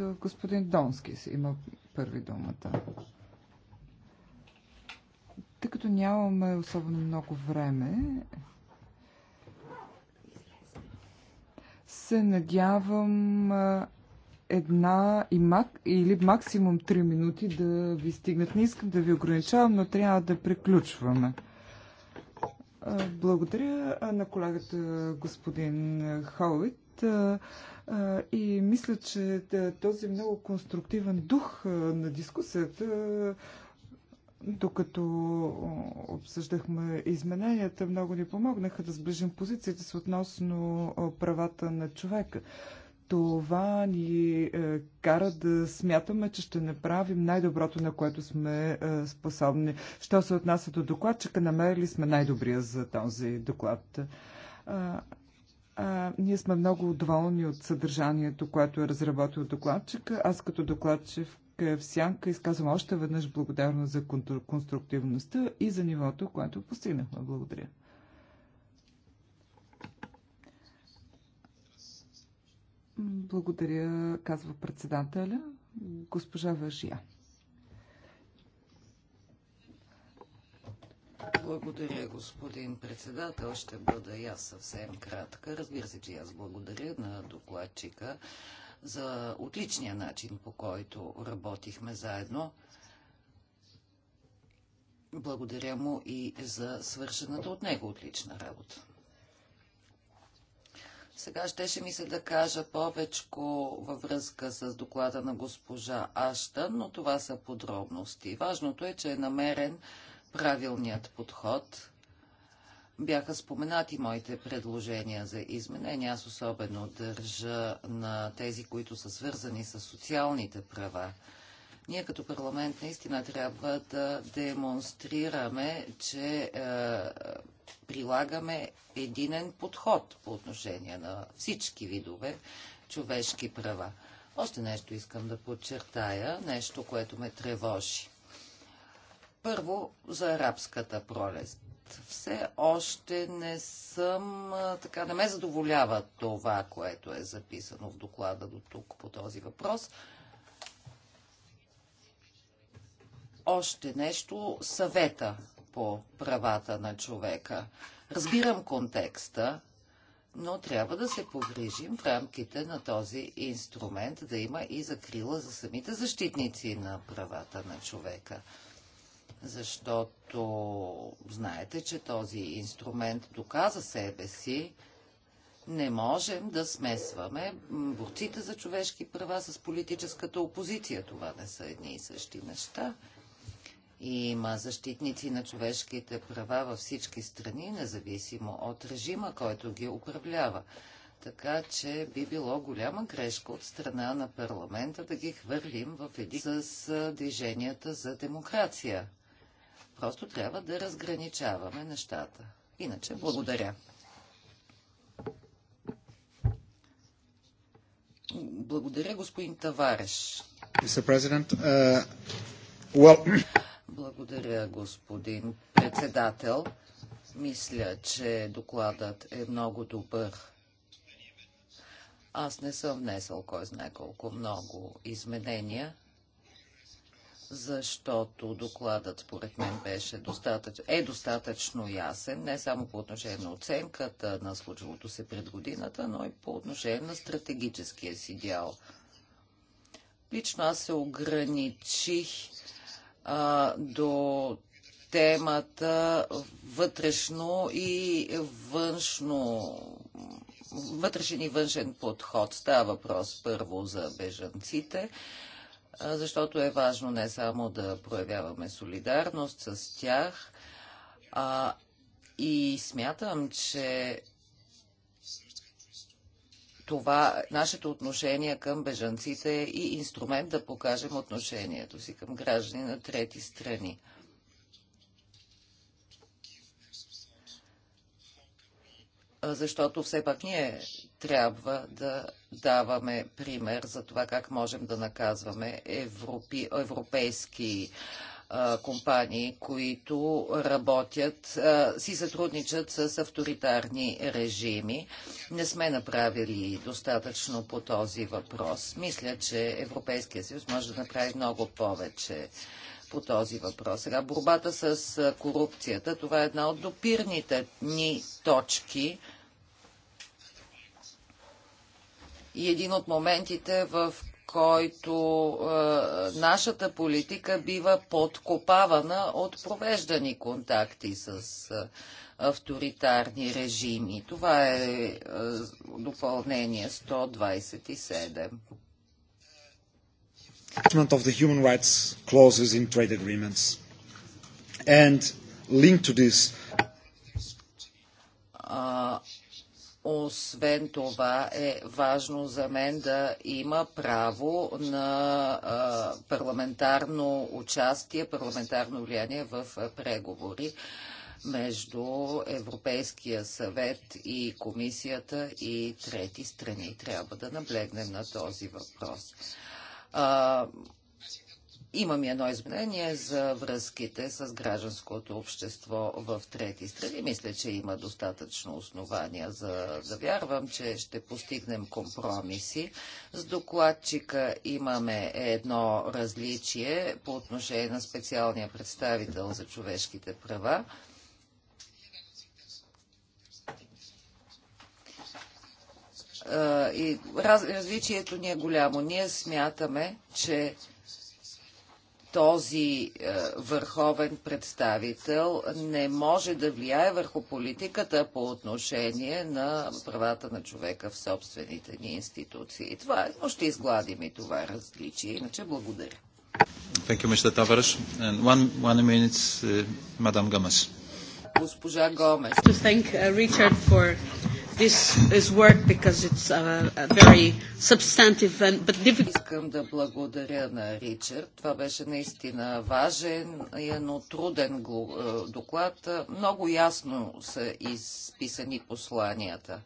Господин Донски има първи думата. Тъй като нямаме особено много време, се надявам една и мак, или максимум три минути да ви стигнат. Не искам да ви ограничавам, но трябва да приключваме. Благодаря на колегата господин Холит. И мисля, че е, този много конструктивен дух е, на дискусията е, докато обсъждахме измененията, много ни помогнаха да сближим позициите си относно правата на човека. Това ни е, кара да смятаме, че ще направим най-доброто, на което сме е, способни. Що се отнася до докладчика, намерили сме най-добрия за този доклад. А, ние сме много доволни от съдържанието, което е разработил докладчика. Аз като докладчик в Сянка изказвам още веднъж благодарност за конструктивността и за нивото, което постигнахме. Благодаря. Благодаря, казва председателя, госпожа Въжия. Благодаря, господин председател. Ще бъда и аз съвсем кратка. Разбира се, че аз благодаря на докладчика за отличния начин, по който работихме заедно. Благодаря му и за свършената от него отлична работа. Сега щеше ми се да кажа повече във връзка с доклада на госпожа Ашта, но това са подробности. Важното е, че е намерен правилният подход. Бяха споменати моите предложения за изменения. Аз особено държа на тези, които са свързани с социалните права. Ние като парламент наистина трябва да демонстрираме, че е, прилагаме единен подход по отношение на всички видове човешки права. Още нещо искам да подчертая, нещо, което ме тревожи. Първо за арабската пролест. Все още не съм, така не ме задоволява това, което е записано в доклада до тук по този въпрос. Още нещо, съвета по правата на човека. Разбирам контекста, но трябва да се погрижим в рамките на този инструмент да има и закрила за самите защитници на правата на човека защото знаете, че този инструмент доказа себе си. Не можем да смесваме борците за човешки права с политическата опозиция. Това не са едни и същи неща. И има защитници на човешките права във всички страни, независимо от режима, който ги управлява. Така че би било голяма грешка от страна на парламента да ги хвърлим в един с движенията за демокрация. Просто трябва да разграничаваме нещата. Иначе, благодаря. Благодаря, господин Тавареш. Е, благодаря, господин председател. Мисля, че докладът е много добър. Аз не съм внесъл кой знае колко много изменения, защото докладът според мен беше достатъч, е достатъчно ясен, не само по отношение на оценката на случилото се пред годината, но и по отношение на стратегическия си дял. Лично аз се ограничих а, до темата вътрешно и външно вътрешен и външен подход. Става въпрос първо за бежанците, защото е важно не само да проявяваме солидарност с тях, а и смятам, че това, нашето отношение към бежанците е и инструмент да покажем отношението си към граждани на трети страни. Защото все пак ние трябва да даваме пример за това как можем да наказваме европи, европейски а, компании, които работят, а, си сътрудничат с авторитарни режими. Не сме направили достатъчно по този въпрос. Мисля, че Европейския съюз може да направи много повече по този въпрос. Сега борбата с корупцията, това е една от допирните ни точки – и един от моментите, в който е, нашата политика бива подкопавана от провеждани контакти с е, авторитарни режими. Това е, е допълнение 127. Of the human rights clauses in trade agreements. And linked to this, освен това е важно за мен да има право на парламентарно участие, парламентарно влияние в преговори между Европейския съвет и комисията и трети страни. Трябва да наблегнем на този въпрос. Имам едно изменение за връзките с гражданското общество в трети страни. Мисля, че има достатъчно основания за да вярвам, че ще постигнем компромиси. С докладчика имаме едно различие по отношение на специалния представител за човешките права. И раз, различието ни е голямо. Ние смятаме, че този е, върховен представител не може да влияе върху политиката по отношение на правата на човека в собствените ни институции. Това е, но ще изгладим и това различие. Иначе благодаря. Thank you, Mr. Tavares. And one, one minute, uh, Madam Gomez. Госпожа Гомес. To thank, uh, Richard for this is work because it's a, uh, a very substantive and but difficult. Искам да благодаря на Ричард. Това беше наистина важен, е, но труден е, доклад. Много ясно са изписани посланията.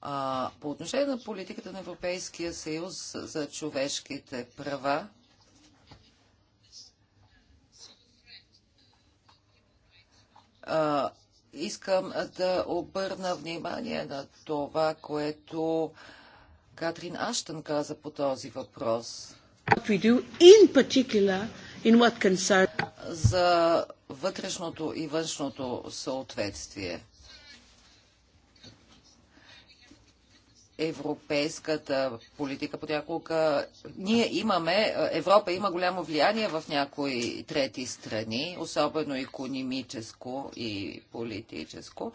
А, по отношение на политиката на Европейския съюз за човешките права, а, искам да обърна внимание на това, което Катрин Аштън каза по този въпрос. За вътрешното и външното съответствие. европейската политика по няколко... Ние имаме, Европа има голямо влияние в някои трети страни, особено економическо и политическо,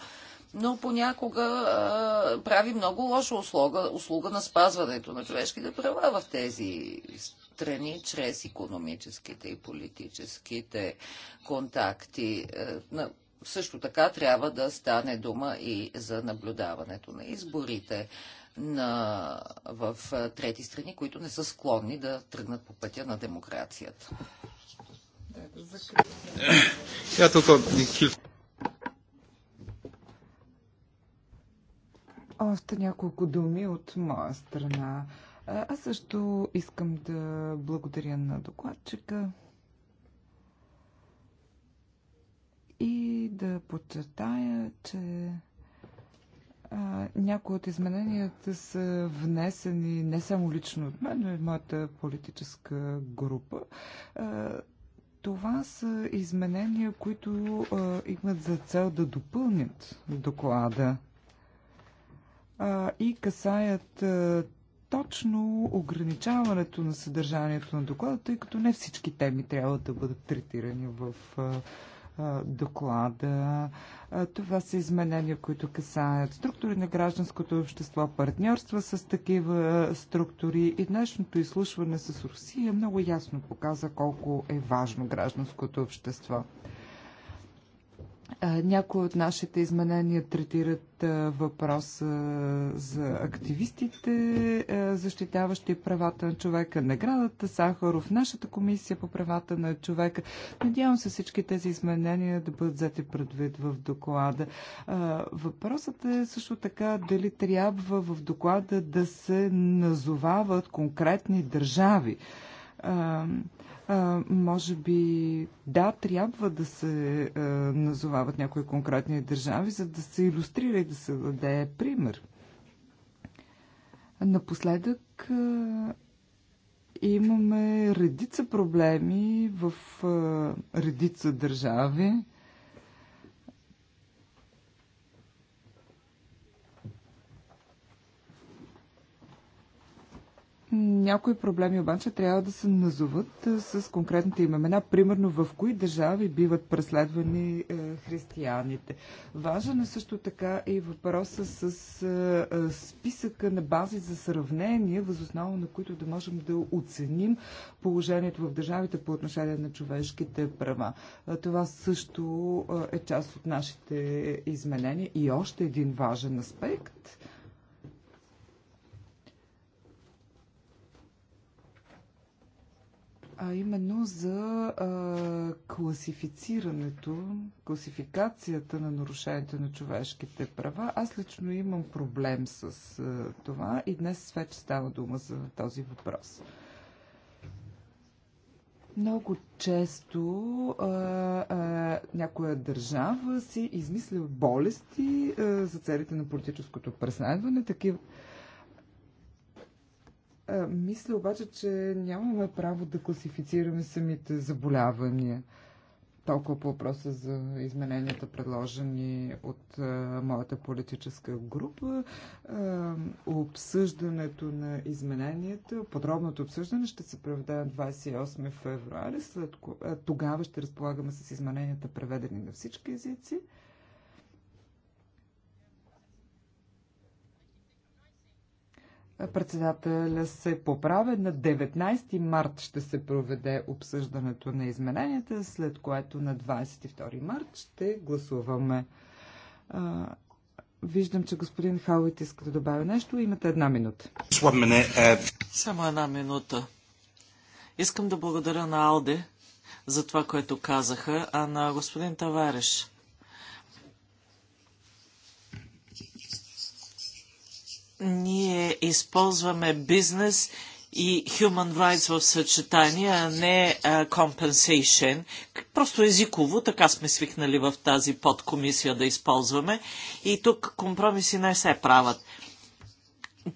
но понякога а, прави много лоша услуга, услуга на спазването на човешките права в тези страни, чрез економическите и политическите контакти. Е, а, също така трябва да стане дума и за наблюдаването на изборите на, в трети страни, които не са склонни да тръгнат по пътя на демокрацията. Още няколко думи от моя страна. Аз също искам да благодаря на докладчика и да подчертая, че някои от измененията са внесени не само лично от мен, но и моята политическа група. Това са изменения, които а, имат за цел да допълнят доклада а, и касаят а, точно ограничаването на съдържанието на доклада, тъй като не всички теми трябва да бъдат третирани в а, доклада. Това са изменения, които касаят структури на гражданското общество, партньорства с такива структури и днешното изслушване с Русия много ясно показа колко е важно гражданското общество. Някои от нашите изменения третират въпроса за активистите, защитаващи правата на човека, наградата Сахаров, нашата комисия по правата на човека. Надявам се всички тези изменения да бъдат взети предвид в доклада. Въпросът е също така дали трябва в доклада да се назовават конкретни държави може би, да, трябва да се назовават някои конкретни държави, за да се иллюстрира и да се даде пример. Напоследък имаме редица проблеми в редица държави. Някои проблеми обаче трябва да се назоват с конкретните им имена. Примерно в кои държави биват преследвани е, християните. Важен е също така и въпроса с е, е, списъка на бази за сравнение, възоснова на които да можем да оценим положението в държавите по отношение на човешките права. Това също е част от нашите изменения. И още един важен аспект – а именно за а, класифицирането, класификацията на нарушението на човешките права. Аз лично имам проблем с а, това и днес вече става дума за този въпрос. Много често а, а, някоя държава си измисля болести а, за целите на политическото преследване, такива мисля обаче, че нямаме право да класифицираме самите заболявания. Толкова по въпроса за измененията, предложени от а, моята политическа група. А, обсъждането на измененията, подробното обсъждане ще се проведе на 28 февруари. След, а, тогава ще разполагаме с измененията, преведени на всички езици. Председателя се поправя. На 19 март ще се проведе обсъждането на измененията, след което на 22 март ще гласуваме. Виждам, че господин Хауит иска да добави нещо. Имате една минута. Е, Само една минута. Искам да благодаря на Алде за това, което казаха, а на господин Тавареш ние използваме бизнес и human rights в съчетание, а не compensation. Просто езиково, така сме свикнали в тази подкомисия да използваме. И тук компромиси не се правят.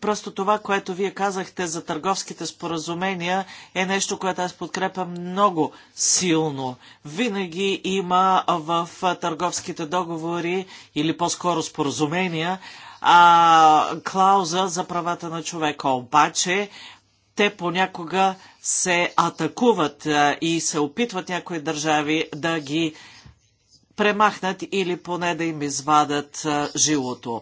Просто това, което вие казахте за търговските споразумения е нещо, което аз подкрепям много силно. Винаги има в търговските договори или по-скоро споразумения а, клауза за правата на човека. Обаче те понякога се атакуват а, и се опитват някои държави да ги премахнат или поне да им извадат а, жилото.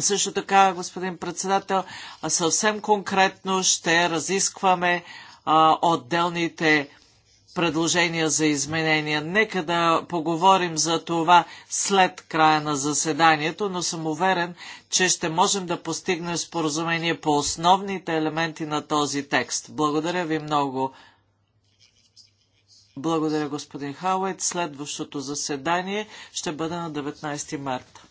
Също така, господин председател, съвсем конкретно ще разискваме а, отделните предложения за изменения. Нека да поговорим за това след края на заседанието, но съм уверен, че ще можем да постигнем споразумение по основните елементи на този текст. Благодаря ви много. Благодаря, господин Хаует, Следващото заседание ще бъде на 19 марта.